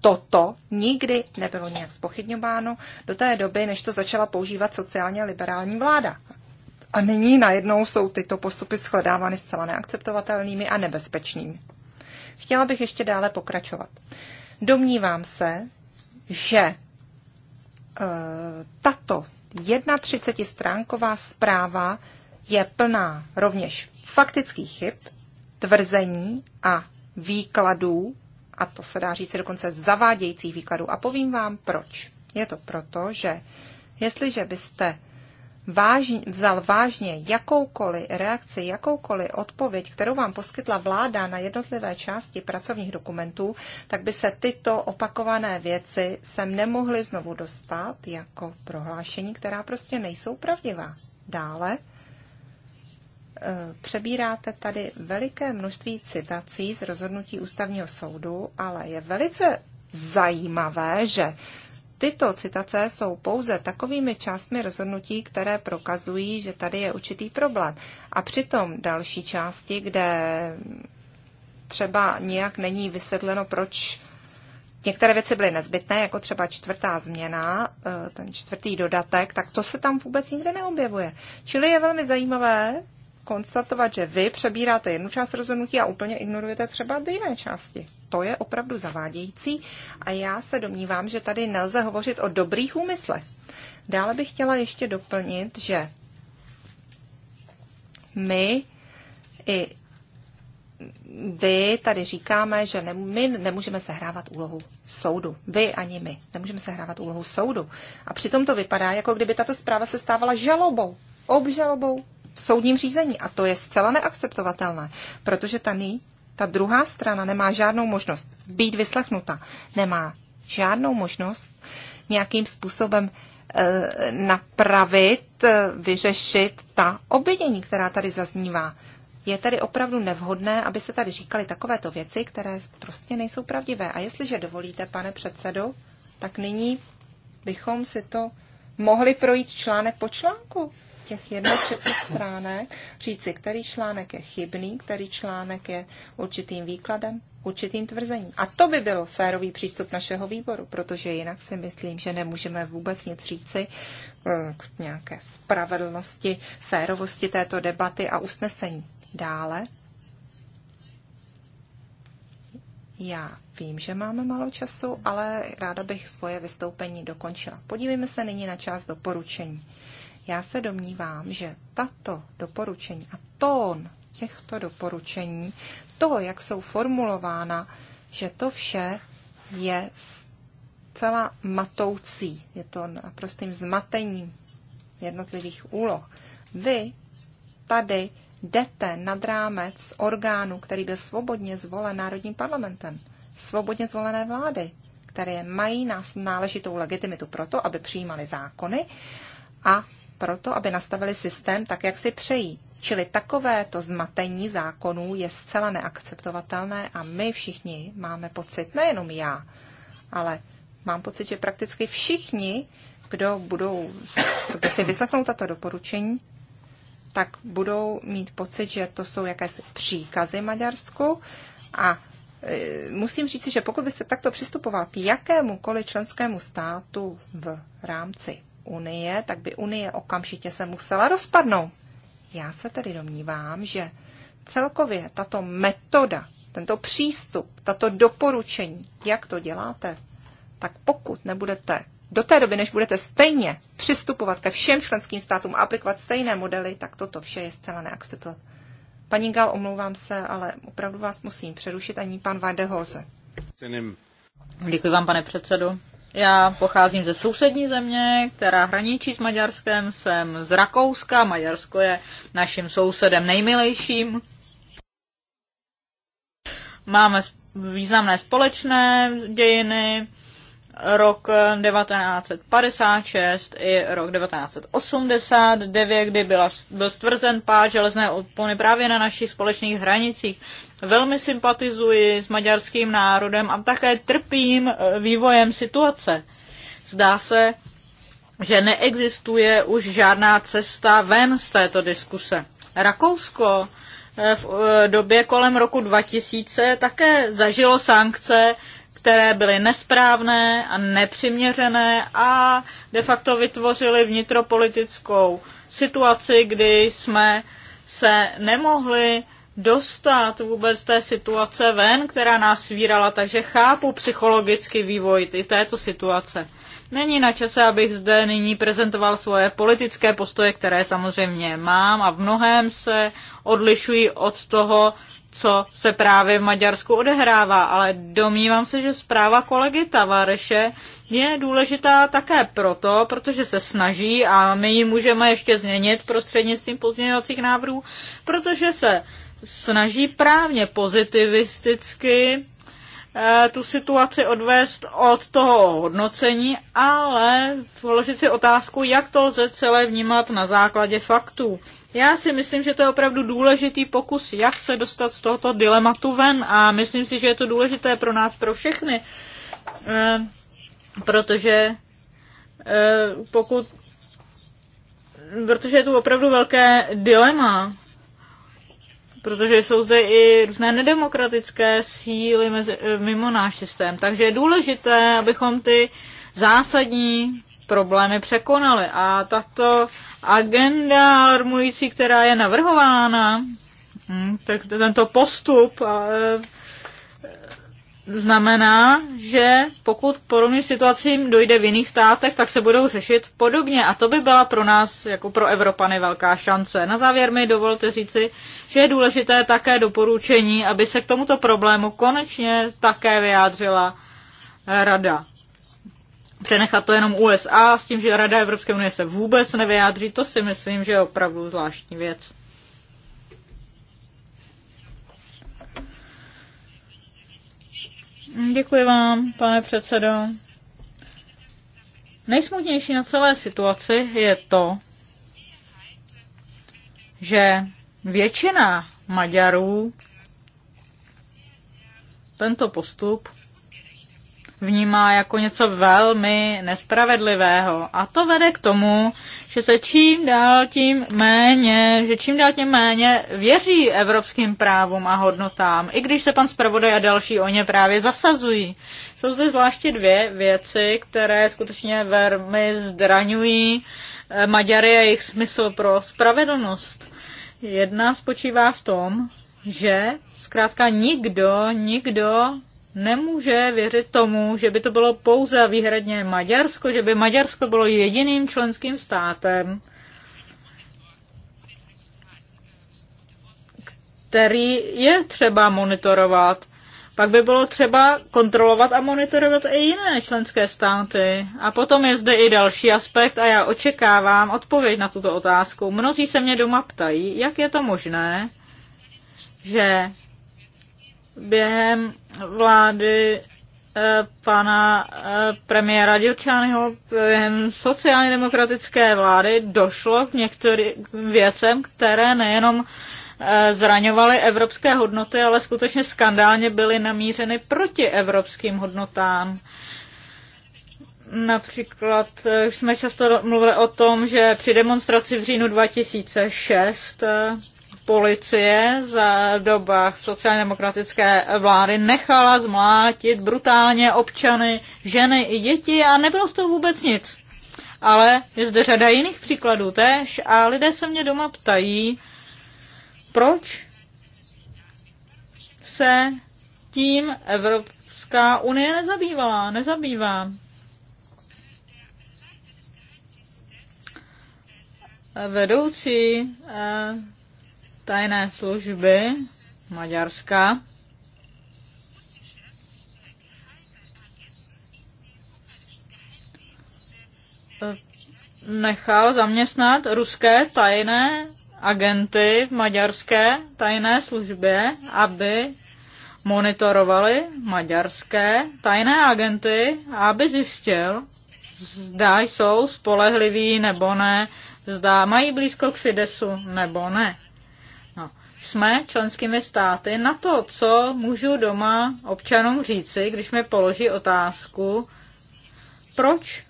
Toto nikdy nebylo nějak spochybňováno do té doby, než to začala používat sociálně liberální vláda. A nyní najednou jsou tyto postupy shledávány zcela neakceptovatelnými a nebezpečnými. Chtěla bych ještě dále pokračovat. Domnívám se, že e, tato 31 stránková zpráva je plná rovněž faktických chyb, tvrzení a výkladů, a to se dá říct dokonce zavádějících výkladů. A povím vám proč. Je to proto, že jestliže byste vážně, vzal vážně jakoukoliv reakci, jakoukoliv odpověď, kterou vám poskytla vláda na jednotlivé části pracovních dokumentů, tak by se tyto opakované věci sem nemohly znovu dostat jako prohlášení, která prostě nejsou pravdivá. Dále Eh, přebíráte tady veliké množství citací z rozhodnutí ústavního soudu, ale je velice zajímavé, že tyto citace jsou pouze takovými částmi rozhodnutí, které prokazují, že tady je určitý problém. A přitom další části, kde třeba nijak není vysvětleno, proč Některé věci byly nezbytné, jako třeba čtvrtá změna, eh, ten čtvrtý dodatek, tak to se tam vůbec nikde neobjevuje. Čili je velmi zajímavé, konstatovat, že vy přebíráte jednu část rozhodnutí a úplně ignorujete třeba ty jiné části. To je opravdu zavádějící a já se domnívám, že tady nelze hovořit o dobrých úmyslech. Dále bych chtěla ještě doplnit, že my i vy tady říkáme, že ne, my nemůžeme sehrávat úlohu soudu. Vy ani my nemůžeme sehrávat úlohu soudu. A přitom to vypadá, jako kdyby tato zpráva se stávala žalobou, obžalobou v soudním řízení. A to je zcela neakceptovatelné, protože ta, ní, ta druhá strana nemá žádnou možnost být vyslechnuta, nemá žádnou možnost nějakým způsobem e, napravit, e, vyřešit ta obvinění, která tady zaznívá. Je tedy opravdu nevhodné, aby se tady říkaly takovéto věci, které prostě nejsou pravdivé. A jestliže dovolíte, pane předsedo, tak nyní bychom si to mohli projít článek po článku těch 31 stránek říci, který článek je chybný, který článek je určitým výkladem, určitým tvrzením. A to by byl férový přístup našeho výboru, protože jinak si myslím, že nemůžeme vůbec nic říci eh, k nějaké spravedlnosti, férovosti této debaty a usnesení. Dále. Já vím, že máme málo času, ale ráda bych svoje vystoupení dokončila. Podívejme se nyní na část doporučení. Já se domnívám, že tato doporučení a tón těchto doporučení, to, jak jsou formulována, že to vše je celá matoucí. Je to naprostým zmatením jednotlivých úloh. Vy tady jdete nad rámec orgánu, který byl svobodně zvolen Národním parlamentem, svobodně zvolené vlády, které mají nás náležitou legitimitu proto, aby přijímali zákony a proto, aby nastavili systém tak, jak si přejí. Čili takovéto zmatení zákonů je zcela neakceptovatelné a my všichni máme pocit, nejenom já, ale mám pocit, že prakticky všichni, kdo budou kdo si vyslechnout tato doporučení, tak budou mít pocit, že to jsou jakési příkazy Maďarsku a e, musím říci, že pokud byste takto přistupoval k jakémukoliv členskému státu v rámci unie, tak by unie okamžitě se musela rozpadnout. Já se tedy domnívám, že celkově tato metoda, tento přístup, tato doporučení, jak to děláte, tak pokud nebudete do té doby, než budete stejně přistupovat ke všem členským státům a aplikovat stejné modely, tak toto vše je zcela neakceptovat. Paní Gal, omlouvám se, ale opravdu vás musím přerušit, ani pan Vadehoze. Děkuji vám, pane předsedo. Já pocházím ze sousední země, která hraničí s Maďarskem, jsem z Rakouska, Maďarsko je naším sousedem nejmilejším. Máme významné společné dějiny, rok 1956 i rok 1989, kdy byla, byl stvrzen pád železné opony právě na našich společných hranicích. Velmi sympatizuji s maďarským národem a také trpím eh, vývojem situace. Zdá se, že neexistuje už žádná cesta ven z této diskuse. Rakousko eh, v eh, době kolem roku 2000 také zažilo sankce, které byly nesprávné a nepřiměřené a de facto vytvořily vnitropolitickou situaci, kdy jsme se nemohli dostat vůbec té situace ven, která nás svírala, takže chápu psychologicky vývoj i této situace. Není na čase, abych zde nyní prezentoval svoje politické postoje, které samozřejmě mám a v mnohem se odlišují od toho, co se právě v Maďarsku odehrává, ale domnívám se, že zpráva kolegy Tavareše je důležitá také proto, protože se snaží a my ji můžeme ještě změnit prostřednictvím pozměňovacích návrhů, protože se snaží právně pozitivisticky eh, tu situaci odvést od toho hodnocení, ale položit si otázku, jak to lze celé vnímat na základě faktů. Já si myslím, že to je opravdu důležitý pokus, jak se dostat z tohoto dilematu ven a myslím si, že je to důležité pro nás, pro všechny, eh, protože eh, pokud protože je to opravdu velké dilema protože jsou zde i různé nedemokratické síly mezi, eh, mimo náš systém. Takže je důležité, abychom ty zásadní problémy překonaly. A tato agenda alarmující, která je navrhována, hm, tak tento postup eh, znamená, že pokud podobným situacím dojde v jiných státech, tak se budou řešit podobně. A to by byla pro nás, jako pro Evropany, velká šance. Na závěr mi dovolte říci, že je důležité také doporučení, aby se k tomuto problému konečně také vyjádřila rada. Přenechat to jenom USA s tím, že Rada Evropské unie se vůbec nevyjádří, to si myslím, že je opravdu zvláštní věc. Děkuji vám, pane předsedo. Nejsmutnější na celé situaci je to, že většina Maďarů tento postup vnímá jako něco velmi nespravedlivého. A to vede k tomu, že se čím dál tím méně, že čím dál tím méně věří evropským právům a hodnotám, i když se pan zpravodaj a další o ně právě zasazují. Jsou zde zvláště dvě věci, které skutečně velmi zdraňují eh, Maďary a jejich smysl pro spravedlnost. Jedna spočívá v tom, že zkrátka nikdo, nikdo nemůže věřit tomu, že by to bylo pouze a výhradně Maďarsko, že by Maďarsko bylo jediným členským státem, který je třeba monitorovat. Pak by bylo třeba kontrolovat a monitorovat i jiné členské státy. A potom je zde i další aspekt a já očekávám odpověď na tuto otázku. Mnozí se mě doma ptají, jak je to možné, že během vlády eh, pana eh, premiéra Dilčányho během sociálně demokratické vlády došlo k některým věcem, které nejenom eh, zraňovaly evropské hodnoty, ale skutečně skandálně byly namířeny proti evropským hodnotám. Například jsme často mluvili o tom, že při demonstraci v říjnu 2006 policie za dobách sociálně demokratické vlády nechala zmlátit brutálně občany, ženy i děti a nebylo z toho vůbec nic. Ale je zde řada jiných příkladů tež a lidé se mě doma ptají, proč se tím Evropská unie nezabývala, nezabývá. Vedoucí eh, tajné služby Maďarska. Nechal zaměstnat ruské tajné agenty v maďarské tajné službě, aby monitorovali maďarské tajné agenty, aby zjistil, zda jsou spolehliví nebo ne, zda mají blízko k Fidesu nebo ne jsme členskými státy na to, co můžu doma občanům říci, když mi položí otázku, proč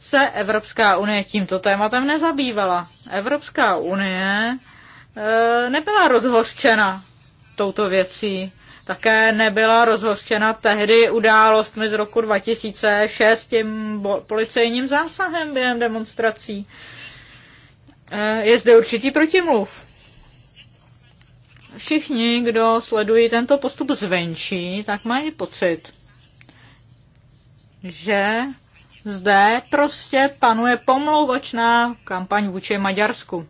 se Evropská unie tímto tématem nezabývala. Evropská unie e, nebyla rozhořčena touto věcí. Také nebyla rozhořčena tehdy událostmi z roku 2006 tím policejním zásahem během demonstrací. E, je zde určitý protimluv všichni, kdo sledují tento postup zvenčí, tak mají pocit, že zde prostě panuje pomlouvačná kampaň vůči Maďarsku.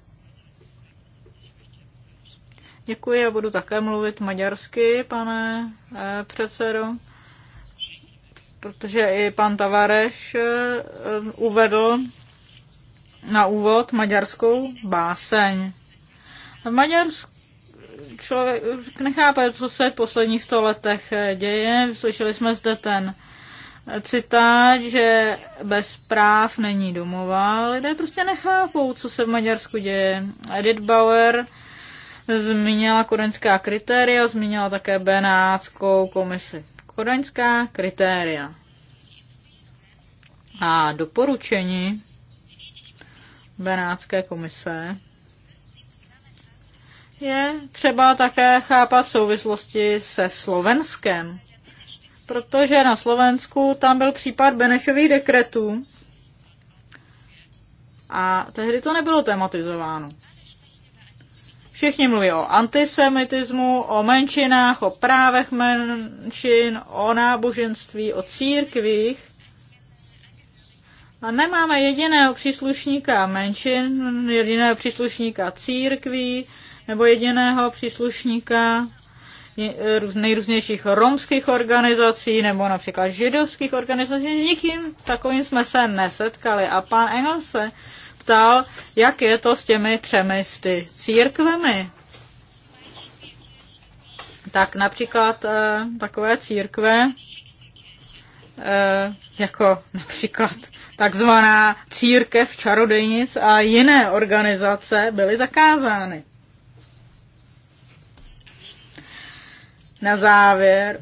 Děkuji, já budu také mluvit maďarsky, pane eh, předsedo, protože i pan Tavareš eh, eh uvedl na úvod maďarskou báseň. V Maďarsku člověk nechápe, co se v posledních sto letech eh, děje. Slyšeli jsme zde ten eh, citát, že bez práv není domova. Lidé prostě nechápou, co se v Maďarsku děje. Edith Bauer zmínila kodaňská kritéria, zmínila také Benátskou komisi. Kodaňská kritéria. A doporučení Benátské komise je třeba také chápat v souvislosti se Slovenskem. Protože na Slovensku tam byl případ Benešových dekretů a tehdy to nebylo tematizováno. Všichni mluví o antisemitismu, o menšinách, o právech menšin, o náboženství, o církvích. A nemáme jediného příslušníka menšin, jediného příslušníka církví, nebo jediného příslušníka e, nejrůznějších romských organizací nebo například židovských organizací. Nikým takovým jsme se nesetkali. A pan Engel se ptal, jak je to s těmi třemi sty církvemi. Tak například eh, takové církve, eh, jako například takzvaná církev čarodejnic a jiné organizace byly zakázány. na závěr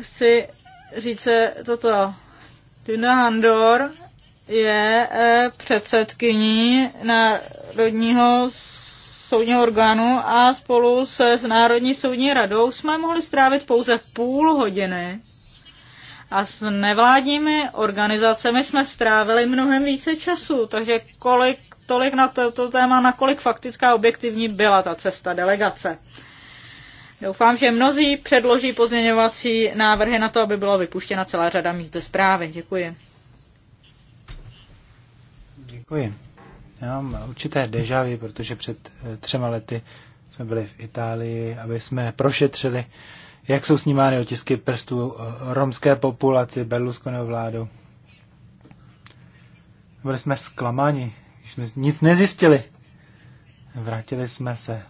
chci říct toto. Tuna Andor je eh, předsedkyní Národního soudního orgánu a spolu se s Národní soudní radou jsme mohli strávit pouze půl hodiny a s nevládními organizacemi jsme strávili mnohem více času, takže kolik, tolik na toto téma, nakolik faktická objektivní byla ta cesta delegace. Doufám, že mnozí předloží pozměňovací návrhy na to, aby byla vypuštěna celá řada míst ze zprávy. Děkuji. Děkuji. Já mám určité dejavy, protože před eh, třema lety jsme byli v Itálii, aby jsme prošetřili, jak jsou snímány otisky prstů eh, romské populaci Berlusconiho vládu. Byli jsme zklamáni, když jsme nic nezjistili. Vrátili jsme se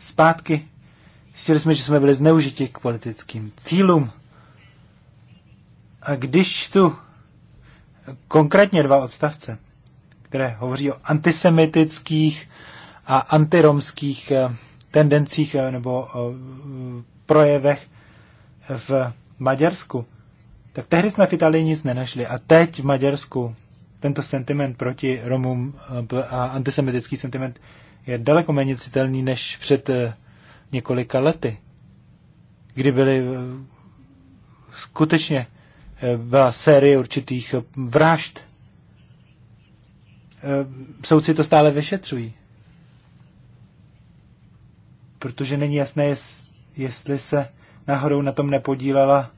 zpátky Zjistili jsme, že jsme byli zneužiti k politickým cílům. A když tu konkrétně dva odstavce, které hovoří o antisemitických a antiromských eh, tendencích eh, nebo eh, projevech v Maďarsku, tak tehdy jsme v Itálii nic nenašli. A teď v Maďarsku tento sentiment proti Romům a antisemitický sentiment je daleko méně citelný než před několika lety, kdy byly eh, skutečně eh, byla série určitých eh, vražd. Soudci to stále vyšetřují, protože není jasné, jestli se náhodou na tom nepodílela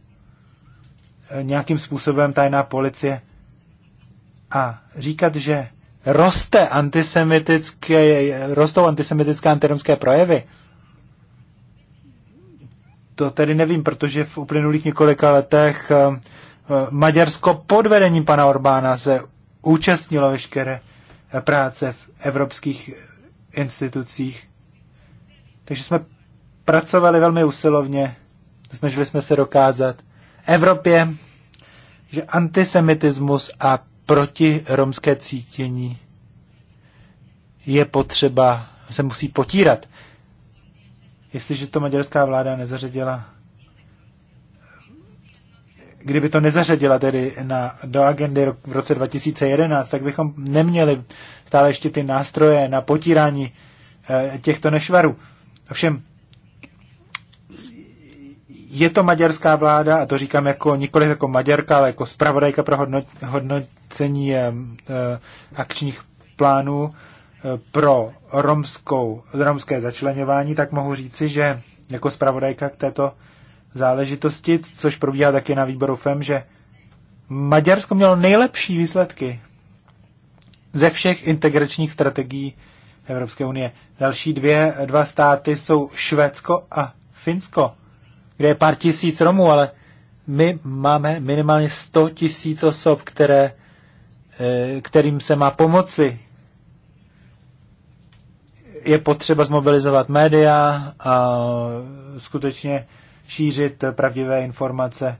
nějakým způsobem tajná policie. A říkat, že roste antisemitické, rostou antisemitické antiromské projevy, to tedy nevím, protože v uplynulých několika letech eh, eh, Maďarsko pod vedením pana Orbána se účastnilo veškeré eh, práce v evropských institucích. Takže jsme pracovali velmi usilovně, snažili jsme se dokázat Evropě, že antisemitismus a protiromské cítění je potřeba, se musí potírat jestliže to maďarská vláda nezařadila, kdyby to nezařadila tedy na, do agendy v roce 2011, tak bychom neměli stále ještě ty nástroje na potírání e, těchto nešvarů. Ovšem, je to maďarská vláda, a to říkám jako nikoliv jako maďarka, ale jako zpravodajka pro hodnocení eh, eh, akčních plánů, pro romskou, romské začlenování, tak mohu říci, že jako zpravodajka k této záležitosti, což probíhá taky na výboru FEM, že Maďarsko mělo nejlepší výsledky ze všech integračních strategií Evropské unie. Další dvě, dva státy jsou Švédsko a Finsko, kde je pár tisíc Romů, ale my máme minimálně 100 tisíc osob, které, eh, kterým se má pomoci je potřeba zmobilizovat média a skutečně šířit pravdivé informace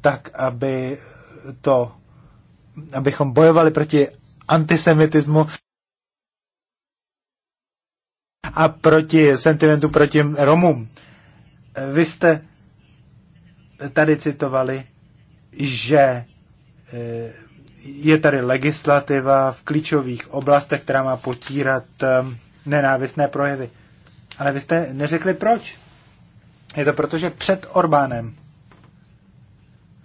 tak, aby to, abychom bojovali proti antisemitismu a proti sentimentu proti Romům. Vy jste tady citovali, že eh, je tady legislativa v klíčových oblastech, která má potírat eh, nenávistné projevy. Ale vy jste neřekli proč. Je to proto, že před Orbánem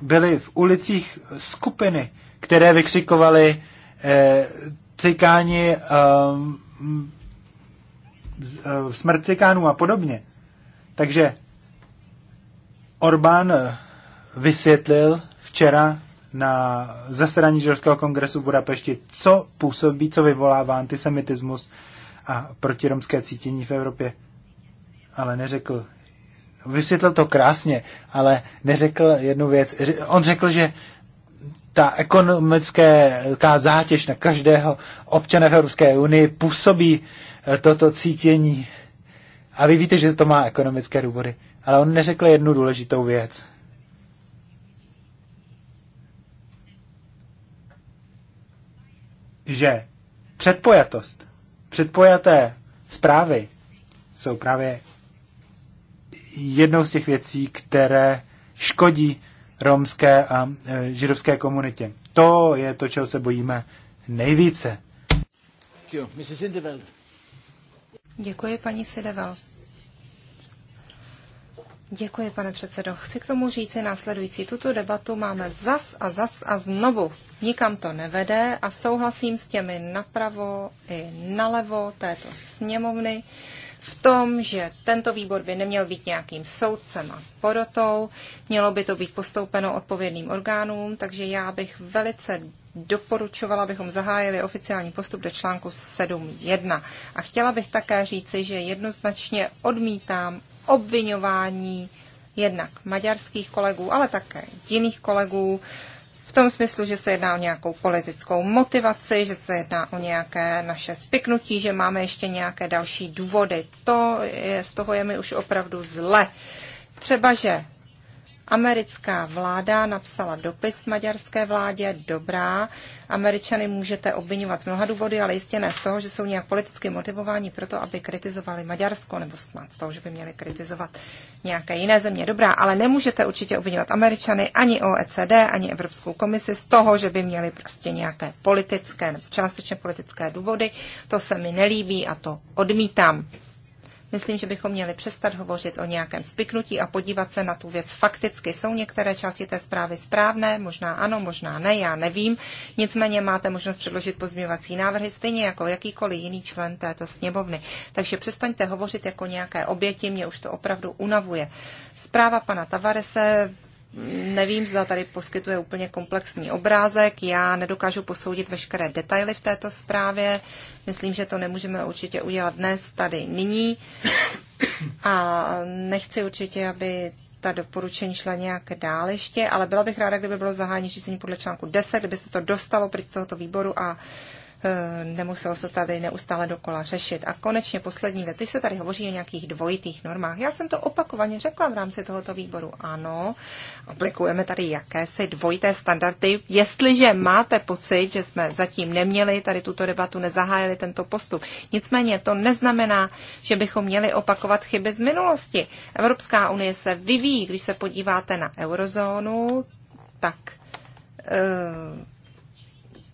byly v ulicích skupiny, které vykřikovaly eh, cikáni, ehm, eh, smrt cikánů a podobně. Takže Orbán eh, vysvětlil včera na zasedání Židovského kongresu v Budapešti, co působí, co vyvolává antisemitismus a protiromské cítění v Evropě. Ale neřekl, vysvětlil to krásně, ale neřekl jednu věc. On řekl, že ta ekonomická zátěž na každého občana v Evropské unii působí eh, toto cítění. A vy víte, že to má ekonomické důvody. Ale on neřekl jednu důležitou věc. Že předpojatost Předpojaté zprávy jsou právě jednou z těch věcí, které škodí romské a e, židovské komunitě. To je to, čeho se bojíme nejvíce. Děkuji, paní Sidevel. Děkuji, pane předsedo. Chci k tomu říci následující. Tuto debatu máme zas a zas a znovu. Nikam to nevede a souhlasím s těmi napravo i nalevo této sněmovny v tom, že tento výbor by neměl být nějakým soudcem a porotou, mělo by to být postoupeno odpovědným orgánům, takže já bych velice doporučovala, abychom zahájili oficiální postup do článku 7.1. A chtěla bych také říci, že jednoznačně odmítám obvinování jednak maďarských kolegů, ale také jiných kolegů, v tom smyslu, že se jedná o nějakou politickou motivaci, že se jedná o nějaké naše spiknutí, že máme ještě nějaké další důvody. To je, z toho je mi už opravdu zle. Třeba, že Americká vláda napsala dopis maďarské vládě, dobrá, Američany můžete obvinovat z mnoha důvody, ale jistě ne z toho, že jsou nějak politicky motivováni proto, aby kritizovali Maďarsko, nebo snad z toho, že by měli kritizovat nějaké jiné země. Dobrá, ale nemůžete určitě obvinovat Američany, ani OECD, ani Evropskou komisi z toho, že by měli prostě nějaké politické nebo částečně politické důvody. To se mi nelíbí a to odmítám. Myslím, že bychom měli přestat hovořit o nějakém spiknutí a podívat se na tu věc fakticky. Jsou některé části té zprávy správné, možná ano, možná ne, já nevím. Nicméně máte možnost předložit pozměňovací návrhy, stejně jako jakýkoliv jiný člen této sněmovny. Takže přestaňte hovořit jako nějaké oběti, mě už to opravdu unavuje. Zpráva pana Tavarese nevím, zda tady poskytuje úplně komplexní obrázek. Já nedokážu posoudit veškeré detaily v této zprávě. Myslím, že to nemůžeme určitě udělat dnes, tady, nyní. A nechci určitě, aby ta doporučení šla nějak dál ještě, ale byla bych ráda, kdyby bylo zahájení řízení podle článku 10, kdyby se to dostalo pryč z tohoto výboru a Eh, nemuselo se tady neustále dokola řešit. A konečně poslední věc, když se tady hovoří o nějakých dvojitých normách. Já jsem to opakovaně řekla v rámci tohoto výboru. Ano, aplikujeme tady jakési dvojité standardy. Jestliže máte pocit, že jsme zatím neměli tady tuto debatu, nezahájili tento postup. Nicméně to neznamená, že bychom měli opakovat chyby z minulosti. Evropská unie se vyvíjí, když se podíváte na eurozónu, tak uh,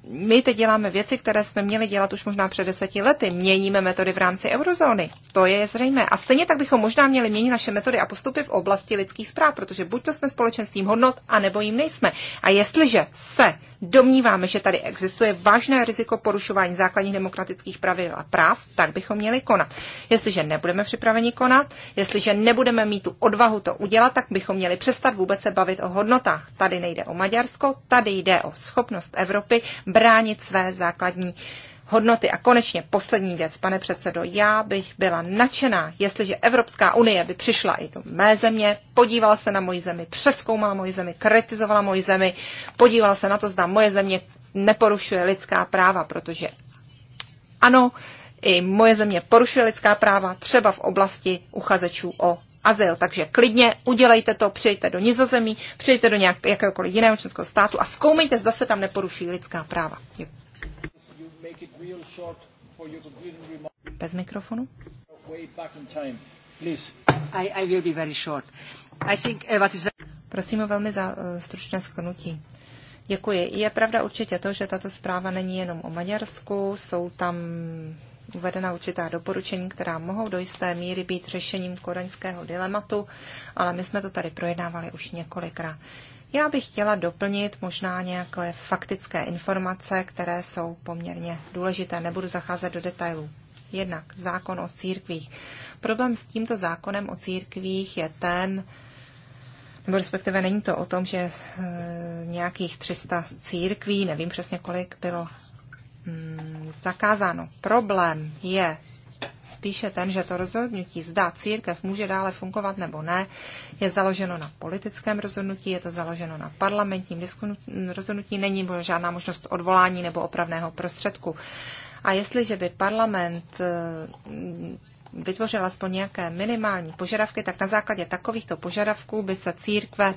my teď děláme věci, které jsme měli dělat už možná před deseti lety. Měníme metody v rámci eurozóny. To je zřejmé. A stejně tak bychom možná měli měnit naše metody a postupy v oblasti lidských zpráv, protože buď to jsme společenstvím hodnot, anebo jim nejsme. A jestliže se domníváme, že tady existuje vážné riziko porušování základních demokratických pravidel a práv, tak bychom měli konat. Jestliže nebudeme připraveni konat, jestliže nebudeme mít tu odvahu to udělat, tak bychom měli přestat vůbec se bavit o hodnotách. Tady nejde o Maďarsko, tady jde o schopnost Evropy bránit své základní hodnoty. A konečně poslední věc, pane předsedo, já bych byla nadšená, jestliže Evropská unie by přišla i do mé země, podívala se na moji zemi, přeskoumala moji zemi, kritizovala moji zemi, podívala se na to, zda moje země neporušuje lidská práva, protože ano, i moje země porušuje lidská práva, třeba v oblasti uchazečů o azyl. Takže klidně udělejte to, přejte do Nizozemí, přejte do nějak, jakéhokoliv jiného členského státu a zkoumejte, zda se tam neporuší lidská práva. Bez mikrofonu. Eh, Prosím o velmi za, eh, stručné shrnutí. Děkuji. Je pravda určitě to, že tato zpráva není jenom o Maďarsku, jsou tam uvedena určitá doporučení, která mohou do jisté míry být řešením koreňského dilematu, ale my jsme to tady projednávali už několikrát. Já bych chtěla doplnit možná nějaké faktické informace, které jsou poměrně důležité. Nebudu zacházet do detailů. Jednak zákon o církvích. Problém s tímto zákonem o církvích je ten, nebo respektive není to o tom, že e, nějakých 300 církví, nevím přesně kolik bylo Hmm, zakázáno. Problém je spíše ten, že to rozhodnutí, zda církev může dále fungovat nebo ne, je založeno na politickém rozhodnutí, je to založeno na parlamentním rozhodnutí, není žádná možnost odvolání nebo opravného prostředku. A jestliže by parlament eh, vytvořil aspoň nějaké minimální požadavky, tak na základě takovýchto požadavků by se církve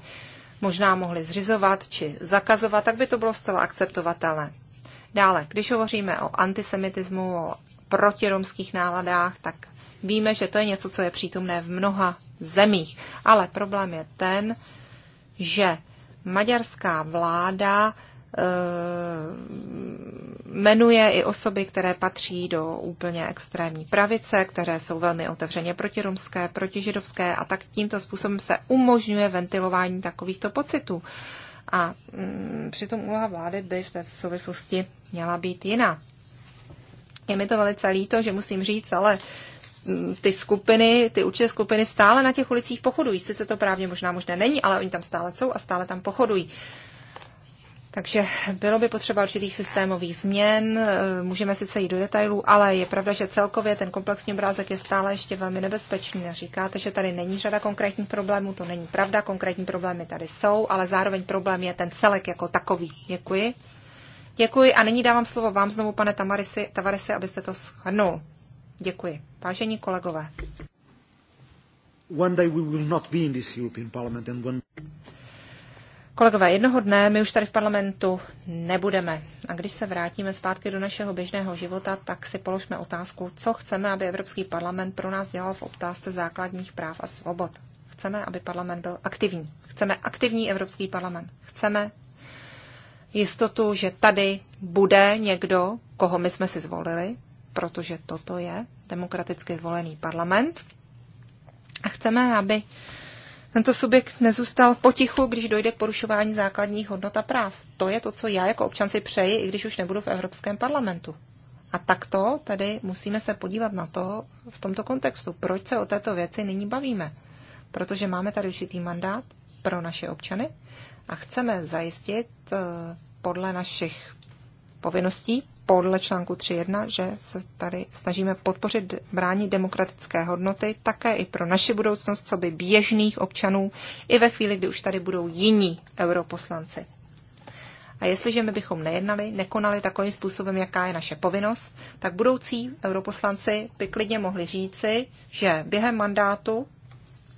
možná mohly zřizovat či zakazovat, tak by to bylo zcela akceptovatelné. Dále, když hovoříme o antisemitismu, o protiromských náladách, tak víme, že to je něco, co je přítomné v mnoha zemích. Ale problém je ten, že maďarská vláda eh, jmenuje i osoby, které patří do úplně extrémní pravice, které jsou velmi otevřeně protiromské, protižidovské a tak tímto způsobem se umožňuje ventilování takovýchto pocitů. A mm, přitom úloha vlády by v této souvislosti měla být jiná. Je mi to velice líto, že musím říct, ale mm, ty skupiny, ty určité skupiny stále na těch ulicích pochodují. Sice to právně možná možné není, ale oni tam stále jsou a stále tam pochodují. Takže bylo by potřeba určitých systémových změn, e, můžeme sice jít do detailů, ale je pravda, že celkově ten komplexní obrázek je stále ještě velmi nebezpečný. Říkáte, že tady není řada konkrétních problémů, to není pravda, konkrétní problémy tady jsou, ale zároveň problém je ten celek jako takový. Děkuji. Děkuji a nyní dávám slovo vám znovu, pane Tamarisi, Tavarisi, abyste to shrnul. Děkuji. Vážení kolegové. One day we will not be in this European Parliament and one... Kolegové, jednoho dne my už tady v parlamentu nebudeme. A když se vrátíme zpátky do našeho běžného života, tak si položme otázku, co chceme, aby Evropský parlament pro nás dělal v otázce základních práv a svobod. Chceme, aby parlament byl aktivní. Chceme aktivní Evropský parlament. Chceme jistotu, že tady bude někdo, koho my jsme si zvolili, protože toto je demokraticky zvolený parlament. A chceme, aby tento subjekt nezůstal potichu, když dojde k porušování základních hodnot a práv. To je to, co já jako občan si přeji, i když už nebudu v Evropském parlamentu. A takto tedy musíme se podívat na to v tomto kontextu. Proč se o této věci nyní bavíme? Protože máme tady určitý mandát pro naše občany a chceme zajistit eh, podle našich povinností podle článku 3.1, že se tady snažíme podpořit brání demokratické hodnoty také i pro naši budoucnost, co by běžných občanů, i ve chvíli, kdy už tady budou jiní europoslanci. A jestliže my bychom nejednali, nekonali takovým způsobem, jaká je naše povinnost, tak budoucí europoslanci by klidně mohli říci, že během mandátu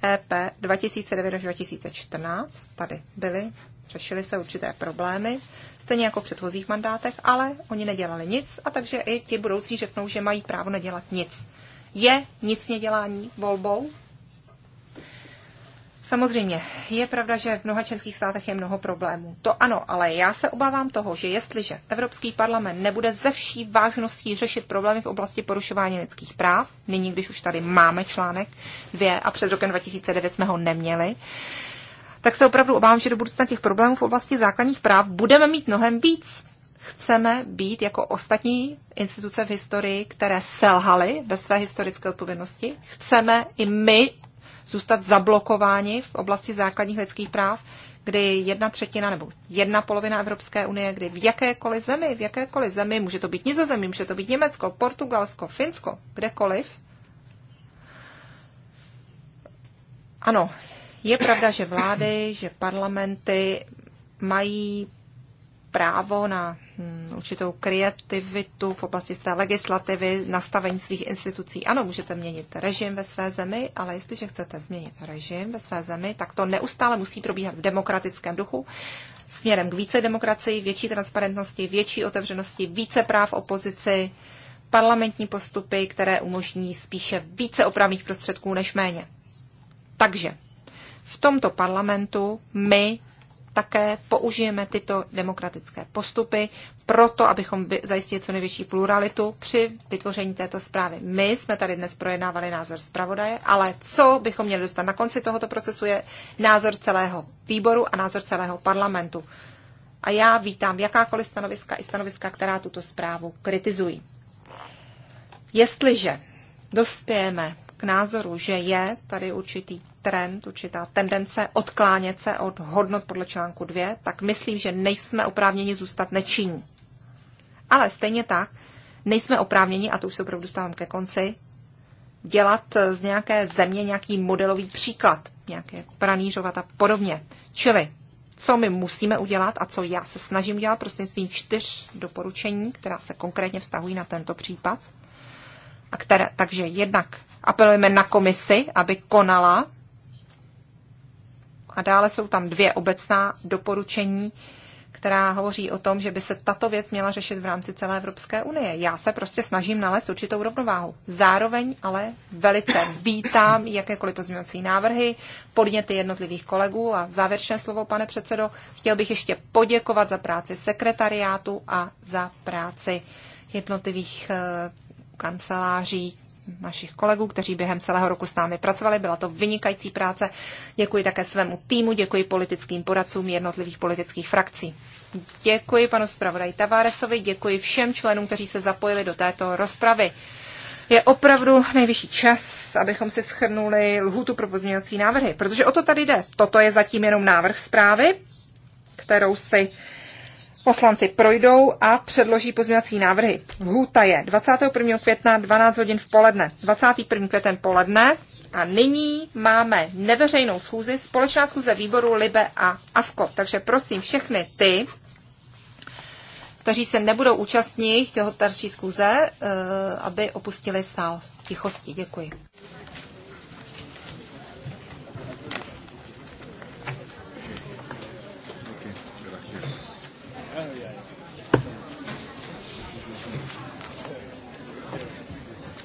EP 2009 až 2014 tady byly, řešily se určité problémy, stejně jako v předchozích mandátech, ale oni nedělali nic a takže i ti budoucí řeknou, že mají právo nedělat nic. Je nic nedělání volbou? Samozřejmě, je pravda, že v mnoha členských státech je mnoho problémů. To ano, ale já se obávám toho, že jestliže Evropský parlament nebude ze vší vážností řešit problémy v oblasti porušování lidských práv, nyní, když už tady máme článek dvě a před rokem 2009 jsme ho neměli, tak se opravdu obávám, že do budoucna těch problémů v oblasti základních práv budeme mít mnohem víc. Chceme být jako ostatní instituce v historii, které selhaly ve své historické odpovědnosti. Chceme i my zůstat zablokováni v oblasti základních lidských práv, kdy jedna třetina nebo jedna polovina Evropské unie, kdy v jakékoliv zemi, v jakékoliv zemi, může to být Nizozemí, může to být Německo, Portugalsko, Finsko, kdekoliv. Ano, je pravda, že vlády, že parlamenty mají právo na hm, určitou kreativitu v oblasti své legislativy, nastavení svých institucí. Ano, můžete měnit režim ve své zemi, ale jestliže chcete změnit režim ve své zemi, tak to neustále musí probíhat v demokratickém duchu směrem k více demokracii, větší transparentnosti, větší otevřenosti, více práv opozici, parlamentní postupy, které umožní spíše více opravných prostředků než méně. Takže v tomto parlamentu my také použijeme tyto demokratické postupy proto, abychom zajistili co největší pluralitu při vytvoření této zprávy. My jsme tady dnes projednávali názor zpravodaje, ale co bychom měli dostat na konci tohoto procesu je názor celého výboru a názor celého parlamentu. A já vítám jakákoliv stanoviska i stanoviska, která tuto zprávu kritizují. Jestliže dospějeme k názoru, že je tady určitý trend, určitá tendence odklánět se od hodnot podle článku 2, tak myslím, že nejsme oprávněni zůstat nečinní. Ale stejně tak, nejsme oprávněni, a to už se opravdu dostávám ke konci, dělat z nějaké země nějaký modelový příklad, nějaké pranířovat a podobně. Čili, co my musíme udělat a co já se snažím dělat prostřednictvím čtyř doporučení, která se konkrétně vztahují na tento případ. A které, takže jednak apelujeme na komisi, aby konala a dále jsou tam dvě obecná doporučení, která hovoří o tom, že by se tato věc měla řešit v rámci celé Evropské unie. Já se prostě snažím nalézt určitou rovnováhu. Zároveň ale velice vítám jakékoliv to změnací návrhy, podněty jednotlivých kolegů a závěrečné slovo, pane předsedo, chtěl bych ještě poděkovat za práci sekretariátu a za práci jednotlivých eh, kanceláří našich kolegů, kteří během celého roku s námi pracovali. Byla to vynikající práce. Děkuji také svému týmu, děkuji politickým poradcům jednotlivých politických frakcí. Děkuji panu zpravodaji Tavaresovi, děkuji všem členům, kteří se zapojili do této rozpravy. Je opravdu nejvyšší čas, abychom si schrnuli lhůtu pro pozměňovací návrhy, protože o to tady jde. Toto je zatím jenom návrh zprávy, kterou si Poslanci projdou a předloží pozměňovací návrhy. Vhůta je 21. května 12 hodin v poledne, 21. květen poledne a nyní máme neveřejnou schůzi, společná schůze výboru Libe a Avko. Takže prosím všechny ty, kteří se nebudou účastnit těho starší schůze, eh, aby opustili sál v tichosti. Děkuji.